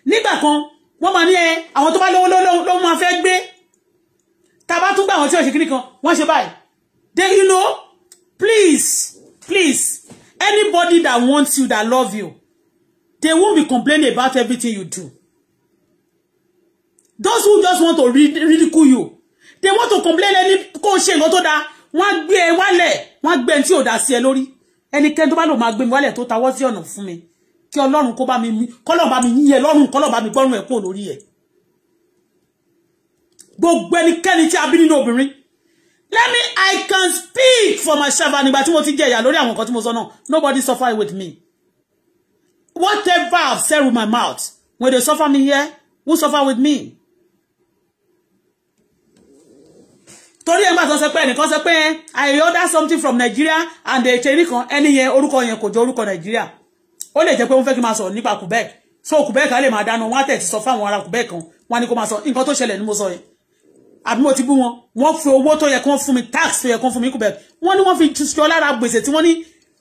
[SPEAKER 1] Nígbà kan, wọ́n máa ní ẹ, àwọn tó bá lówó ló máa fẹ́ gbé. Ta bá tún gbà àwọn tí wọ́n ṣe kíní kan, wọ́n ṣe báyìí. Then you know, please, please, anybody that wants you, that love you, they won't be complaining about everything you do. Those who just want to ridicule you, they want to complain any kó ṣe nǹkan tó dáa, wọ́n gbé ẹ wálẹ̀, wọ́n gbé tí ò dá sí ẹ lórí ẹnikẹ́ni tó bá lò máa gbé mi wálẹ̀ tó tawọ́ sí ọ̀nà fún mi kí ọlọ́run kó bá mi mí kọ́lọ̀ bá mi yín ẹ lọ́rùn kọ́lọ̀ bá mi gbọ́rùn ẹ̀ kúrò lórí ẹ̀ gbogbo ẹnikẹ́ni tí a bí nínú obìnrin let me i can speak for myself nígbà tí mo ti jẹ ìyà lórí àwọn nǹkan tí mo sọ náà nobody suffer with me whatever i've said with my mouth when they suffer me here who suffer with me torí ẹgbà tó sọ pé ẹnìkan sọ pé I order something from Nigeria and ẹ̀tẹ̀rí kan ẹni yẹn orúkọ yẹn kò jọ orúkọ Nigeria ó lè jẹ́ pé wọ́n fẹ́ kí n máa sọ̀rọ̀ nípa Quebec so Quebec á lè máa dáná wọ́n á tẹ̀ sọ fáwọn ará Quebec kan wọ́n á ní kó máa sọ nǹkan tó ṣẹlẹ̀ ni mo sọ yẹn àbí mo ti bú wọn wọ́n fi owó tó yẹ kí wọ́n fún mi tax tó yẹ kí wọ́n fún mi Quebec wọ́n ní wọ́n fi sọ lára gbèsè tí wọ́n ní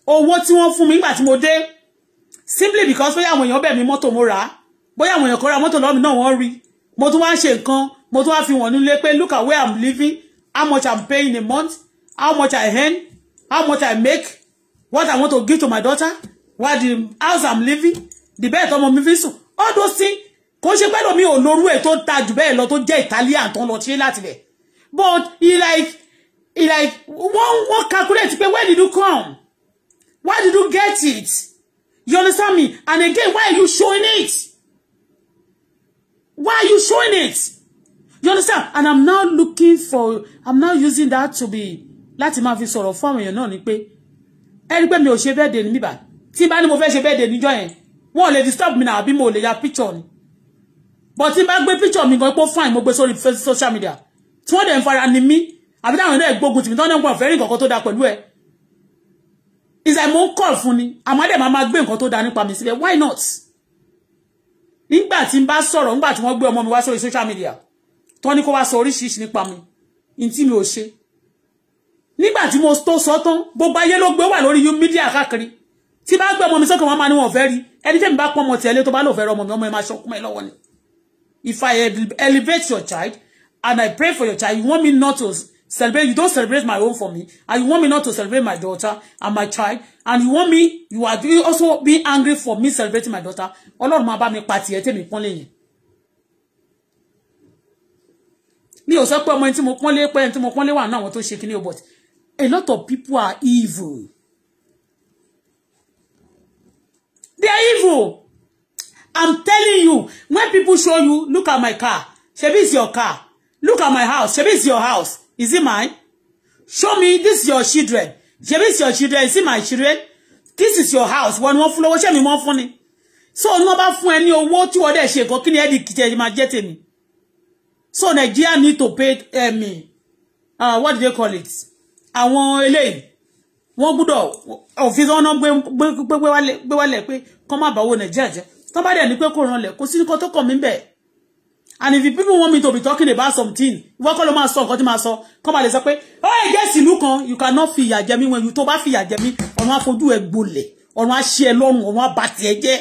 [SPEAKER 1] owó tí wọ́n fún mi nígbà tí mo dé simply because bóyá àwọn èèyàn bẹ̀ mí mọ́tò mo rà á bóyá àwọn èèyàn kọ́ra mọ́tò lọ́mì náà wọ́n rí mo tún wá ṣe nǹkan mo tún wá fi wọ́n nílé pé look at where I'm living how much I'm paying a month, how much I earn, how much I make, what I want to give to my daughter, what the house I'm living, the bed ọmọ mi fi sùn, all those things. Kò ṣe pẹ́lú mi ò lórú ẹ̀ tó ta jù bẹ́ẹ̀ lọ tó jẹ́ Italian tó ń lọ ṣe láti bẹ̀. But he like he like wọ́n wọ́n calculate pé where did you come? Why did you get it? You understand me? And again, why are you showing it? Why are you showing it? you understand and i'm now looking for i'm now using that to be láti máa fi sọ̀rọ̀ fún àwọn èèyàn náà ni pé ẹ rí pé mi ò ṣe bẹ́ẹ̀ dè ní bíbá tí bá ní mo fẹ́ ṣe bẹ́ẹ̀ dè níjọ́ yẹn wọn lè disturb mi náà àbí mo ò lè ya picture ni but tí bá gbé picture mi gan pé fine mo gbé sórí social media tí wọ́n dẹ̀ ń fara ni mí àbí táwọn náà gbógun tì mí tí wọ́n náà ń gbọ́n fẹ́rí nǹkan tó dáa pẹ̀lú ẹ̀ ìsà mo ń call fún ni àmọ́ dẹ̀ máa máa gbé nǹkan tó dáa nípa mi síbẹ̀ why not nígbà tí n bá sọ̀rọ̀ nígbà tí wọ́n gbé ọmọ mi wá sórí social media tó ní kó wá sọ oríṣiríṣi nípa mi in tí mi ò ṣe nígbà tí mo tó sọ tán gbogbo ayé ló gbé wà lórí mídíà káàkiri tí bá gbé ọmọ mi sókè wọn máa ní wọn fẹ́ rí ẹni tẹ́mi bá pọ́n ọmọ tẹ̀lé tó bá lò fẹ́ rọ ọmọ mi ọmọ ẹ máa ṣọkúnmọ́ ẹ lọ́wọ́ ni if I elevate your child and I pray for your child you want me not to celebrate you don't celebrate my own for me and you want me not to celebrate my daughter and my child and you want me you are you also be angry for me celebrating my daughter ọlọ́run máa bá mi pa tiẹ̀ tẹ̀mí pọ́n lẹ́yìn mi ò sọ pé ọmọ tí mo pọ́nlé pé ẹni tí mo pọ́nlé wà náà àwọn tó ṣe kíní o but a lot of people are evil they are evil i'm telling you when people show you look at my car shebi is your car look at my house shebi is your house is it mine show me this is your children shebi is your children is it my children this is your house wọn ni wọn fún lọ́wọ́ ṣé mi wọn fún ni so ni wọn bá fún ẹ ní owó tí wọn dẹ ṣe nǹkan kí ni ẹ di kìtẹ ẹ máa jẹ tèmi so Nigeria need to pay me. Um, uh, what do they call it àwọn eléyìí wọ́n gbọ́dọ̀ òfin tí wọ́n náà gbé wálẹ̀ pé kọ́ má bàwọ́ Nigeria jẹ́ tó bá dẹ̀ ní pé kò rànlẹ̀ kò sí nǹkan tó kàn mí bẹ̀ and if people want me to be talking about something ìwọ́n kọ́ ló máa sọ nǹkan tí máa sọ kọ́ máa lè sọ pé ó ẹ̀ jẹ́ sílùú kan you cannot fi ìyà jẹ mí wọn èyí tó bá fi ìyà jẹ mí ọ̀run á fojú ẹ gbolẹ̀ ọ̀run á ṣe ẹ lọ́rùn ọ̀run á bàtì ẹ jẹ́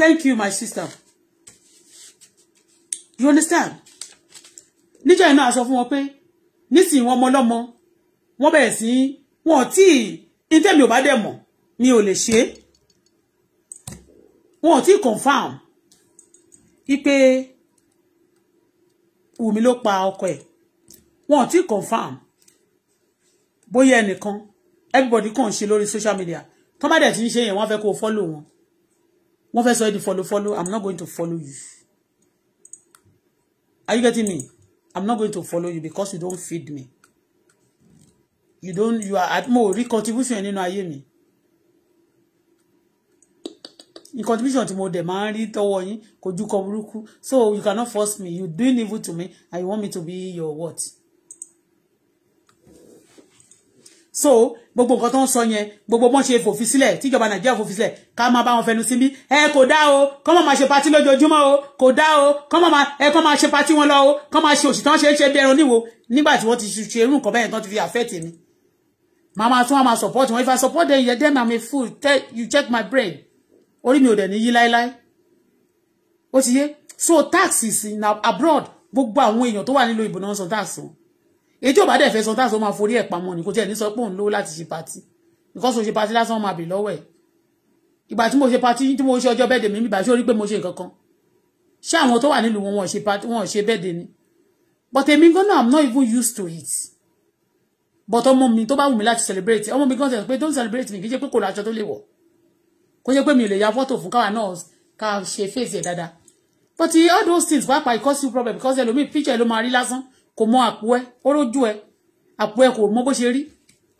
[SPEAKER 1] thank you my sister you understand níjọ́ iná a sọ fún wọn pé nísìnyí wọn ọmọ ọlọ́mọ wọn bẹ̀rẹ̀ sí wọn ò tí ì ntẹ́mi ò bá mi ò lè ṣe é wọn ò ipe Wùmí ló pa ọkọ ẹ̀ wọn ò tí ì confam everybody kàn ń ṣe social media tọ́mádẹ̀ tí ń ṣe yẹn wọ́n fẹ́ kó o fọ́lò wọn wọ́n fẹ́ sọ ẹ́ di follow follow i'm not going to follow you are you getting me i'm not going to follow you because you don't feed me you don't you are at mo rí contribution nínú ayé mi in contribution tí mo dẹ̀ máa ń rí tọwọ́ yín kò kọ burúkú so you cannot force me you doing evil to me and you want me to be your what so gbogbo nǹkan tó ń sọ yẹn gbogbo bọ́n ṣe fòfin sílẹ̀ tíjọba nàìjíríà fòfin sílẹ̀ ká máa bá wọn fẹnu sí bí ẹ kò dá o kọ́ máa ṣe patí lójoojúmọ́ o kò dá o kọ́ máa ẹ kọ́ máa ṣe patí wọn lọ o kọ́ máa ṣe òṣìṣẹ́ ṣe é ṣe bí ẹran níwò nígbà tí wọ́n ti ṣe irú nǹkan bẹ́ẹ̀ tán ti fi affect mi màmá tún wọn support wọn if I support them yẹ dem am a fool tell you check my brain orí mi ò dẹ̀ ní yí láéláé ó ti yé so taxes in abroad gbogbo àwọn èèyàn tó wà nílò ìbò náà sọ tax wọn èyí tí ò bá dẹ̀ fẹ́ sọ táàsì ó máa forí ẹ̀ pamọ́ ní kò tiẹ̀ ní sọ pé òun lówó láti ṣe because òun ṣe pàtì lásán máa bì lọ́wọ́ ẹ̀ ìgbà tí mo ṣe pàtì tí mo ṣe ọjọ́ bẹ́ẹ̀dè mi nígbà tí ó rí mo ṣe nǹkan kan ṣé àwọn tó wà nílùú wọn ṣe pàtì wọn ṣe bẹ́ẹ̀dè ni but èmi gan-an I'm not even used to it but ọmọ mi tó bá wù mí láti celebrate ọmọ mi gan-an sọ don't celebrate mi kì í ṣe pé kò láṣọ tó lè wọ̀ kó ṣe pé mi ò lè ya fọ́tò fún káwa náà ká ṣe fèsì ẹ̀ dáadáa but all those things pàápàá it cause you problem because ẹlòmíì picture ló máa rí lásán kò mọ àpò ẹ ó rójú ẹ àpò ẹ kò mọ bó ṣe rí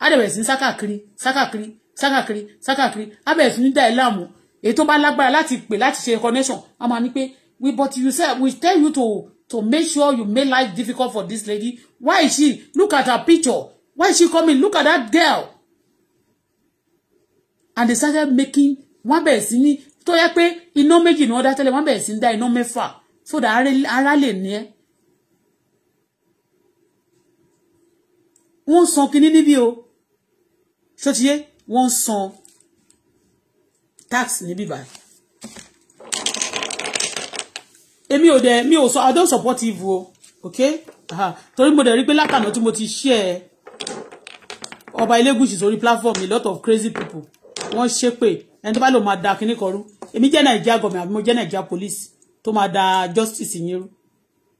[SPEAKER 1] á dẹ̀ bẹ̀rẹ̀ sí sákàkiri sákàkiri sákàkiri sákàkiri á bẹ̀rẹ̀ sí ní dá ẹ láàmú èyí tó bá lágbára láti pè láti ṣe connection á máa ní pé we but you say we tell you to to make sure you make life difficult for this lady why is she look at her picture why is she coming look at that girl and they started making wọ́n bẹ̀rẹ̀ sí ní tó yẹ pé iná méjì ni wọ́n dá tẹ́lẹ̀ wọ́n bẹ̀rẹ̀ sí ní dá iná mẹ́fà so that ara lè ní ẹ́ wọ́n san kinní níbí o ṣó ti yé wọ́n san tax níbí báyìí èmi ò dẹ̀ mi ò sọ i don support you o okay torí mo dẹ̀ rí pé látànà tí mo ti share ọba Elégùṣì sórí platform a lot of crazy people wọ́n ṣépè ẹni tó bá lò máa da kinní kan rú èmi jẹ́ nàìjíríà gọ̀mẹ̀ àbí mo jẹ́ nàìjíríà police tó máa da justice yín rú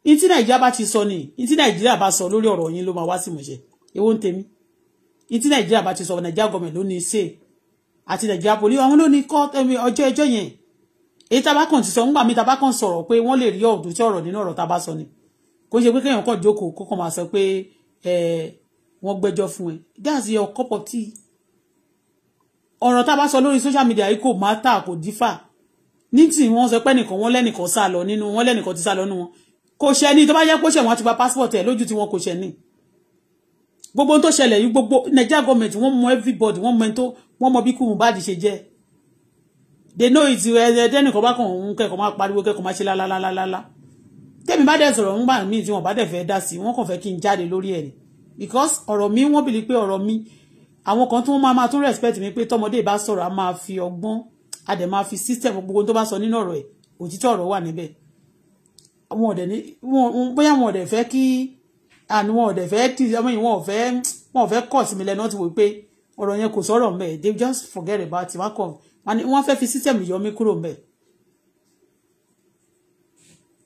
[SPEAKER 1] ní tí nàìjíríà bá ti sọ ni ní tí nàìjíríà bá sọ lórí ọ̀rọ̀ yín ló máa wá sí ìmọ̀ṣẹ́ èwo ń tèmi ìtí nàìjíríà bá ti sọ nàìjíríà gọọmẹ̀ntì ló ní í ṣe àti nàìjíríà poli àwọn ló ní kọ́ ọjọ́ ẹjọ́ yẹn èyí tá a bá kàn ti sọ ńgbà mi tá a bá kàn sọ̀rọ̀ pé wọ́n lè rí ọ̀dùn tí ọ̀rọ̀ nínú ọ̀rọ̀ tá a bá sọ ni kò ṣe pé kéèyàn kàn jókòó kó kàn máa sọ pé wọ́n gbẹ́jọ́ fún ẹ that's your cup of tea ọ̀rọ̀ tá a bá sọ lórí social media yìí kò máa tà kò dífà ní tí wọ́n sọ pé nìkan wọ́n lẹ́nìkan sá lọ nínú wọ́n lẹ́nìkan ti sá lọ nínú wọn kò ṣẹ́ ni tó bá yẹ kó ṣẹ̀ wọ́n ti gba passport ẹ̀ lójú tí wọ́n kò ṣẹ̀ ni gbogbo tó ṣẹlẹ̀ yìí gbogbo Nigeria government wọ́n mọ everybody wọ́n mọ tó wọ́n mọ bí kú Mohbad ṣe jẹ́ they know it ẹ̀ẹ́dẹ́nìkan bá kàn ń kẹ́kọ̀ọ́ máa pariwo kẹ́kọ̀ọ́ máa ṣe lálálálálá tẹ́mi bá dẹ̀ sọ̀rọ̀ ń gbà mí tí wọ́n bá dẹ̀ fẹ́ dá sí wọ́n kàn fẹ́ kí n jáde lórí ẹ̀ ni because ọ̀rọ̀ mi wọ́n bìlí pé ọ̀rọ̀ mi àwọn kan tó máa máa tún respect mi pé tọmọdé bá sọ̀rọ̀ a máa fi ọgbọ́n a dẹ̀ máa fi system gbogbo tó bá sọ nínú ọ̀rọ̀ ẹ̀ òtítọ́ ọ̀rọ̀ wà níbẹ̀ wọn ò dẹ̀ ní wọn bóyá wọn ò dẹ̀ fẹ́ kí àni wọn ò dẹ̀ fẹ́ tí ọmọ yìí wọn ò fẹ́ wọn ò fẹ́ kọ̀ sí mi lẹ́nu ọ̀tí wò pé ọ̀rọ̀ yẹn kò sọ̀rọ̀ mbẹ̀ they just forget about it wọn kọ̀ wọn fẹ́ fi system yọ mí kúrò mbẹ̀.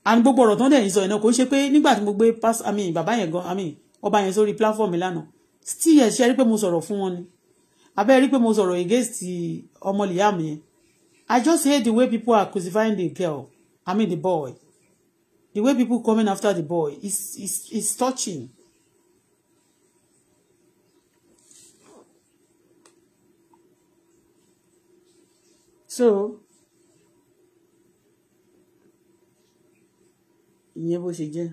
[SPEAKER 1] àni gbogbo ọ̀rọ̀ tó ń dẹ̀ yín sọ yẹn náà kò ń ṣe pé nígbà tí mo pass àmì bàbá yẹn gan àmì ọba yẹn sórí platform mi lánàá still yẹn ṣe rí pé mo sọ̀rọ̀ fún wọn ni abẹ́ rí pé mo sọ̀rọ̀ against ọmọ Liam yẹn I just hate the way people are crucifying the girl I mean the boy The way people coming after the boy is is is touching. So ìyẹn bó ṣe jẹ́.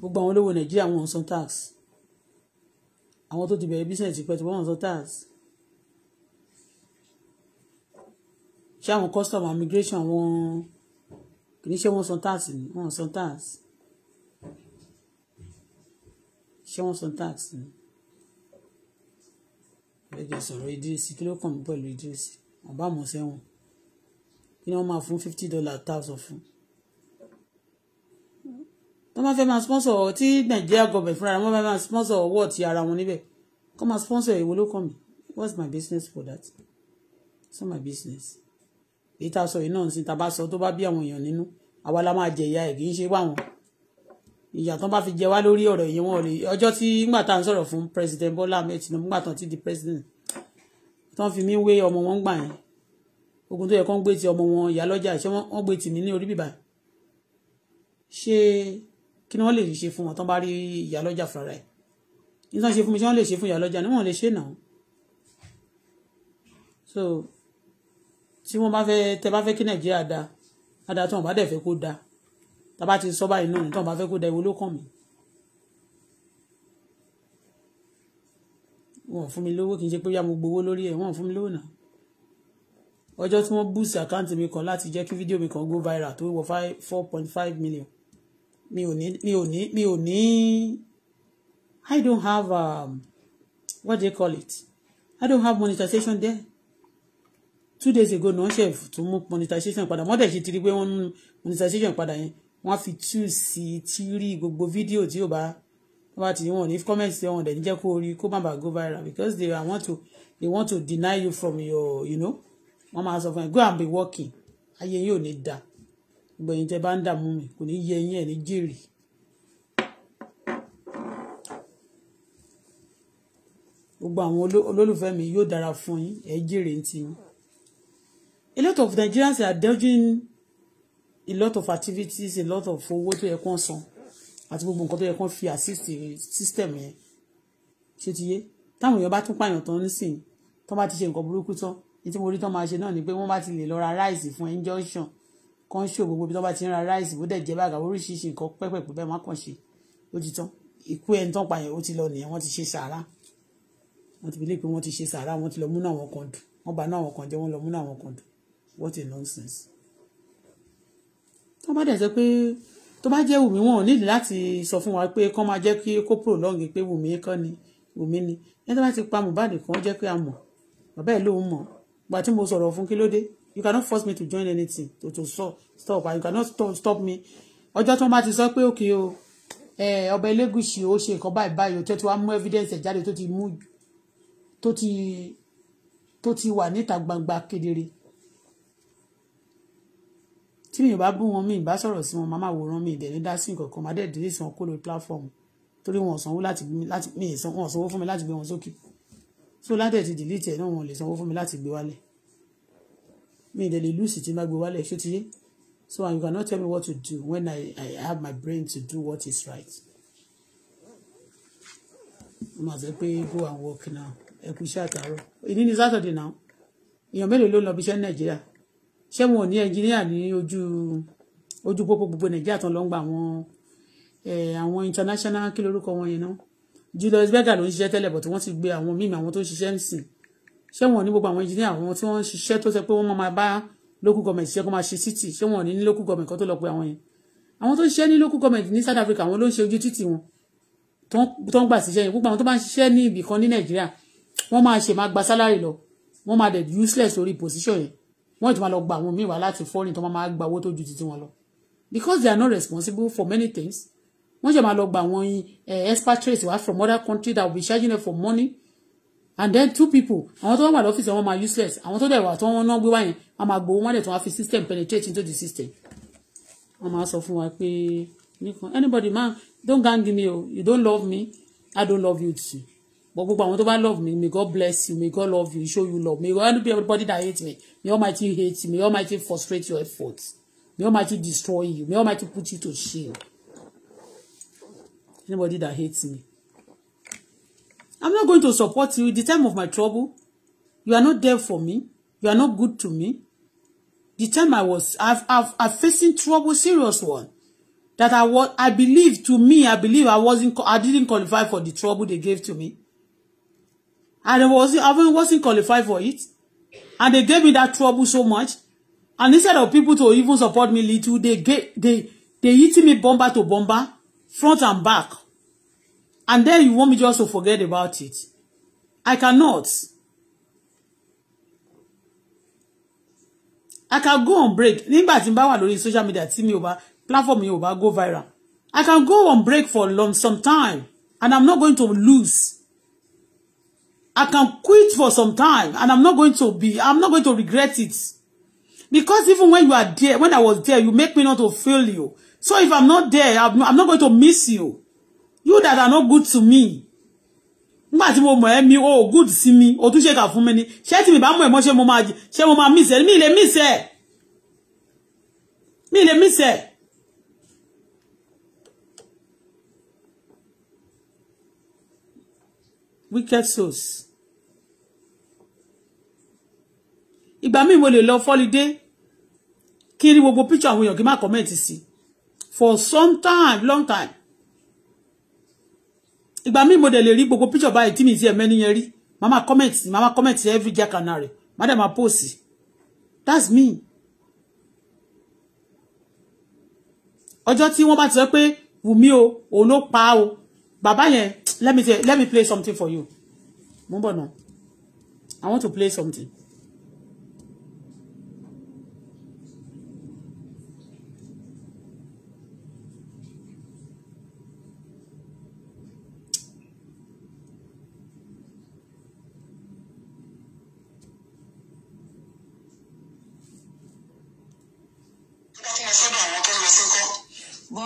[SPEAKER 1] gbogbo àwọn olówó Nàìjíríà wọn ò san tax àwọn tó ti bẹ̀rẹ̀ business pẹ̀tù wọn ò san tax ṣé àwọn custom immigration wọn kì í ṣe wọ́n san tax ni wọ́n san tax ṣé wọ́n san tax ni ẹjọ́ sọ̀rọ̀ ìdírísí kí ló kàn mí pẹ̀lú ìdírísí ọba àmọ́ sẹ́wọ̀n kí ni wọ́n máa fún fifty dollar thousand fún wọ́n máa fẹ́ máa sponsor tí nàìjíríà gọbẹ̀ fúnra wọn máa máa sponsor owó ti ara wọn níbẹ̀ kọ́ máa sponsor ìwé ló kàn mí what's my business for that it's not my business èyí tá a sọ yìí náà sí ta bá sọ tó bá bí àwọn èèyàn nínú àwa la máa jẹ ìyà ẹ̀ kì í ṣe wáwọn ìyà tán bá fi jẹ wá lórí ọ̀rọ̀ yìí wọn ò lè tí ngbà tá à ń sọ̀rọ̀ fún president Bola Ahmed Tinubu ngbà tán ti di president tán fi mí wé ọmọ wọn gbà yẹn ogun tó yẹ kán gbé ti ọmọ wọn ìyá lọ́jà ṣé wọ́n gbé tì mí ní orí bìbà ṣé kí ni wọ́n lè ṣe fún wọn tán bá rí ìyá lọ́jà fúnra ẹ̀ nítorí ṣe fún mi ṣé wọ́n lè ṣe fún ìyá lọ́jà ni wọ́n lè ṣe náà so tí wọ́n bá fẹ́ tẹ bá fẹ́ kí nàìjíríà dáa dáadáa tí wọ́n bá dẹ̀ fẹ́ kó dáa tá ti sọ báyìí náà tí wọ́n bá fẹ́ kó dáa ìwọ ló kàn mí. fún mi lówó kì í ṣe pé yá mo gbowó lórí ẹ̀ wọn fún mi lówó náà ọjọ́ tí wọ́n boost àkáǹtì mi kan láti jẹ́ kí fídíò mi kan go viral tó wọ four point five million mi ò ní mi ò ní mi ò ní I don't have um, what do you call it I don't have monetization there two days ago náà ṣe tún mú monetization padà wọ́n dẹ̀ ṣe ti rí pé wọ́n mú monetization padà yẹn wọ́n fi two sí tírí gbogbo fídíò tí ò bá bá ti wọ́n ní comment ṣe wọ́n dẹ̀ ní jẹ́ kó rí kó má bàa go viral because they want to they want to deny you from your you know wọ́n máa sọ fún ẹ go and be working ayé yín ò ní da gbẹ̀yìn tẹ́ bá ń dààmú mi kò ní yẹ yín ẹ̀ ní jèrè. gbogbo àwọn olólùfẹ́ mi yóò dára fún yín ẹ̀ jèrè ń tiyín a lot of Nigerians are dodging a lot of activities a lot of owó tó yẹ kán san àti gbogbo nǹkan tó yẹ kán fi assist system yẹn ṣe ti yé táwọn èèyàn bá tún pààyàn tán nísìn tó bá ti ṣe nǹkan burúkú tán ní tí mo rí tán máa ṣe náà ni pé wọ́n bá ti lè lọ ra ráìsì fún injunction kan ṣó gbogbo ibi tó bá ti ń ra ráìsì bó dẹ̀ jẹ́ bàgà oríṣiríṣi nǹkan pẹ́pẹ́pẹ́ bẹ́ẹ̀ má kàn ṣe ó ti tán ikú ẹni tán pààyàn ó ti lọ nìyẹn wọ́n ti ṣe sàárà wọ́n ti fi lé pé wọ́n ti ṣe sàárà wọ́n ti lọ múnú àwọn kan dùn wọ́n bá náà àwọn kan jẹ́ wọ́n lọ múnú àwọn kan dùn what a nonsense. tó bá dẹ̀ sọ pé tó bá jẹ́ wùmí wọn ò nílò láti sọ fún wa pé kán máa jẹ́ kí kó prolong pé wùmí kọ́ ni wùmí ni ẹni tó bá ti pa Mohbad kan jẹ́ pé a mọ̀ bàbá ẹ̀ lóun mọ̀ gbà tí mo sọ̀rọ̀ fún kí ló dé you cannot force me to join anything to to stop stop and you cannot stop, stop me ọjọ́ tí wọ́n bá ti sọ pé òkè o ọba Elégùṣì ó ṣe nǹkan báyìí báyìí tó ti wá mú evidence ẹ̀ jáde tó ti mú tó ti tó ti wà níta gbangba kedere tí mi ò bá bú wọn mi bá sọ̀rọ̀ sí wọn máa máa wòran mi ìdẹ̀ ní dá máa dẹ̀ délé sí kó lórí platform torí wọn sanwó láti gbé mi wọn sanwó fún mi láti gbé wọn sókè so ládẹ̀ ti delete ẹ̀ náà wọn lè sanwó fún mi láti gbé wálẹ̀ mi ìdẹ̀ lè lùsì tí n bá gbé wálẹ̀ ṣó ti yé so and you cannot tell me what to do when I, I have my brain to do what is right mo máa sọ pé go and work now ẹ kú iṣẹ́ àtàárọ̀ ìní ni Saturday now èèyàn mélòó ló ń lọ bí iṣẹ́ ní Nàìjíríà ṣé wọn ò ní ẹnjìníà ní ojú ojú pópó gbogbo nàìjíríà tán ló ń gba àwọn àwọn international kí lorúkọ wọn yẹn náà Julius Berger ló ń ṣiṣẹ́ tẹ́lẹ̀ bọ̀ tí wọ́n ti gbé àwọn míì àwọn tó ń ṣiṣẹ́ nísìn ṣé wọn ò ní gbogbo àwọn ẹnjìníà àwọn tí wọ́n ń ṣiṣẹ́ tó ṣe pé wọ́n máa bá local government ṣiṣẹ́ kó máa ṣe city ṣé wọn ò ní ní local government kan tó lọ pé àwọn yẹn àwọn tó ń ṣiṣẹ́ ní local government ní South Africa àwọn ló ń ṣe ojú títì wọn tó ń gbà síṣẹ́ yẹn gbogbo àwọn tó bá ń ṣiṣẹ́ ní ibì kan ní Nàìjíríà wọ́n máa ṣe máa gba sálárì lọ wọ́n máa dẹ̀ useless lórí position yẹn wọ́n ti máa lọ gba àwọn míì wá láti foreign tó máa máa gba owó tó ju titi wọn lọ because they are not responsible for many things wọ́n ṣe máa lọ gba àwọn eh, expatriates wá from other countries that will be charging them for money and then two people àwọn tó wà wà lọ́fíìsì wọn máa useless àwọn tó dẹ̀ wà tó wọn náà gbé wá yẹn wọn máa gbowó wọn dẹ̀ tó wọn fi system penetrate into the system wọn máa sọ fún wa pé anybody man don't gang me o you don't love me i don't love you too but gbogbo àwọn tó bá love me may God bless you may God love you show you love may God help everybody that hate me may Almighty hate you may Almighty frustrate your efforts may Almighty destroy you may Almighty put you to shame anybody that hates me I'm not going to support you the time of my trouble you are not there for me you are not good to me the time I was I've I've, I'm facing trouble serious one that I was I believe to me I believe I wasn't I didn't qualify for the trouble they gave to me And I wasn't, I wasn't qualified for it. And they gave me that trouble so much. And instead of people to even support me little, they get, they, they hitting me bomber to bomber, front and back. And then you want me just to forget about it. I cannot. I can go on break. Nígbà tí n social media see me over platform me over, go viral. I can go on break for long some time and I'm not going to lose I can quit for some time and I'm not going to be, I'm not going to regret it. Because even when you are there, when I was there, you make me not to fail you. So if I'm not there, I'm, not going to miss you. You that are not good to me. Nígbà tí mo mọ̀ ẹ́ o good see me. o tún ṣe kà fún mi ni. Ṣé tí mi bá mọ̀ ẹ́ mo máa ṣé mo máa miss ẹ́? Mi lè miss ẹ́. Mi le miss ẹ́. Wicked souls. ìgbà míì mo lè lọ fọ́lidé kí rí gbogbo picture àwọn èèyàn kí má comment sí for some time long time ìgbà míì mo dẹ̀ lè rí gbogbo picture báyìí tí mi ti ẹ̀mẹ́ níyẹn rí màmá comment màmá comment every jack and harry madam ma post that's me ọjọ́ tí wọ́n bá ti sọ pé Wùmí o òun ló pa o bàbá yẹn let me let me play something for you mo ń bọ̀ náà I want to play something.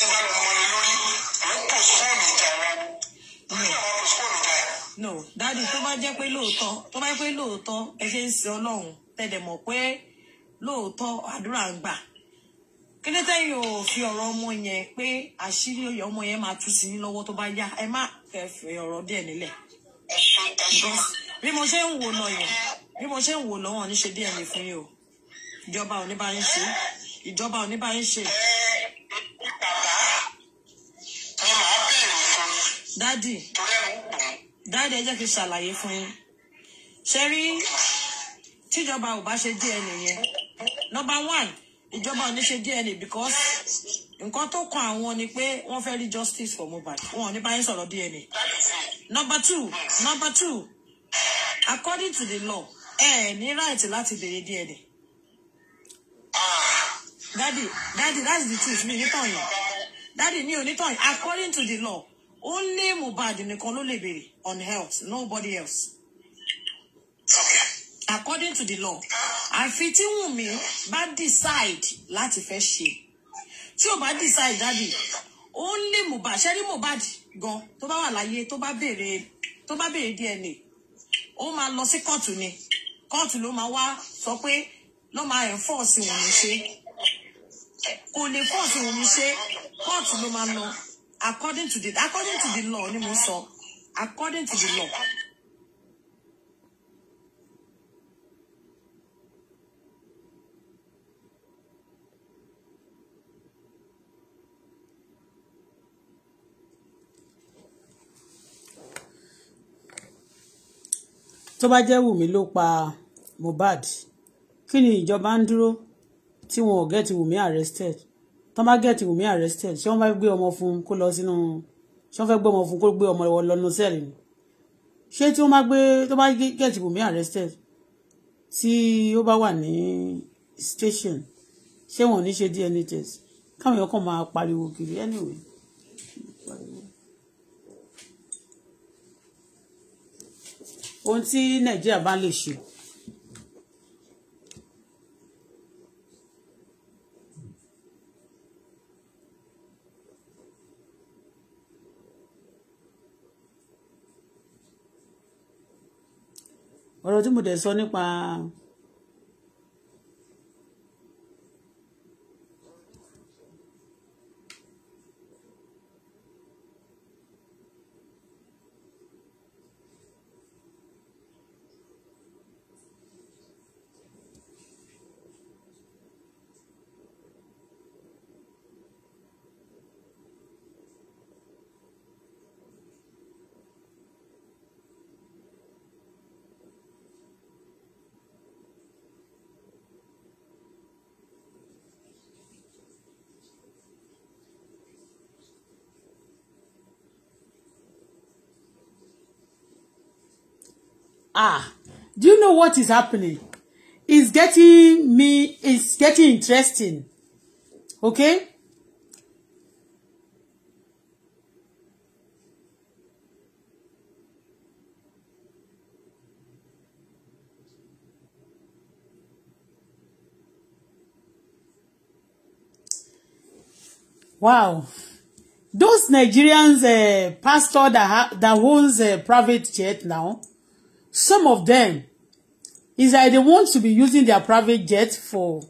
[SPEAKER 3] tí bá lọ mọ lórí mo ń postpone ìjà wa ni
[SPEAKER 2] mi ò máa postpone no dáàdi tó bá jẹ́ pé lóòótọ́ tó bá jẹ́ pé lóòótọ́ ẹ ṣe ń sin ọlọ́run tẹ̀dẹ̀ mọ̀ pé lóòótọ́ àdúrà ń gbà kí ló tẹ́yìn ò fi ọ̀rọ̀ ọmọ yẹn pé àṣírí oyè ọmọ yẹn máa tú sí ní lọ́wọ́ tó bá yá ẹ má fẹ́ fi ọ̀rọ̀ díẹ̀ nílẹ̀. bí mo ṣe ń wò lọ yẹn bí mo ṣe ń wò lọ́wọ́ ní díẹ̀ ní fún yìí o ìjọba ò ní bá ń ṣe é ìjọba ò ní bá yín ṣe. dádì dádì ẹ jẹ́ kí n ṣàlàyé fún yín ṣe rí tíjọba ò bá ṣe DNA yẹn number one ìjọba ò ní ṣe DNA because nǹkan tó kan àwọn ni pé wọ́n fẹ́ rí justice for Mohbad wọn ò ní bá yín sọ̀rọ̀ DNA number two number two according to the law ẹ ní right láti béèrè DNA. Daddy, Daddy, that's the truth mi onítàn yẹn dadi mi onítàn yẹn according to the law only Mohbad nìkan ló lè béèrè on health nobody else Okay. according to the law àfi tí Wùnmí bá decide láti fẹ́ ṣe tí o bá decide Daddy. only Mohbad ṣẹ́rí Mohbad gan tó bá wà láyé tó bá béèrè tó bá béèrè DNA ó máa lọ sí kóòtù ni kóòtù ló máa wá sọ pé ló máa enforce Wùnmí ṣe kò lè fọ́ọ̀sì òun ṣe kóòtù ló máa lọ according to the according to the law ni mo sọ according to the law.
[SPEAKER 1] tó bá jẹ́ Wùmí ló pa Mohbad kí ni ìjọba ń dúró tí wọn ò gẹ́ẹ̀tì Wùmí arrested tán bá gẹ́ẹ̀tì Wùmí arrested ṣé wọ́n fẹ́ gbé ọmọ fún kó lọ sínú ṣé wọ́n fẹ́ gbé ọmọ fún kó gbé ọmọ lọ nù sẹ́ẹ̀lì ni ṣé tí wọ́n bá gbé tó bá gẹ́ẹ̀tì Wùmí arrested tí ó bá wà ní station ṣé wọn ò ní ṣe DNA test káwọn èèyàn kàn máa pariwo kiri anyway. ohun tí Nàìjíríà bá lè ṣe ọ̀rọ̀ tí mo dẹ̀ sọ nípa ah do you know what is happening it's getting me it's getting interesting okay Wow. Those Nigerians uh, pastor that ha that owns a eh, private jet now, some of them is that they want to be using their private jet for,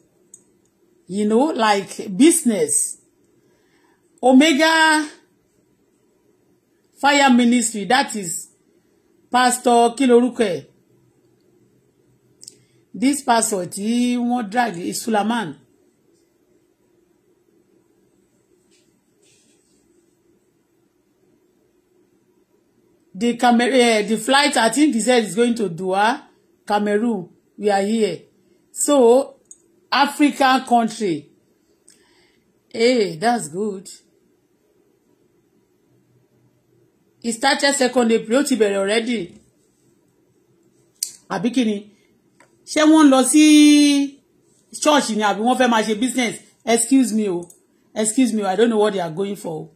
[SPEAKER 1] you know, like business. Omega Fire Ministry, that is Pastor Kiloruke. This pastor, tí wọ́n drag is Sulaman. the Camer uh, eh, the flight I think he said is going to Doha, Cameroon. We are here. So African country. Hey, eh, that's good. It started second April ó already. Àbí kí ni? Ṣé wọ́n ń lọ sí church ni àbí wọ́n business? Excuse me o. Excuse me I don't know what they are going for.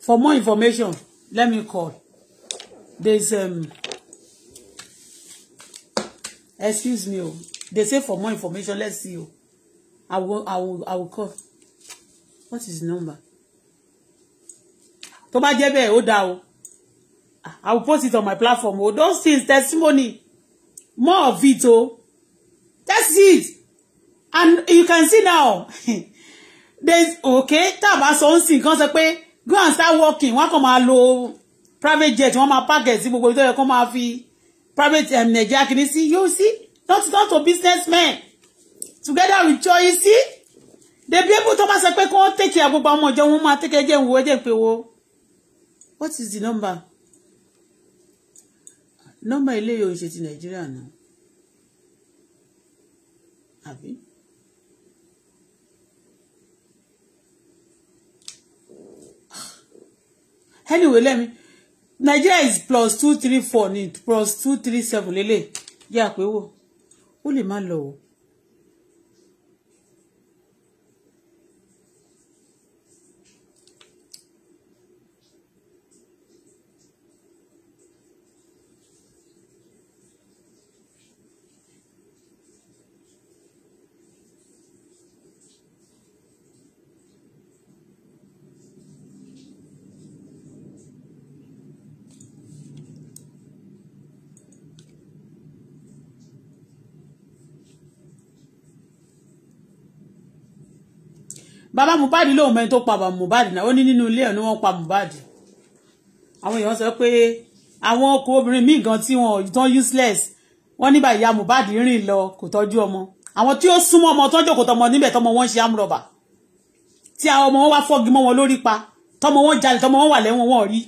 [SPEAKER 1] For more information, let me call. There's um excuse me. Oh. They say for more information, let's see. Oh. I will I will I will call. What is the number? Tó bá jẹ́ bẹ́ẹ̀ ó dá o. Oh. I will post it on my platform. Oh, those things, testimony. More of it, oh. That's it. And you can see now. [LAUGHS] There's okay, tá a bá sọ ń sìn go and start working wọ́n kàn máa lo private jet wọ́n máa pack ẹ̀ sí gbogbo ibi tó máa fi private um, Nigeria kìíní sí you see not not to businessmen together with joy see they be able tó máa sọ pé kó take care gbogbo ọmọ ìjọ wọn máa take care jẹ́ ìwò ẹ̀jẹ̀ pé wo what is the number number ilé yòó ṣe ti Nàìjíríà náà àbí. anyway let me Nigeria is plus two three four ní plus two three seven Lele, yá pé wo. ó lè má lọ o bàbá Mohbad lòun mẹ́ni tó pa bàbá Mohbad náà ó ní nínú ilé ẹ̀ ni wọ́n pa Mohbad àwọn èèyàn sọ pé àwọn ọkọ obìnrin míì gan tí wọn tán useless wọ́n ní báyìí ya Mohbad rìn lọ kò tọ́jú ọmọ àwọn tí ó súnmọ́ ọmọ tọ́jọ́ kò tọmọ níbẹ̀ tọmọ wọn ṣe amúrọ̀bà tí àwọn ọmọ wọn wá fọ́gi mọ́ wọn lórí pa tọmọ wọn jalè tọmọ wọn wà lẹ́wọ̀n wọn rí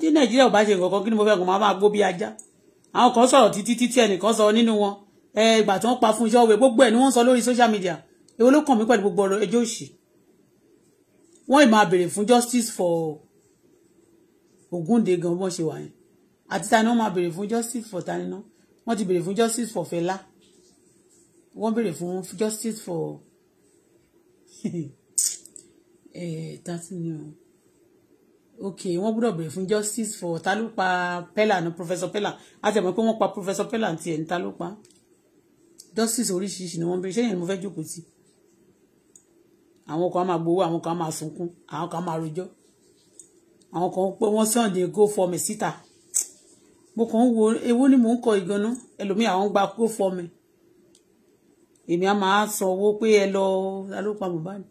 [SPEAKER 1] tí nàìjíríà ò bá ṣe nǹkan kan kí ni mo fẹ́ kó máa máa gbó bí ajá àwọn kan sọ̀rọ̀ títí títí ẹnìkan sọ nínú wọn ẹ ìgbà tí wọ́n pa fún iṣẹ́ òwe gbogbo ẹ̀ ni wọ́n sọ lórí social media èwo ló kàn mí pẹ̀lú gbogbo ọ̀rọ̀ ẹjọ́ òṣì wọ́n ì máa béèrè fún justice for Ògúndé gan bọ́n ṣe wà yẹn àti ta ni wọ́n máa béèrè fún justice for ta ni ná wọ́n ti béèrè fún justice for Fẹlá wọ́n béèrè fún justice for ẹ̀ [LAUGHS] eh, okay wọ́n gbọ́dọ̀ bẹ̀rẹ̀ fún justice for ta ló pa pella ní professor pella a ti mọ̀ pé wọ́n pa professor pella ti ẹ̀ ní ta ló pa justice oríṣiríṣi ni wọ́n bẹ̀rẹ̀ ṣé yẹn mo fẹ́ jókòó sí àwọn kan máa gbowó àwọn kan máa sunkún àwọn kan máa rojọ́ àwọn kan pé wọ́n sàn dé go for me síta mo kàn ń wo ewu ni mò ń kọ ìganá ẹlòmíì àwọn gba go for me èmi á máa sanwó pé ẹ lọ alópa Mohbad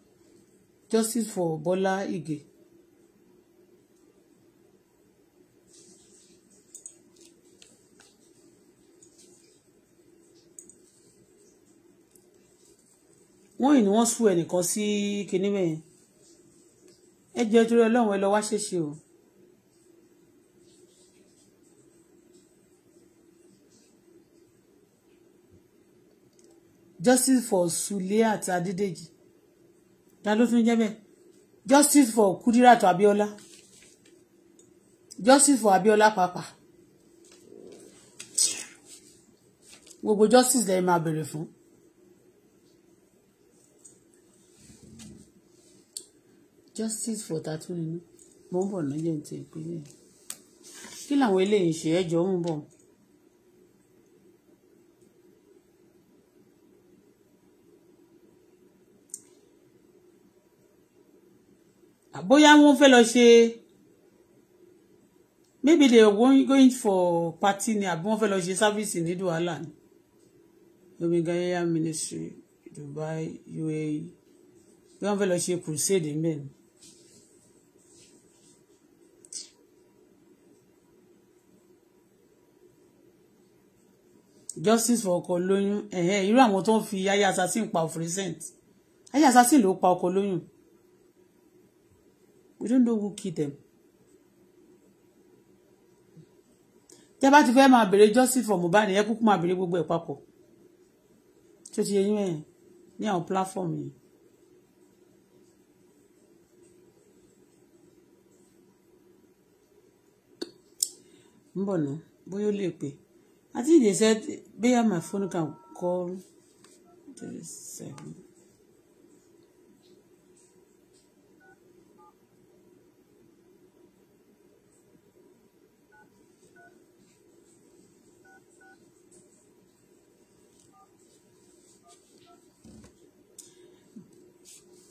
[SPEAKER 1] justice for Bọ́lá Ìgè wọ́n yìí ni wọ́n sùn ẹnìkan sí kinní mẹ́yìn ẹ jẹ́ torí ọlọ́run ẹ lọ wá ṣèṣe o. justice for Suliat Adédèjì ta ló tún jẹ́ bẹ́ẹ̀ justice for Kudirat Abiola justice for Abiola papa gbogbo justice lẹ́yìn máa bẹ̀rẹ̀ fún. justice for tatu nínú mo ń bọ̀ náà jẹ́ ti ìpínlẹ̀ kí làwọn eléyìí ṣe ẹjọ́ ń bọ̀. bóyá wọ́n fẹ́ lọ ṣe maybe they are going, for party ni àbí wọ́n fẹ́ lọ ṣe service ní duhala ni omega air ministry Dubai UAE bí wọ́n fẹ́ lọ ṣe crusade mẹ́rin. justice for ọkọ lóyún ẹ̀hẹ́ irú àwọn tó ń fi aya assassin pa of recent aya assassin ló pa ọkọ lóyún we don't know who kill them. tẹ́ bá ti fẹ́ máa béèrè justice for Mohbad ẹ kúkú máa béèrè gbogbo ẹ̀ papọ̀ tó ti yẹ yín ẹ̀yìn ní àwọn platform yìí. ń bọ̀ ná bóyá ó lè pè é. I think they said, Bear, my phone can call. Thirty-seven.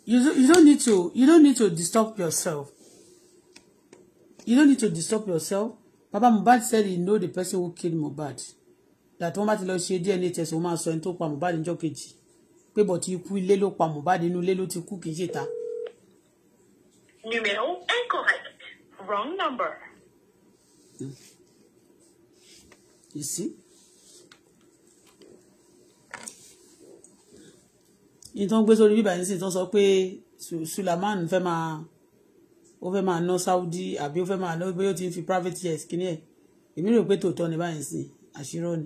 [SPEAKER 1] You don't, you don't need to you don't need to disturb yourself. You don't need to disturb yourself bàbá Mohbad said he know the person who killed Mohbad that wọ́n bá ti lọ ṣe DNA test wọ́n máa sọ ẹni tó pa Mohbad níjọ́ kejì pé bọ̀tí ikú ilé ló pa Mohbad inú ilé ló ti kú kì í ṣèta.
[SPEAKER 3] incorrect wrong number.
[SPEAKER 1] You see? ìtàn gbé sórí bíbá yìí sì tán sọ pé Sulaiman fẹ́ máa ó fẹ́ máa ná Saudi àbí ó fẹ́ máa ná bóyá ó ti ń fi private jet kí ni ẹ̀ èmi rò pé tòótọ́ ni báyìí sí àṣírọ́ ni.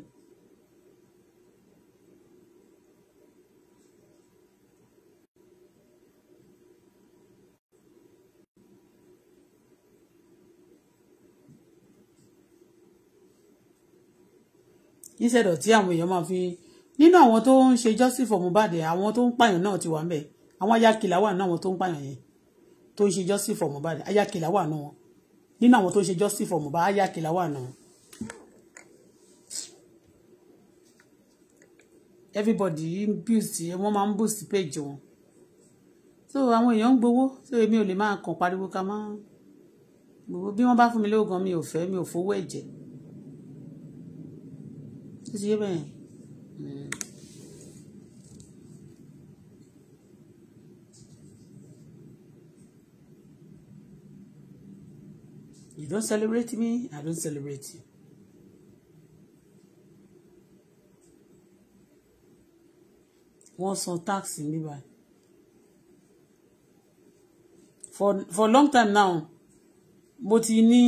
[SPEAKER 1] instead of tí àwọn èèyàn máa fi nínú àwọn tó ń ṣe justice for Mohbad àwọn tó ń pààyàn náà ti wà ń bẹ àwọn ayakìlá wà náà àwọn tó ń pààyàn yẹn tó ń ṣe justice for Mohbad ayákìlá wà náà wọn nínú àwọn tó ń ṣe justice for Mohbad ayákìlá wà náà everybody ń boost wọ́n máa ń boost page wọn so àwọn èèyàn ń gbowó so èmi ò lè máa kàn pariwo ká máa gbowó bí wọ́n bá fún mi lóògùn mi ò fẹ́ mi ò fowó ẹ̀jẹ̀ tó ti yé bẹ́ẹ̀ hmm. You don't celebrate me, I don't celebrate you. Wọ́n san tax ní báyìí. For for long time now, mo ti ní.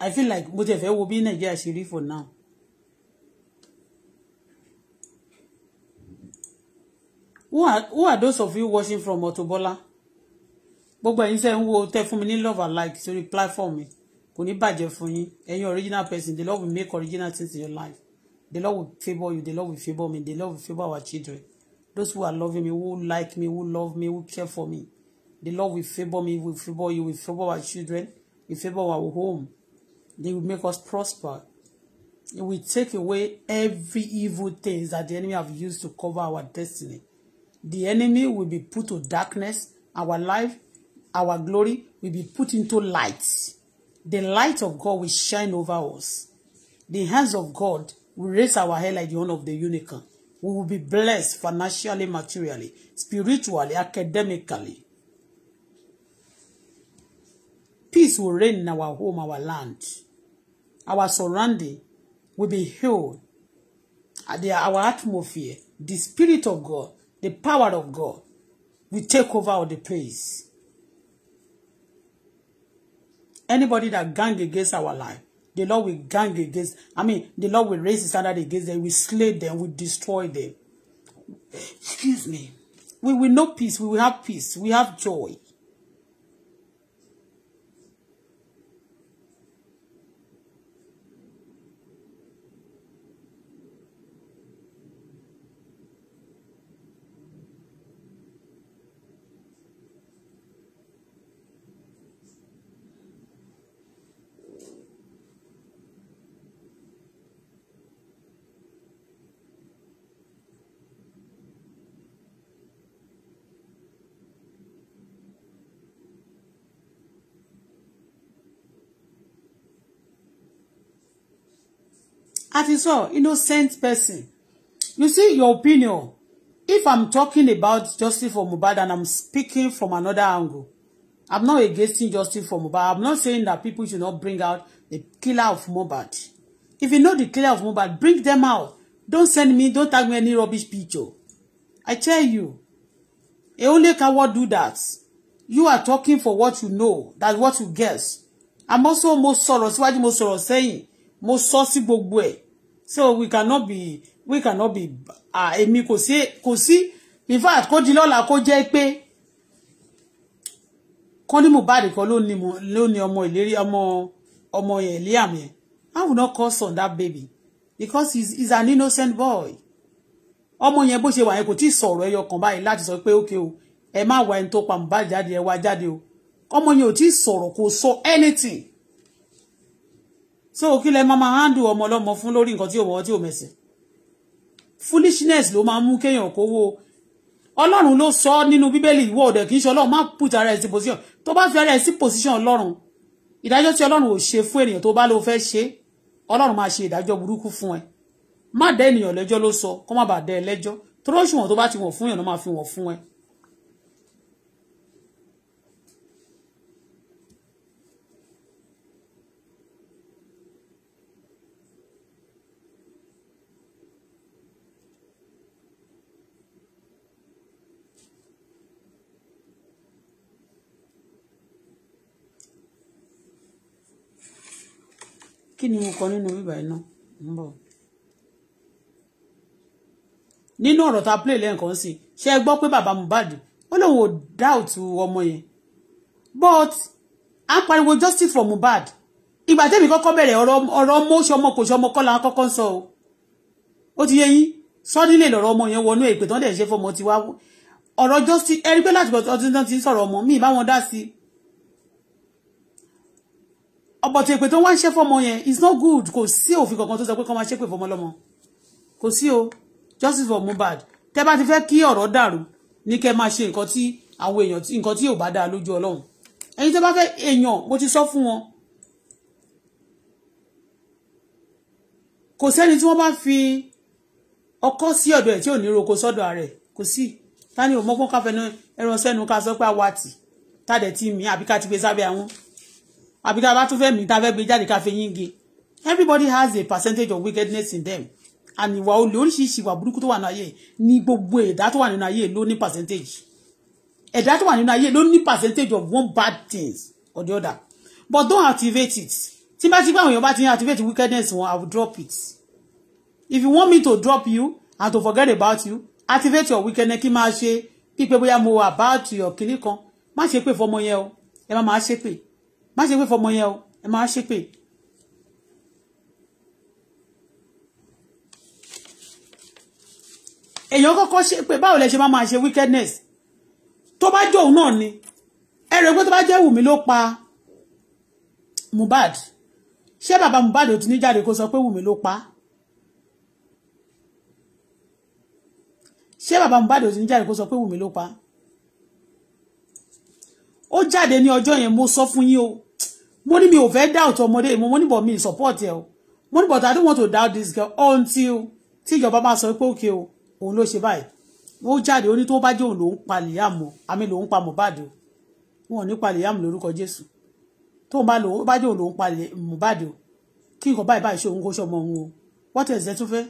[SPEAKER 1] I feel like mo ti fẹ́ wo bí Nàìjíríà ṣe rí for now. who are who are those of you watching from Otobola? Bola gbogbo ẹ̀yin tẹ́ ń wo tẹ́ fún mi ní love and like sórí platform mi kò ní bàjẹ́ fún yín ẹ̀yin original person the Lord will make original things in your life the Lord will favor you the Lord will favor me the Lord will favor our children those who are loving me who like me who love me who care for me the Lord will favor me will favor you will favor our children will favor our home they will make us prosper it will take away every evil things that the enemy have used to cover our destiny The enemy will be put to darkness. Our life, our glory will be put into light. The light of God will shine over us. The hands of God will raise our head like the horn of the unicorn. We will be blessed financially, materially, spiritually, academically. Peace will reign in our home, our land. Our surrounding will be healed. Our atmosphere, the Spirit of God The power of God will take over all the praise. Anybody that gang against our life, the Lord will gang against, I mean, the Lord will raise his standard against them, We slay them, We destroy them. Excuse me. We will know peace. We will have peace. We have joy. a ti all innocent person you see your opinion if i'm talking about justice for Mohbad and i'm speaking from another angle i'm not against justice for Mohbad i'm not saying that people should not bring out the killer of Mubad. if you know the killer of Mubad, bring them out don't send me don't tag me any rubbish picture i tell you a only coward do that you are talking for what you know that's what you guess i'm also mo sọ̀rọ̀ síwájú mo most sẹ́yìn saying most sí gbogbo ẹ̀ so we cannot be we cannot be èmi kò sí kò sí in fact kó di lọ́la kó jẹ́ pé kán ní Mohbad kan Ni mo, ló ní ọmọ ìlérí ọmọ ọmọ yẹn Liam yẹn I will not call son that baby because he's, he's an innocent boy ọmọ yẹn bó ṣe wà yẹn kò tí ì sọ̀rọ̀ ẹyọ kan báyìí láti sọ pé ókè o ẹ má wá ẹni tó pa Mohbad jáde ẹ wá jáde o ọmọ yẹn ò tí ì sọ̀rọ̀ kò anything so kí lẹ máa handle ọmọ ọlọ́mọ fún lórí nǹkan tí ò mọ̀ tí ò mẹ̀sìn foolishness ló máa ń mú kéèyàn kówó ọlọ́run ló sọ nínú bíbélì ìwọ ọ̀dẹ̀ kì í ṣe ọlọ́run má put ara ẹ̀ sí position tó bá fi ara ẹ̀ sí position ọlọ́run ìdájọ́ tí ọlọ́run ò ṣe fún ènìyàn tó bá ló fẹ́ ṣe ọlọ́run máa ṣe ìdájọ́ burúkú fún ẹ má dá ènìyàn lẹ́jọ́ ló sọ kó má bàa dá ẹ lẹ́jọ́ tó rọ́ṣùwọ̀n tó bá ti wọ̀n fún èèyàn ló máa fi wọ̀n fún ẹ kí ni mo kọ nínú bíbá yìí náà ń bọ̀ nínú ọ̀rọ̀ tá a play lẹ́ẹ̀kan sí ṣé ẹ pé bàbá Mohbad ó lóun ò doubt ọmọ yẹn but à ń pariwo justice for Mohbad ìgbà tẹ́mi kọ́kọ́ bẹ̀rẹ̀ ọ̀rọ̀ ọmọ ṣọmọ kò ṣọmọ kọ́ la kọ́kọ́ ń sọ o ó ti yé yín sọ́dílé lọ́rọ̀ ọmọ yẹn wọnú èpè tán dẹ̀ ṣe fọmọ tiwa ọ̀rọ̀ justice ẹni pé láti ọdún tán ti ń sọ̀rọ̀ ọmọ mi ìbá wọn dá sí i ọ̀bọ̀tì èpè tó wá ń ṣe fọmọ yẹn it's not good kò sí òfin kankan tó sọ pé kọ́ máa ṣe pè fọmọ lọ́mọ kò sí o justice for Mohbad tẹ́ bá ti fẹ́ kí ọ̀rọ̀ dàrú ní kẹ́ máa ṣe nǹkan tí àwọn èèyàn nǹkan tí yóò bá dáa lójú ọlọ́run ẹ̀yin tẹ́ bá fẹ́ èèyàn mo ti sọ fún wọn kò sẹ́ni tí wọ́n bá fi ọkọ́ sí ọ̀dọ̀ ẹ̀ tí ò ní roko sọ́dọ̀ rẹ̀ kò sí tani ò mọ́gbọ́n káfẹ́ náà ẹran sẹ́nu ká sọ pé àwa tì tá dẹ̀ ti mí àbí ká ti gbé sábẹ́ àwọn àbí ká bá tún fẹ́ mi tá a fẹ́ gbé jáde ká fi yín ge everybody has a percentage of wickedness in them and ìwà olè oríṣiríṣi ìwà burúkú tó wà nínú ayé ní gbogbo ẹ̀dá tó wà nínú ayé ló ní percentage ẹ̀dá tó wà nínú ayé ló ní percentage of one bad things or the other but don't activate it tí bá ti bá àwọn bá ti activate wickedness wọn i will drop it if you want me to drop you and to forget about you activate your wickedness kí máa ṣe pípé bóyá mo wà bá àtúyọ̀ kìnnìkan má ṣe pé fọmọ yẹn o ẹ má máa ṣe pé má ṣe pé fọmọ yẹn o ẹ máa ṣe pé. èèyàn kọ́kọ́ ṣe pé báwo lẹ ṣe máa máa ṣe wickedness tó bá jọ òun náà ni ẹ rẹ pé tó bá jẹ́ Wùmí ló pa Mohbad ṣé bàbá Mohbad ò tún ní jáde kó sọ pé Wùmí ló pa á. ṣé bàbá Mohbad ò sí ní jáde kó sọ pé Wùmí ló pa ó jáde ní ọjọ́ yẹn mo sọ fún yín o mo ní mi ò fẹ́ doubt ọmọdé mo mo ní bọ̀ mi support ẹ o mo ní but I don't want to doubt this girl until tí your bá sọ pé òkè o òun ló ṣe báyìí ó jáde ó ní tó bá jẹ́ òun lòún pa Liam o àmì lòún pa Mohbad o wọn ò ní pa Liam lórúkọ Jésù tó bá lòún bá jẹ́ òun lòún pa Mohbad o kí nǹkan báyìí báyìí ṣe òun kó ṣe ọmọ o what is that? tún fẹ́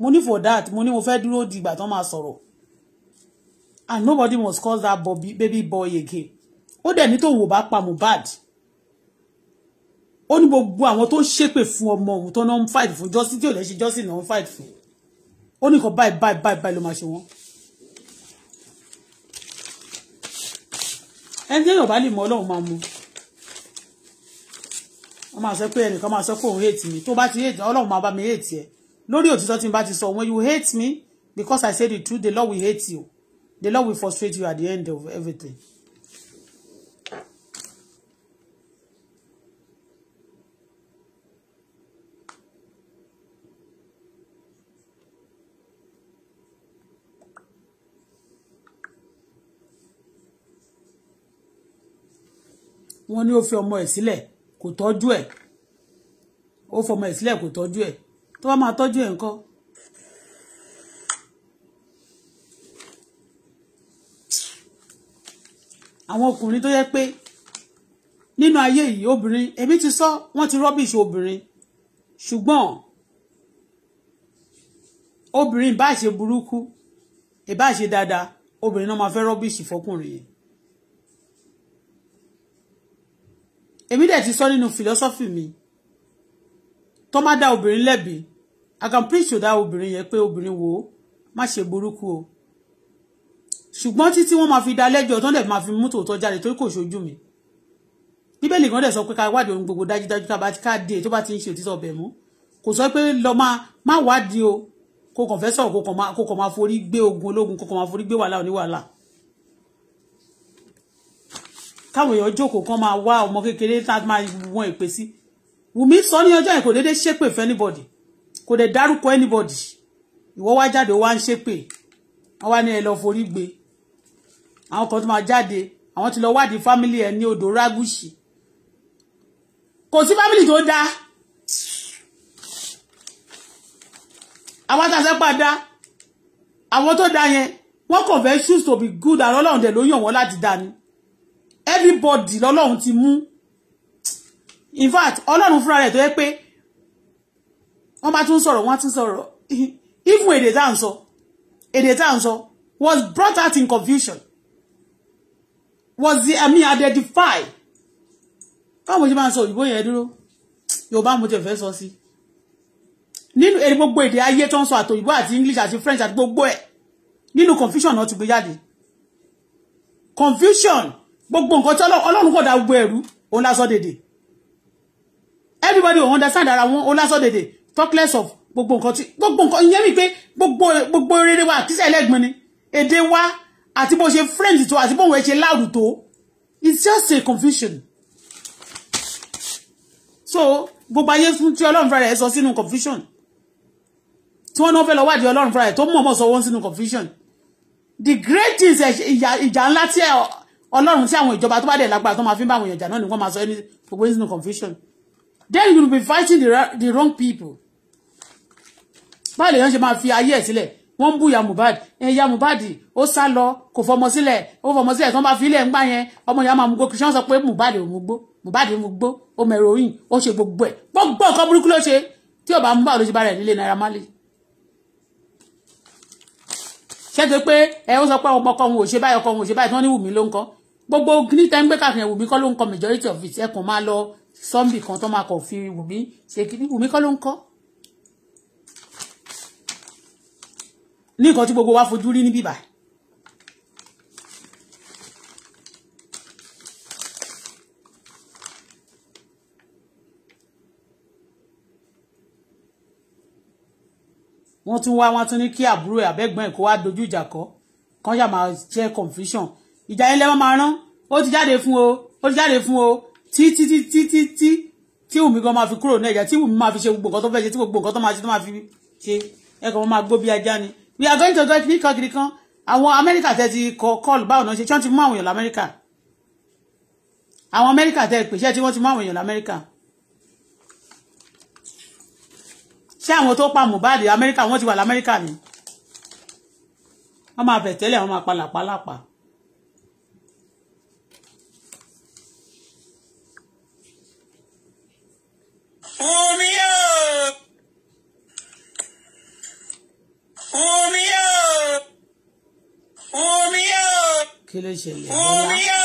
[SPEAKER 1] mo ní for that mo ní mo fẹ́ dúró di ìgbà tán máa sọ̀rọ̀ and nobody must call that baby boy again ó dẹ̀ ní tóun ò bá pa bad ó ní gbogbo àwọn tó ń ṣépè fún ọmọ òun tó náà ń fight fún jọ́sí tí ò lẹ́sẹ̀ jọ́sí náà ń fight fún ó ní nǹkan báyìí báyìí báyìí báyìí ló máa ṣe wọ́n. ẹni tí èèyàn bá lè mọ ọlọ́run máa mu wọ́n máa sọ pé ẹnìkan máa sọ pé òun hate mi tó bá ti hate ọlọ́run máa bá mi hate ẹ lórí òtítọ́ tí n bá ti sọ when you hate me because I say the truth the Lord will hate you the Lord will frustrate you at the end of everything. wọ́n ní ó fi ọmọ ẹ̀ sílẹ̀ kò tọ́jú ẹ̀ ó fọmọ ẹ̀ sílẹ̀ kò tọ́jú ẹ̀ tó bá máa tọ́jú ẹ̀ ńkọ́. àwọn ọkùnrin tó yẹ pé nínú ayé yìí obìnrin èmi ti sọ wọ́n ti rọ́bìṣì obìnrin ṣùgbọ́n obìnrin ìbá ṣe burúkú ìbá ṣe dáadáa obìnrin náà máa fẹ́ rọ́bìṣì fọkùnrin yẹn èmi dẹ̀ ti sọ nínú philosophy mi tó má dá obìnrin lẹ́bi i can preach to that obìnrin ye pé obìnrin wo Ma ṣe burúkú o ṣùgbọ́n títí wọ́n máa fi dá lẹ́jọ́ tó ń dẹ̀ máa fi mú tòótọ́ jáde torí kò ṣojú mi bíbélì kan dẹ̀ sọ pé ká wádìí ohun gbogbo dájúdájú ká bá ti ká dé tó bá ti ń ṣe òtítọ́ ọbẹ̀ mú kò sọ pé lọ máa má wádìí o kò kàn fẹ́ sọ̀rọ̀ kò kàn máa forí gbé ogun ológun kò kàn máa forí gbé wàhálà oníwàhálà káwọn èèyàn jókòó kan máa wá ọmọ kékeré láti máa wọn èpè sí Wùmí sọ ní ọjọ́ yẹn kò déédéé ṣépè fún anybody kò dẹ̀ dárúkọ anybody ìwọ wá jáde wá ń ṣépè wọ́n wá ní ẹ lọ forí gbé àwọn kan tó máa jáde àwọn ti lọ wádìí fámìlì ẹ ní odò rágùsì kò sí fámìlì tó dáa àwọn àtàṣe padà àwọn tó dáa yẹn wọ́n kàn fẹ́ choose to be good and àrọ́lọ́run dẹ̀ ló yàn wọ́n láti dáa ni everybody lọ́lọ́run ti mú in fact ọlọ́run fúnra rẹ̀ tó yẹ pé wọ́n bá tún sọ̀rọ̀ wọ́n tún sọ̀rọ̀ [LAUGHS] even èdè tá à ń sọ èdè was brought out in confusion was the I mean identify báwo ṣe máa ń sọ òyìnbó yẹn dúró yorùbá mo ti fẹ́ so si. nínú èdè gbogbo èdè ayé tó ń sọ àtòyìnbó àti english àti french àti gbogbo ẹ̀ nínú confusion náà ti gbé jáde confusion gbogbo nǹkan tí ọlọ́run kò dá gbogbo ẹ̀rú òun lásán dèdè everybody will understand ara wọn òun lásán dèdè talk less of gbogbo nǹkan tí gbogbo nǹkan ìyẹn mi pé gbogbo gbogbo rere wa àti ẹlẹ́gbin ni èdè wa àti bó ṣe friend tó àti bó wẹ̀ ṣe láàrú tó it's just a confusion so gbogbo ayé fún tí ọlọ́run fúnra rẹ̀ sọ sínú confusion tí wọ́n náà fẹ́ lọ wádìí ọlọ́run fúnra rẹ̀ tó mọ̀ọ́mọ̀ sọ wọ́n sínú confusion the great things ìjà ńlá tí ọlọ́run tí àwọn ìjọba tó bá dẹ̀ lágbára tó máa fi ń bá àwọn èèyàn jà náà ni wọ́n máa sọ ẹni gbogbo no confusion then you will be fighting the, the wrong people báyìí lèèyàn ṣe máa fi ayé ẹ̀ sílẹ̀ wọ́n ń bú ìyá Mohbad ìyá Mohbad ó sá lọ kò fọmọ sílẹ̀ ó fọmọ sílẹ̀ tí wọ́n bá fi ilẹ̀ ń gbà yẹn ọmọ ìyá máa mú gbó kìí sọ pé Mohbad ò mú gbó Mohbad mú gbó ó mọ heroin ó ṣe gbogbo ẹ̀ gbogbo nǹkan burúkú ló ṣe tí ò bá mú bá olóṣèlú bá rẹ̀ nílé Naira Marley ṣé tó pé ẹ ó sọ pé ọmọ ọkọ òun ò ṣe báyìí ọkọ òun ò ṣe báyìí tí wọ́n ní wùmí ló ń kọ́ gbogbo ní tẹ́ ń gbé káàkiri Wùmí kọ́ ló ń kọ majority of it ẹkùn máa lọ sọ́ńbì kan tó máa kọ̀ fi Wùmí ṣe kí Wùmí kọ́ ló ń kọ́. ní nǹkan tí gbogbo wa fojú rí níbí báyìí. wọ́n tún wá wọ́n tún ní kí àbúrò àbẹ́gbọ́n ẹ̀ kó wá dojú ìjà kọ́ kán yà máa jẹ́ confusion ìjà yẹn lẹ́wọ́n máa rán ó ti jáde fún o ó ti jáde fún o tí tí tí tí tí tí tí wùmí gan máa fi kúrò nàìjà tí wùmí máa fi ṣe gbogbo nǹkan tó fẹ́ ṣe tí gbogbo nǹkan tó máa ṣe tó máa fi ṣe ẹ̀kọ́ wọn máa gbó bí ajá ni we are going to go ní kan kiri kan àwọn amẹ́ríkà tẹ́ ti kọ kọ́ọ̀lù báwọn náà ṣe tí wọ́n ti mú àwọn èèyàn lamẹ́ríkà àwọn amẹ́ríkà tẹ́ pèsè tí wọ́n ti mú àwọn èèyàn lamẹ́ríkà ṣé àwọn tó pa Mohbad amẹ́ríkà wọ́n ti wà lamẹ́ríkà ni wọ́n máa bẹ̀ tẹ́lẹ̀ wọ́n máa pa
[SPEAKER 3] Wumi o.
[SPEAKER 1] Wumi o. Wumi o. Kí ló ṣẹlẹ̀? Wumi o.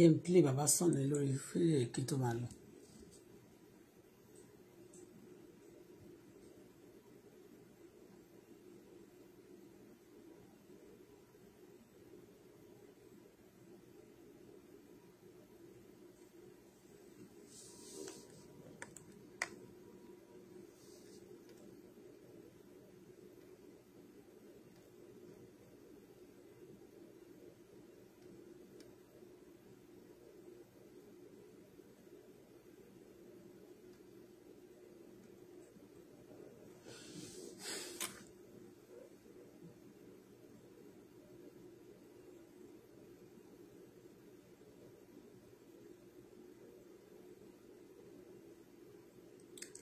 [SPEAKER 1] jẹ́ n play baba sàn lórí fílẹ̀ kí n tó máa lọ.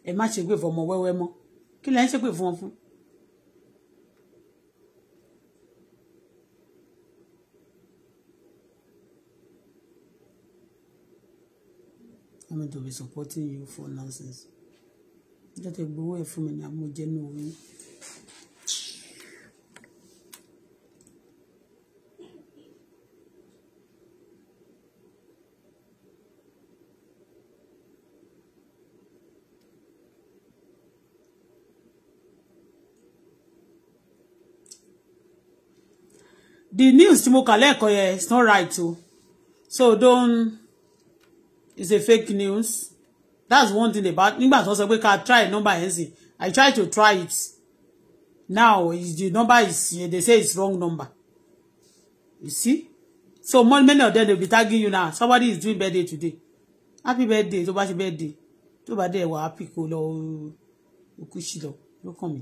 [SPEAKER 1] ẹ má ṣe gbé fọmọ wẹ́wẹ́ mọ́ kí lẹ́yìn ṣe gbé fún wọn fún. I'm going to be supporting you for nonsense. Jẹ́ tẹ gbowó from fún mi ní amójẹ́nu orí. the news tí mo kà lẹ́ẹ̀kan yẹn it's not right o so don't it's a fake news that's one thing about nígbà tó sọ pé ká try number yẹn sì i try to try it now the number is they say it's wrong number you see so many of them dey be tagging you now somebody is doing birthday today happy birthday tó bá ṣe birthday tó bá dé ẹwà happy kò lọ òkú ṣìlọ ló kàn mí.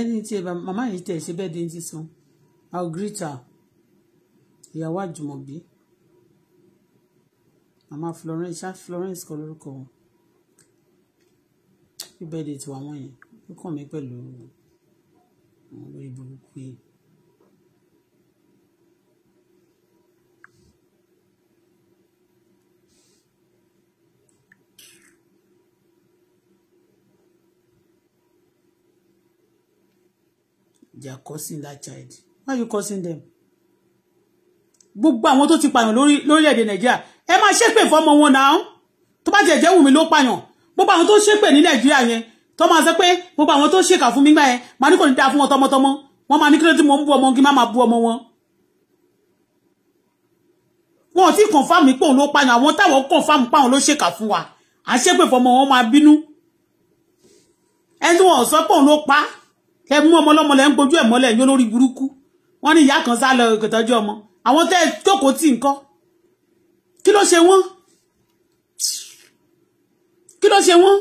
[SPEAKER 1] ẹni tí màmá yìí tẹ̀ ṣe bẹ́ẹ̀ di ti san I will greet her ìyàwó àjùmọ̀bí màmá Florence ṣá Florence kọ lórúkọ wọn bíbẹ́ẹ̀dì tiwa wọ́n yẹn ó kàn mí pẹ̀lú àwọn olórí burúkú yìí. they are causing that child why are you causing them gbogbo àwọn tó ti pààyàn lórí lórílẹ̀‐èdè nàìjíríà ẹ máa ṣépè fọmọ wọn náà tó bá jẹ̀jẹ̀ wù mí ló pààyàn gbogbo àwọn tó ṣépè ní nàìjíríà yẹn tó máa sọ pé gbogbo àwọn tó ṣèkà fún mi gbà yẹn máa ní kò ní dáa fún wọn tọmọtọmọ wọn máa ní kí ló tí mo ń bú ọmọ kí má máa bú ọmọ wọn. wọn ò tí kọ̀ǹfàmù pé òun ló pààyàn àwọn táwọn kọ̀ǹfàmù páwọn ló ṣèkà fún wa à ń ṣépè fọmọ wọn máa bínú ẹni tí wọn ò sọ pé òun ló pa á ẹ mú ọmọ ọlọ́mọ lẹ ń gbójú ẹ̀ mọ́lẹ̀ yín olórí burúkú wọ́n ní ìyá kan sá lọ ìkòtọ́jú ọmọ àwọn tẹ́ jókòó tì ń kí ló ṣe wọ́n kí ló ṣe wọ́n.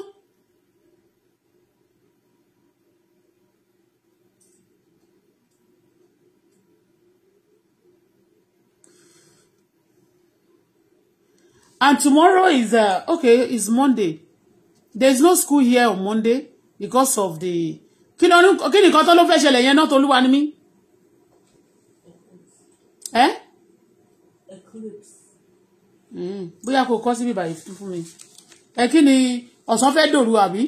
[SPEAKER 1] And tomorrow is uh, okay, it's Monday. There's no school here on Monday because of the kí ló ní kí nìkan tó ló fẹ́ ṣẹlẹ̀ yẹn náà tó lúwa ni mí. ẹ. Hmm, bóyá kò kọ́ síbi báyìí fún mi ẹ kí ni ọ̀sán fẹ́ dòru àbí.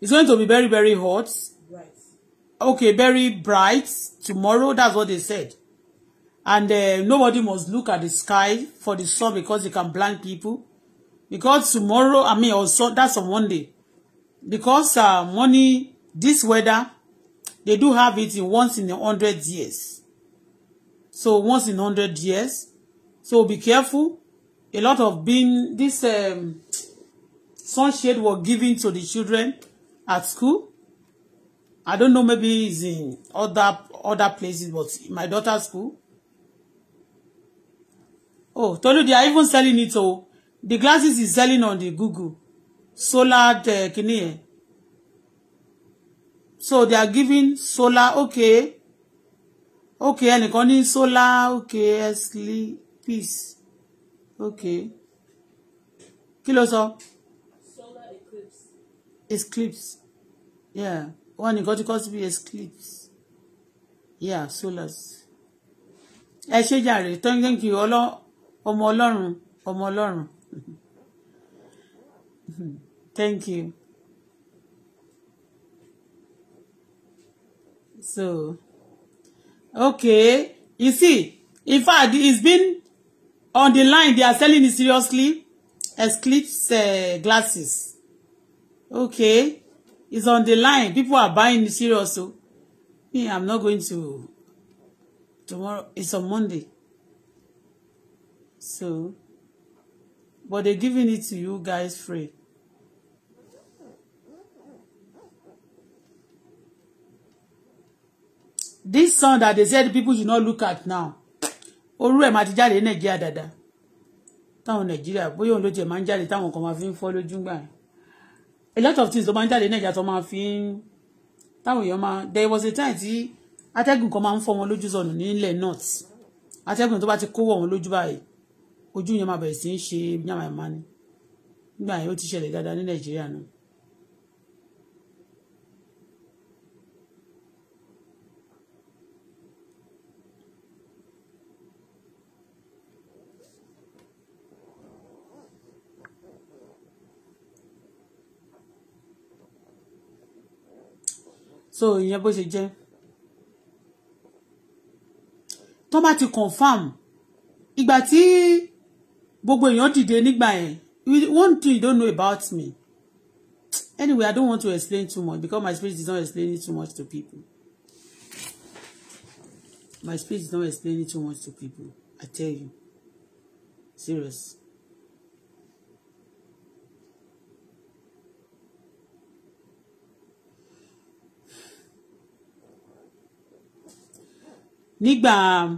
[SPEAKER 1] It's going to be very very hot. Bright. Okay, very bright tomorrow. That's what they said. And uh, nobody must look at the sky for the sun because it can blind people. Because tomorrow, I mean, also that's on Monday because uh, money this weather they do have it in once in a hundred years so once in hundred years so be careful a lot of being this um, sunshade were given to the children at school I don't know maybe it's in other other places but in my daughter's school oh Tolu they are even selling it oh the glasses is selling on the Google solar uh, kìíní yẹn so they are giving solar okay okay ẹnìkan according solar okay esli peace okay kí ló solar eclipse eclipse yeah wọn nìkan got to sí bí eclipse yeah solars I say ẹ ṣe jàre tọ́ngẹ́ǹkì ọmọ ọlọ́run ọmọ ọlọ́run. [LAUGHS] Thank you. So, okay, you see, in fact, it's been on the line, they are selling it seriously eclipse uh, glasses. Okay, it's on the line. People are buying it seriously. Me, I'm not going to tomorrow. It's on Monday. So, but they're giving it to you guys free. this song that they said people should not look at now orú ẹ̀ máa ti jáde Nigeria, nàìjíríà dáadáa táwọn nàìjíríà bóyá òun ló jẹ máa ń kan máa fi ń fọ́ a lot of things tó máa ń jáde to nàìjíríà tó máa fi ń there was a time tí atẹ́gùn kan máa ń fọ́ wọn lójú sọnù nílẹ̀ north atẹ́gùn tó bá ti kó wọ̀ wọn lójú báyìí ojú yẹn máa bẹ̀rẹ̀ sí í ṣe yàmàyàmá ni nígbà yẹn ó ti ṣẹlẹ̀ dáadáa ní nàìjíríà so ìyẹn bó ṣe jẹ́ tó bá ti confam ìgbà tí gbogbo èèyàn dìde nígbà yẹn one thing you don't know about me anyway i don't want to explain too much because my spirit is not explaining too much to people my spirit is not explaining too much to people i tell you serious. nígbà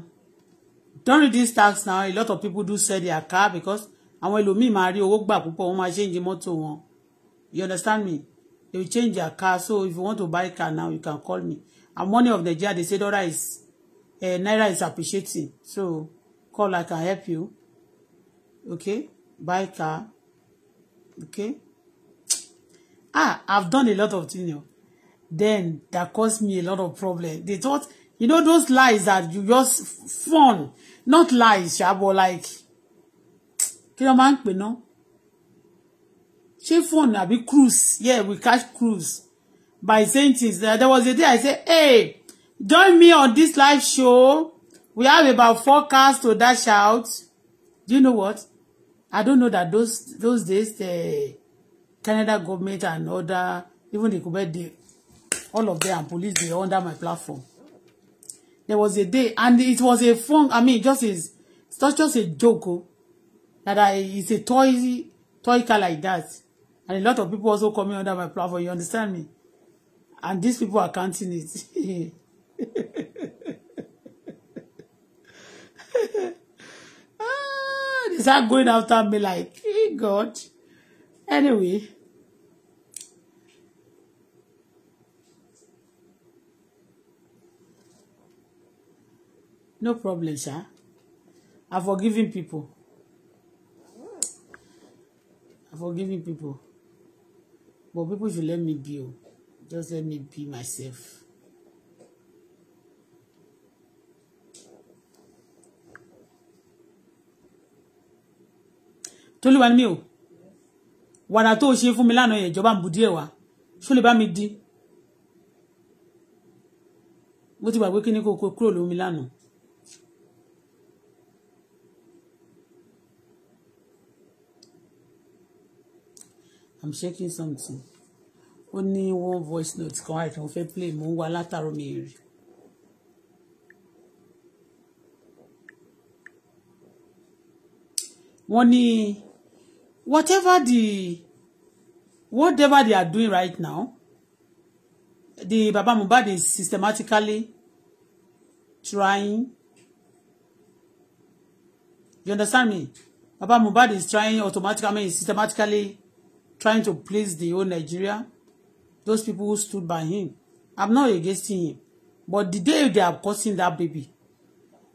[SPEAKER 1] during this tax now a lot of people do sell their car because àwọn ẹlòmíì máa rí owó gbà púpọ̀ wọ́n máa change mọ́tò wọn you understand me they will change their car so if you want to buy car now you can call me and money of Nigeria they say dollar is uh, naira is appreciating so call I can help you okay buy car okay ah I've done a lot of things you then that caused me a lot of problem they thought You know those lies that you just fun, not lies, ṣá, but like kí ló máa ń pè ná? Ṣé fun àbí cruise? Yeah, we catch cruise by saying things. There was a day I said, hey, join me on this live show. We have about four cars to dash out. Do you know what? I don't know that those those days the Canada government and other even the Quebec, all of them and police, they under my platform there was a day and it was a fun i mean just is such just a joke oh, that i it's a toy toy car like that and a lot of people also coming under my platform you understand me and these people are counting it [LAUGHS] ah, they start going after me like hey god anyway no problem sha i'm forgiving people i'm forgiving people but people should let me be o oh. just let me be myself. tolúwa ni mi o oh. wàrà tó o ṣe fún mi lánàá yẹn ìjọba ń bu díẹ̀ wá ṣó lè bá mi dín mo ti gbàgbé kí ni kò kúrò lómi lánàá i'm checking something ó ní one voice note kan àìsàn mo fẹ́ play mo ń wá látàrọ mi rí. wọ́n ní whatever the whatever they are doing right now the Baba Mohbad is systematically trying you understand me Baba Mohbad is trying automatically I mean, systematically trying to please the whole Nigeria, those people who stood by him. I'm not against him. But the day they are causing that baby,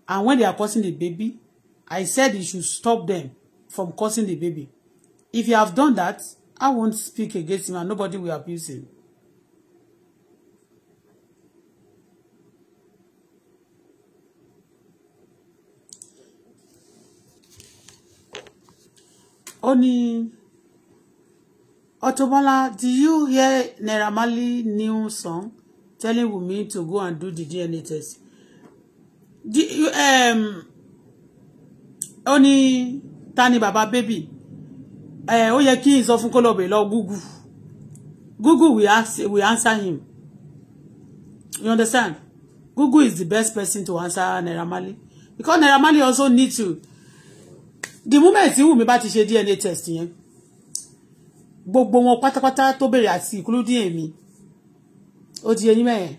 [SPEAKER 1] and when they are causing the baby, I said you should stop them from causing the baby. If you have done that, I won't speak against him and nobody will abuse him. Only Otobola, do you hear Naira new song telling Wunmi to go and do the DNA test? Do you, um, only Tani Baba baby? bàbá bébì ẹ ó yẹ kí n Google Google We ask, we answer him you understand Google is the best person to answer Naira because Naira also needs to the moment you will be about to ṣe DNA testing. yẹn gbogbo wọn pátápátá tó bèrè àti including èmi ó ti eyín mẹ́yẹn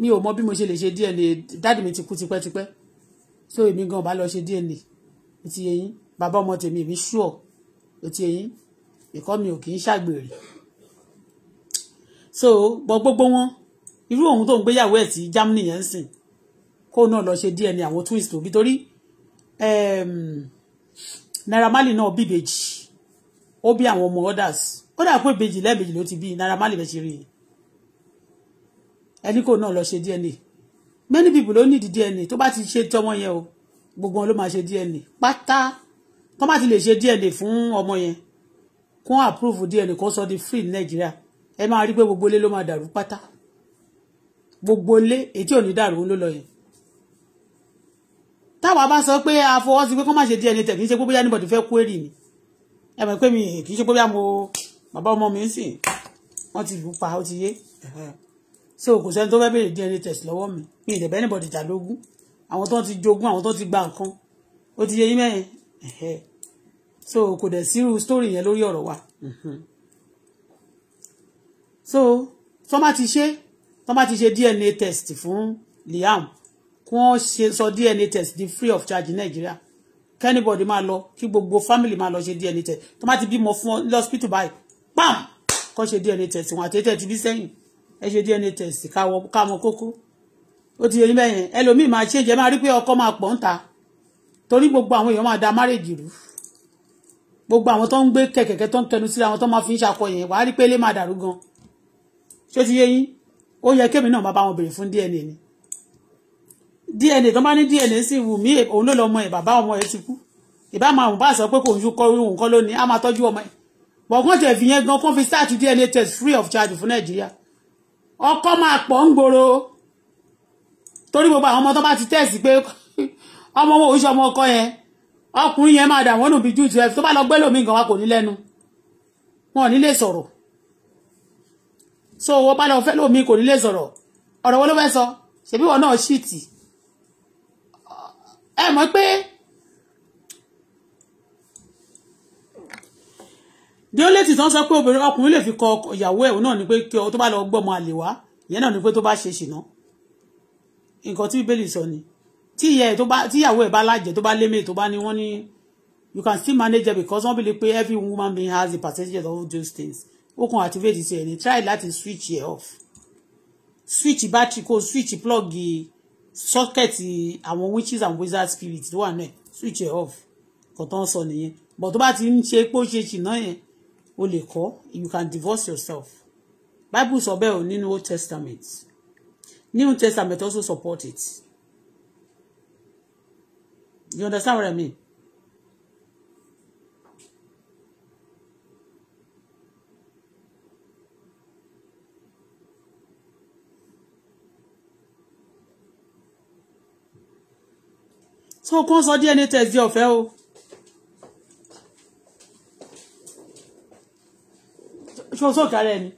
[SPEAKER 1] mi ò mọ bí mo ṣe lè ṣe DNA dáàdì mi ti kú tipẹ́tipẹ́ so èmi gan bá lọ ṣe DNA ó ti eyín bàbá ọmọ tèmi èmi sure ó ti eyín ìkọ́ mi ò kì í ṣàgbèrè so gbọ́ gbogbo wọn irú òun tó ń gbéyàwó ẹ̀ tí Germany yẹn ń sìn kó náà lọ ṣe DNA àwọn twins tó bí torí Naira Marley náà bíbèjì ó bí àwọn ọmọ others ó dà pé ìbejì lẹ́ẹ̀mejì ló ti bí Naira Marley bẹ́ẹ̀ ṣe rí i ẹni kò náà lọ ṣe DNA many people ló need DNA tó bá ti ṣe tọmọ yẹn o gbogbo wọn ló máa ṣe DNA pátá tó bá ti lè ṣe DNA fún ọmọ yẹn kó approve DNA kó sọ di free Nàìjíríà ẹ máa rí pé gbogbo ilé ló máa dàrú pátá gbogbo ilé ètí ò ní dàrú ló lọ yẹn táwa bá sọ pé àfọwọ́sí pé kó má ṣe DNA tẹ̀ kì í ṣe pé bóyá anybody fẹ́ kú èrì ni ẹ mọ̀ pé mi kì í ṣe pé bí àmọ́ bàbá ọmọ mi ń sìn wọ́n ti lù pa ó ti yé so kò sẹ́ni tó fẹ́ béèrè DNA test lọ́wọ́ mi mi ìdẹ̀bẹ́ anybody jà lógún àwọn tó ti jogún àwọn tó ti gba nǹkan ó ti yé yín mẹ́rin so kò dẹ̀ sírú story yẹn lórí ọ̀rọ̀ wa so tọ́mà ti ṣe tọ́mà ti ṣe DNA test fún Liam kí wọ́n ṣe sọ DNA test di free of charge ní Nàìjíríà kẹ́nìbọ̀dì máa lọ kí gbogbo fámìlì máa lọ ṣe DNA test tó má ti bímọ fún ọ lọ́sípítù báyìí pam kọ́ ṣe DNA test wọn àtẹ́tẹ́ ti bí sẹ́yìn ẹ ṣe DNA test káwọ káwọn kókó ó ti yẹ ní bẹ́yẹn ẹlòmíì máa ṣe jẹ́ máa rí pé ọkọ máa pọ̀ ń ta torí gbogbo àwọn èèyàn máa da márèjì rú gbogbo àwọn tó ń gbé kẹ̀kẹ́kẹ́ tó ń tẹnu síra àwọn tó máa fi ń ṣakọ yẹn wàá rí pé ilé máa dàrú gan ṣó ti yẹ yín ó yẹ kémi náà máa bá wọn béèrè fún DNA ni DNA tó bá ní DNA sì wù mí òun ló lọ ọmọ ẹ bàbá ọmọ ẹ ti kú ìbá máa wù bá sọ pé kò ń ju kọ ohun kan lónìí á máa tọ́jú ọmọ ẹ bọ̀gbọ́n tẹ̀ fi yẹn gan kó fi start DNA test free of charge fún Nàìjíríà ọkọ máa pọ̀ ń gbòòrò torí gbogbo àwọn ọmọ tó bá ti test pé ọmọ owó oṣù ọmọ ọkọ yẹn ọkùnrin yẹn máa dà wọ́n nù bí jù tiẹ̀ tó bá lọ gbé lómi nǹkan wa kò ní lẹ́nu wọn ò ní lè sọ̀rọ̀ so owó bá lọ fẹ́ lómi kò ní lè sọ̀rọ̀ ọ̀rọ̀ wo ló fẹ́ sọ ṣèbí wọn náà ṣìtì ẹ mọ̀ pé the only thing tó ń sọ pé obìnrin ọkùnrin lè fi kọ ìyàwó ẹ̀ náà ni pé kí ọ tó bá lọ gbọ́mọ àlè wá ìyẹn náà ni pé tó bá ṣe ṣìnà nǹkan tí bíbélì sọ ni tí ìyàwó ẹ̀ bá lájẹ̀ tó bá lé mèé tó bá ní wọ́n ní you can still manage because wọ́n believe pé every woman being has the percentage of all those things ó kàn activate ti ẹ̀ ní try láti switch ẹ̀ off switch battery kó switch plug yìí sọ́kẹ̀tì àwọn witches and wizard spirit tó wà náà switch it off kò tán sọ nìyẹn but tó bá ti ń ṣe pé ó ṣe ṣìnà yẹn o lè kọ́ you can divorce yourself bible sọ bẹ́ẹ̀ o nínú old testament new testament also support it you understand what i mean so kàn sọ DNA test di ọ̀fẹ́ o. ṣé o sọ̀kà rẹ̀ ni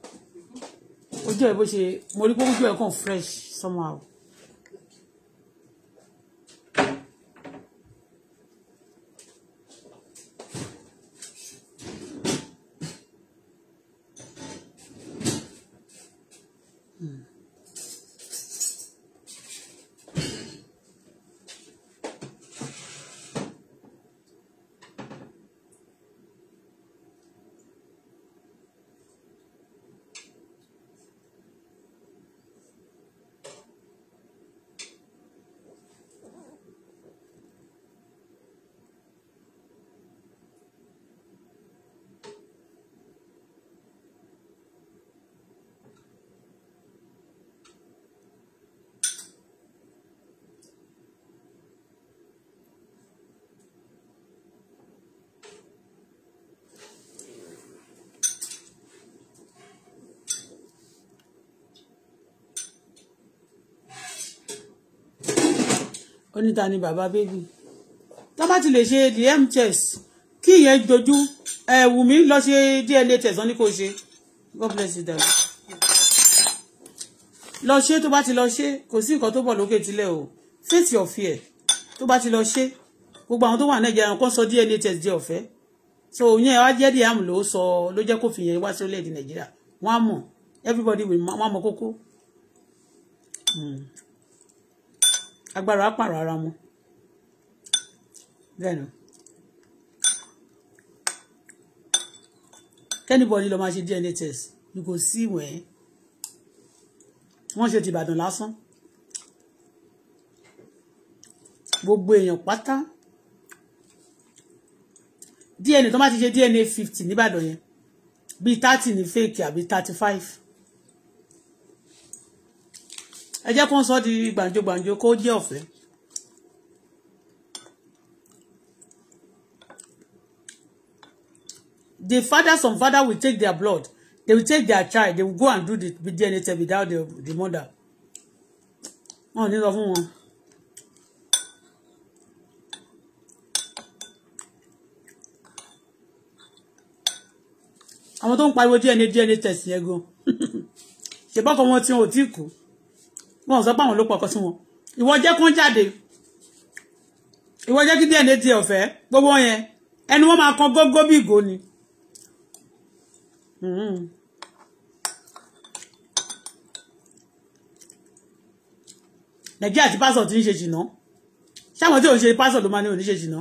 [SPEAKER 1] ojú ẹ̀ bó ṣe mo rí pé ojú ẹ̀ kàn fresh somehow. ó ní ta ni bàbá bébì tó bá ti lè ṣe dm test kí ìyẹn jojú ẹ wù mí lọ ṣe dna test wọn ni kò ṣe god bless you dàbí lọ ṣe tó bá ti lọ ṣe kò sí nǹkan tó bọ̀ lókè tilẹ̀ o face your fear tó bá ti lọ ṣe gbogbo àwọn tó wà nàìjíríà wọn kàn sọ dna test di ọ̀fẹ́ so yẹn wá jẹ́ dm ló sọ ló jẹ́ kó fi yẹn wá sí orílẹ̀ nàìjíríà wọ́n á mọ̀ everybody will wọ́n á mọ̀ kókó. Hmm agbára pààrọ̀ ara wọn bẹ́ẹ̀ ni kẹ́nìbọ̀dì lọ́ọ́ máa ṣe DNA test ni kò sí ìwẹ̀ wọ́n ṣe ti Ìbàdàn lásán gbogbo èèyàn pátá DNA tó má ti ṣe DNA fifty níbàdàn yẹn bíi thirty ní fake àbí thirty five ẹ jẹ́ kó ń sọ di gbàǹjo-gbàǹjo kó jẹ́ ọ̀fẹ́. The father some father will take their blood they will take their child they will go and do the DNA test without the, the mother. wọn ò ní lọ fún wọn. àwọn tó ń pariwo DNA DNA test yẹn gan [LAUGHS] ṣe bọ́kọ̀ wọn tí wọn ò tí kú wọn sọ pé àwọn ló pọkọ sí wọn ìwọ jẹ́ kán jáde ìwọ jẹ́ kí díẹ̀ ní tiẹ̀ ọ̀fẹ́ gbogbo yẹn ẹni wọ́n máa kan gógó bí ìgò ni. Hmm. nàìjíríà ti pásọ̀ ti ń ṣe jìnnà sáwọn tí ò ń ṣe pásọ̀ ló máa ní òní ṣe jìnnà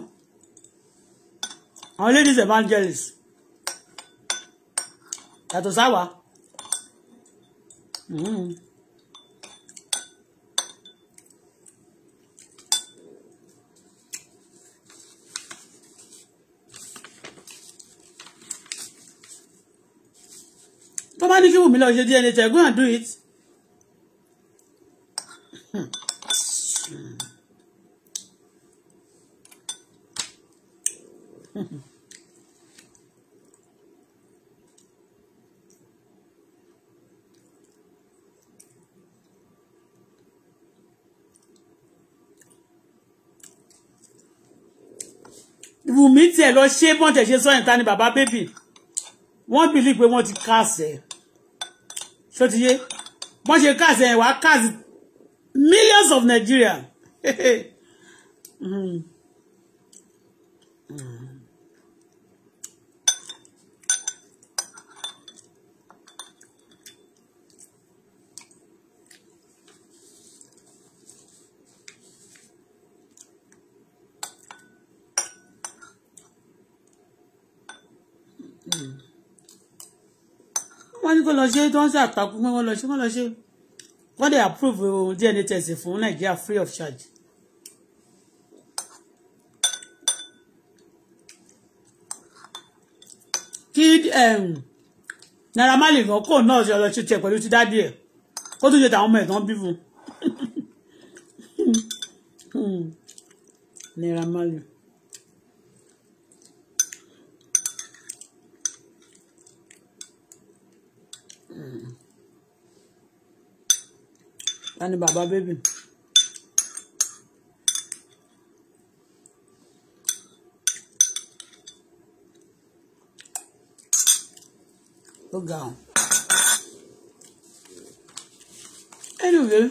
[SPEAKER 1] àwọn ladies evangelist yàtọ̀ sáwà. Mm-hmm. tó bá ní kí Wùmí lọ ṣe DNA test go and do it. Wùmí tiẹ̀ lọ ṣe bọ́ǹtẹ̀ ṣe sọ́yìn ta ni bàbá bébì wọ́n bìlí pé wọ́n ti kásẹ̀. So ti yé bọ́n ṣe káàsì ẹ̀ wá káàsì millions of Nigeria. [LAUGHS] wọ́n ní kó lọ ṣe tí wọ́n ṣe àtàkùn mọ́ wọ́n lọ ṣe wọ́n lọ ṣe wọ́n dẹ̀ approve DNA test fún Nàìjíríà free of charge. kí Naira Marley gan kò náà ṣe ọlọ́ṣẹ́ tiẹ̀ pẹ̀lú ti dádì ẹ̀ kó tún ṣe tàwọn ọmọ ẹ̀gán bí fún [LAUGHS] hmm. Hmm. Naira Marley. ta ni bàbá bébì. ó ga ọ. anyway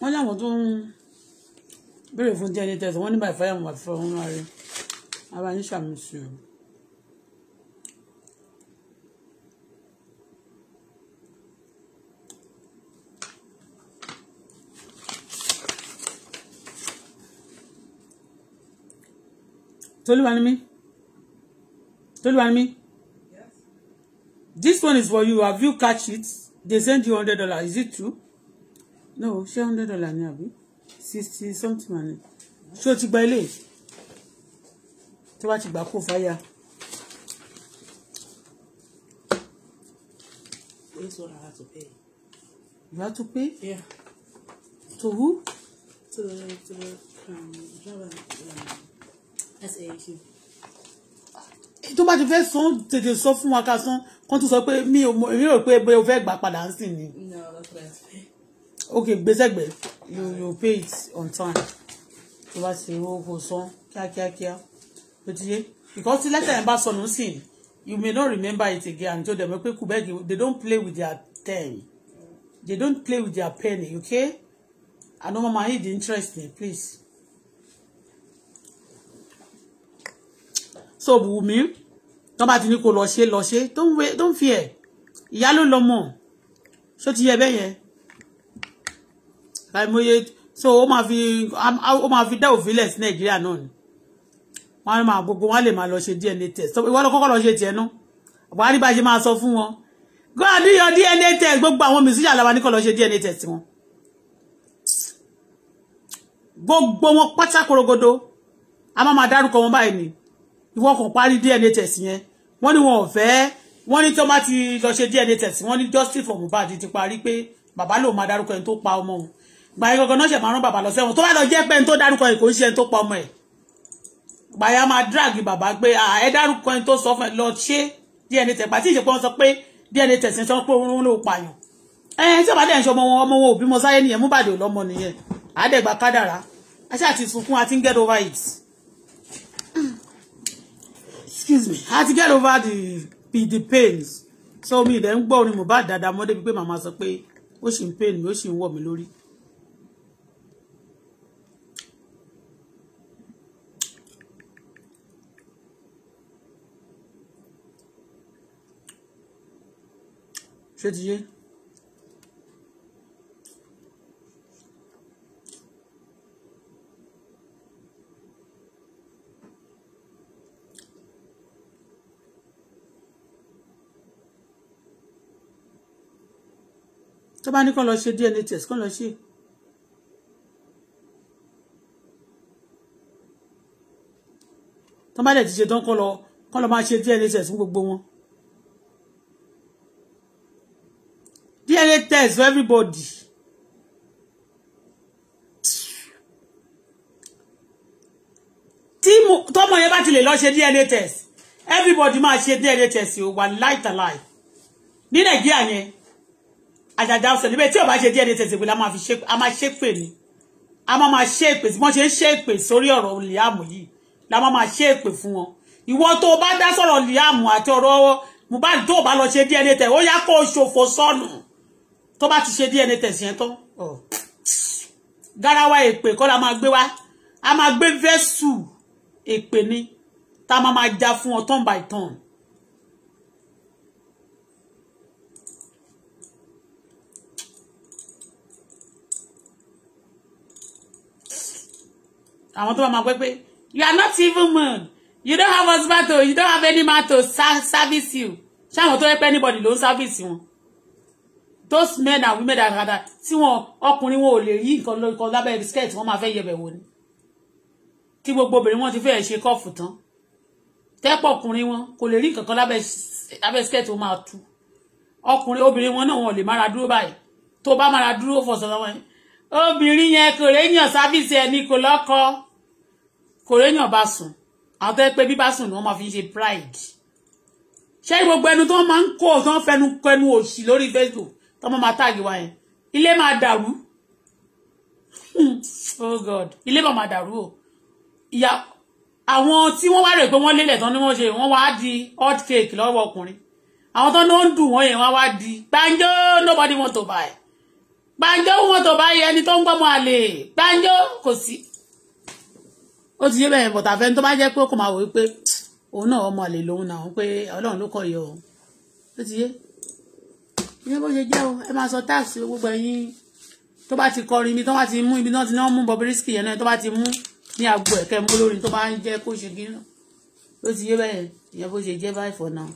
[SPEAKER 1] wọ́n láwọn tó ń béèrè fún díẹ̀ ní tẹ̀sán wọ́n ní bàbá ìfáyàmù àti fọwọ́n náà rí ara ní Tolúwa ni mí Tolúwa ni this one is for you have you catch it they send you hundred dollar is it true no she hundred dollar now. Be sixty something money ṣé o buy gba ilé tí wàá ti fire. This one I have to pay. You have to pay? Yeah. To who? To the, to the um, driver. Um, ẹsẹ̀ yìí tó bá ti fẹ́ san tètè sọ fún wa ká san kó tún sọ pé mi ò mọ èmi rò pé bóyá o fẹ́ gbà padà ń sìn ni. ok gbèsègbè you you pay it on time tó bá ti owó kò san kíákíákíá bó ti yé because tí lẹ́tà yẹn bá sọnù sí you may not remember it again until dem pe kubeg they don't play with their ten. they don't play with their penny okay? àná mama yìí di interest me please. so Wùmí tán bá ti ní kó lọ ṣe lọ ṣe don't fear ìyá ló lọ mọ̀ ṣó ti yẹ bẹ́yẹn àìmọye so o máa fi ó máa fi dá òfin lẹ̀ sí Nàìjíríà náà ni wọ́n máa gbogbo wọn lè máa lọ ṣe DNA test ìwọ lọ kọ́kọ́ lọ ṣe tiẹ̀ náà àbọ̀ àríbá ṣe máa sọ fún wọn go and do your DNA test gbogbo àwọn mìsíjà làwọn nìkan lọ ṣe DNA test wọn gbogbo wọn pátákorogodo a máa máa dárúkọ wọn báyìí ni ìwọ kò parí DNA test yẹn wọ́n ní wọn ò fẹ́ wọ́n ní tó má ti lọ ṣe DNA test wọ́n ní justice for Mohbad ti parí pé bàbá lòun máa dárúkọ ẹni tó pa ọmọ òun gbàyẹ gangan náà ṣe máa rán bàbá lọ sẹ́wọ̀n tó bá lọ jẹ́ pé ẹni tó dárúkọ ẹ̀ kò ń ṣe ẹni tó pa ọmọ ẹ̀ gbàyẹ a máa drag bàbá pé ẹ dárúkọ ẹni tó sọ fún ẹ lọ ṣe DNA test pàtí ìṣèpọ̀ sọ pé DNA test ń sọ pé òun ló pààyàn ẹ̀yìn tí ọba dẹ̀ ń ṣe ọmọ wọn ọmọ wọn òbí mọ sáyé nìyẹn mú bàdé ọlọ́mọ nìyẹn àádẹ́gbà kádàrá aṣáà ti sunkún àti ń get over excuse me How to get over the be the pains so me, then, ń gbọ́ orin Mohbad dáadáa mọ́ débi pé màmá sọ pé ó sì ń pain mi ó sì ń wọ̀ mí lórí. ti yé. tó bá ní kán lọ ṣe DNA test kán lọ ṣe. tó bá dẹ̀ ti ṣe tán kán lọ kán lọ máa ṣe DNA test fún gbogbo wọn. DNA test for everybody. tí tọmọ yẹn bá ti lè lọ ṣe DNA test everybody máa ṣe DNA test o wà láìtàláì ní nàìjíríà yẹn àjàjà ọ̀sẹ̀ níbẹ̀ tí ò bá ṣe díẹ̀ ní tẹ̀sí pé la máa fi ṣe a máa ṣe pè ní a máa máa ṣe èpè tí wọ́n ṣe ń ṣe èpè sórí ọ̀rọ̀ Liam yìí la máa máa ṣe èpè fún wọn ìwọ tó o bá dá sọ̀rọ̀ Liam àti ọ̀rọ̀ Mohbad tó o bá lọ ṣe DNA test ó yá kó o ṣòfò sọnù tó bá ti ṣe DNA test yẹn tán garawa èpè kọ́ la máa gbé wá a máa gbé vẹ́sù èpè ni tá a máa máa ja fún ọ turn by turn àwọn tó bá máa gbé pé you are not even man you don't have husband to you don't have any man to service you ṣé àwọn tó yẹ pé anybody ló ń service wọn those men and women that rather tí wọn ọkùnrin wọn ò lè yí nǹkan lóko lábẹ́ skirt wọn máa fẹ́ yẹbẹ̀ wò ni tí gbogbo obìnrin wọn ti fẹ́ ṣe kọ́ọ̀fù tán tẹ́pọ̀ ọkùnrin wọn kò lè rí nǹkan kan lábẹ́ skirt wọn máa tú ọkùnrin obìnrin wọn náà wọn ò lè mára dúró báyìí tó bá mára dúró fọ̀sọ̀ lọ́wọ́ yẹn obìnrin yẹn kò réyàn sáfíìsì ẹni kò lọ́kọ kò réyàn bá sùn àwọn tó ń pe bíbá sùn ni wọ́n máa fi ń ṣe pride ṣé gbogbo ẹnu tó máa ń kó tó ń fẹnu kẹnu òsì lórí Facebook tó máa máa tàgé wa yẹn ilé máa dàrú [LAUGHS] oh God ilé máa máa dàrú o ìyá àwọn tí wọ́n wá rè pé wọ́n lélẹ̀ tán ni wọ́n ṣe wọ́n wá di hot cake lọ́wọ́ ọkùnrin àwọn tó ń dùn wọ́n yẹn wọ́n wá di gbàǹjo nobody want to buy. Gbàǹjo wọn tó bá yẹ ẹni tó ń gbọ́mọ àlè Gbàǹjo kò sí ó ti yé bẹ́ẹ̀ bọ̀tà fẹ́ni tó bá jẹ́ pé ó kò máa wò ó pé òun náà ọmọ àlè lòun náà pé ọlọ́run ló kọ̀ yọ òun ó ti yé ìyẹn bó ṣe jẹ́ o ẹ máa sọ táàsì gbogbo ẹ̀yin tó bá ti kọrin ibi tó bá ti mú ibi náà ti náà mú Bobrisky yẹn náà tó bá ti mú ní agbo ẹ̀kẹ́ mú lórí tó bá ń jẹ́ kó ṣe gíná ó ti yé bẹ́ẹ̀ ìyẹn bó ṣe jẹ́ báyìí for now.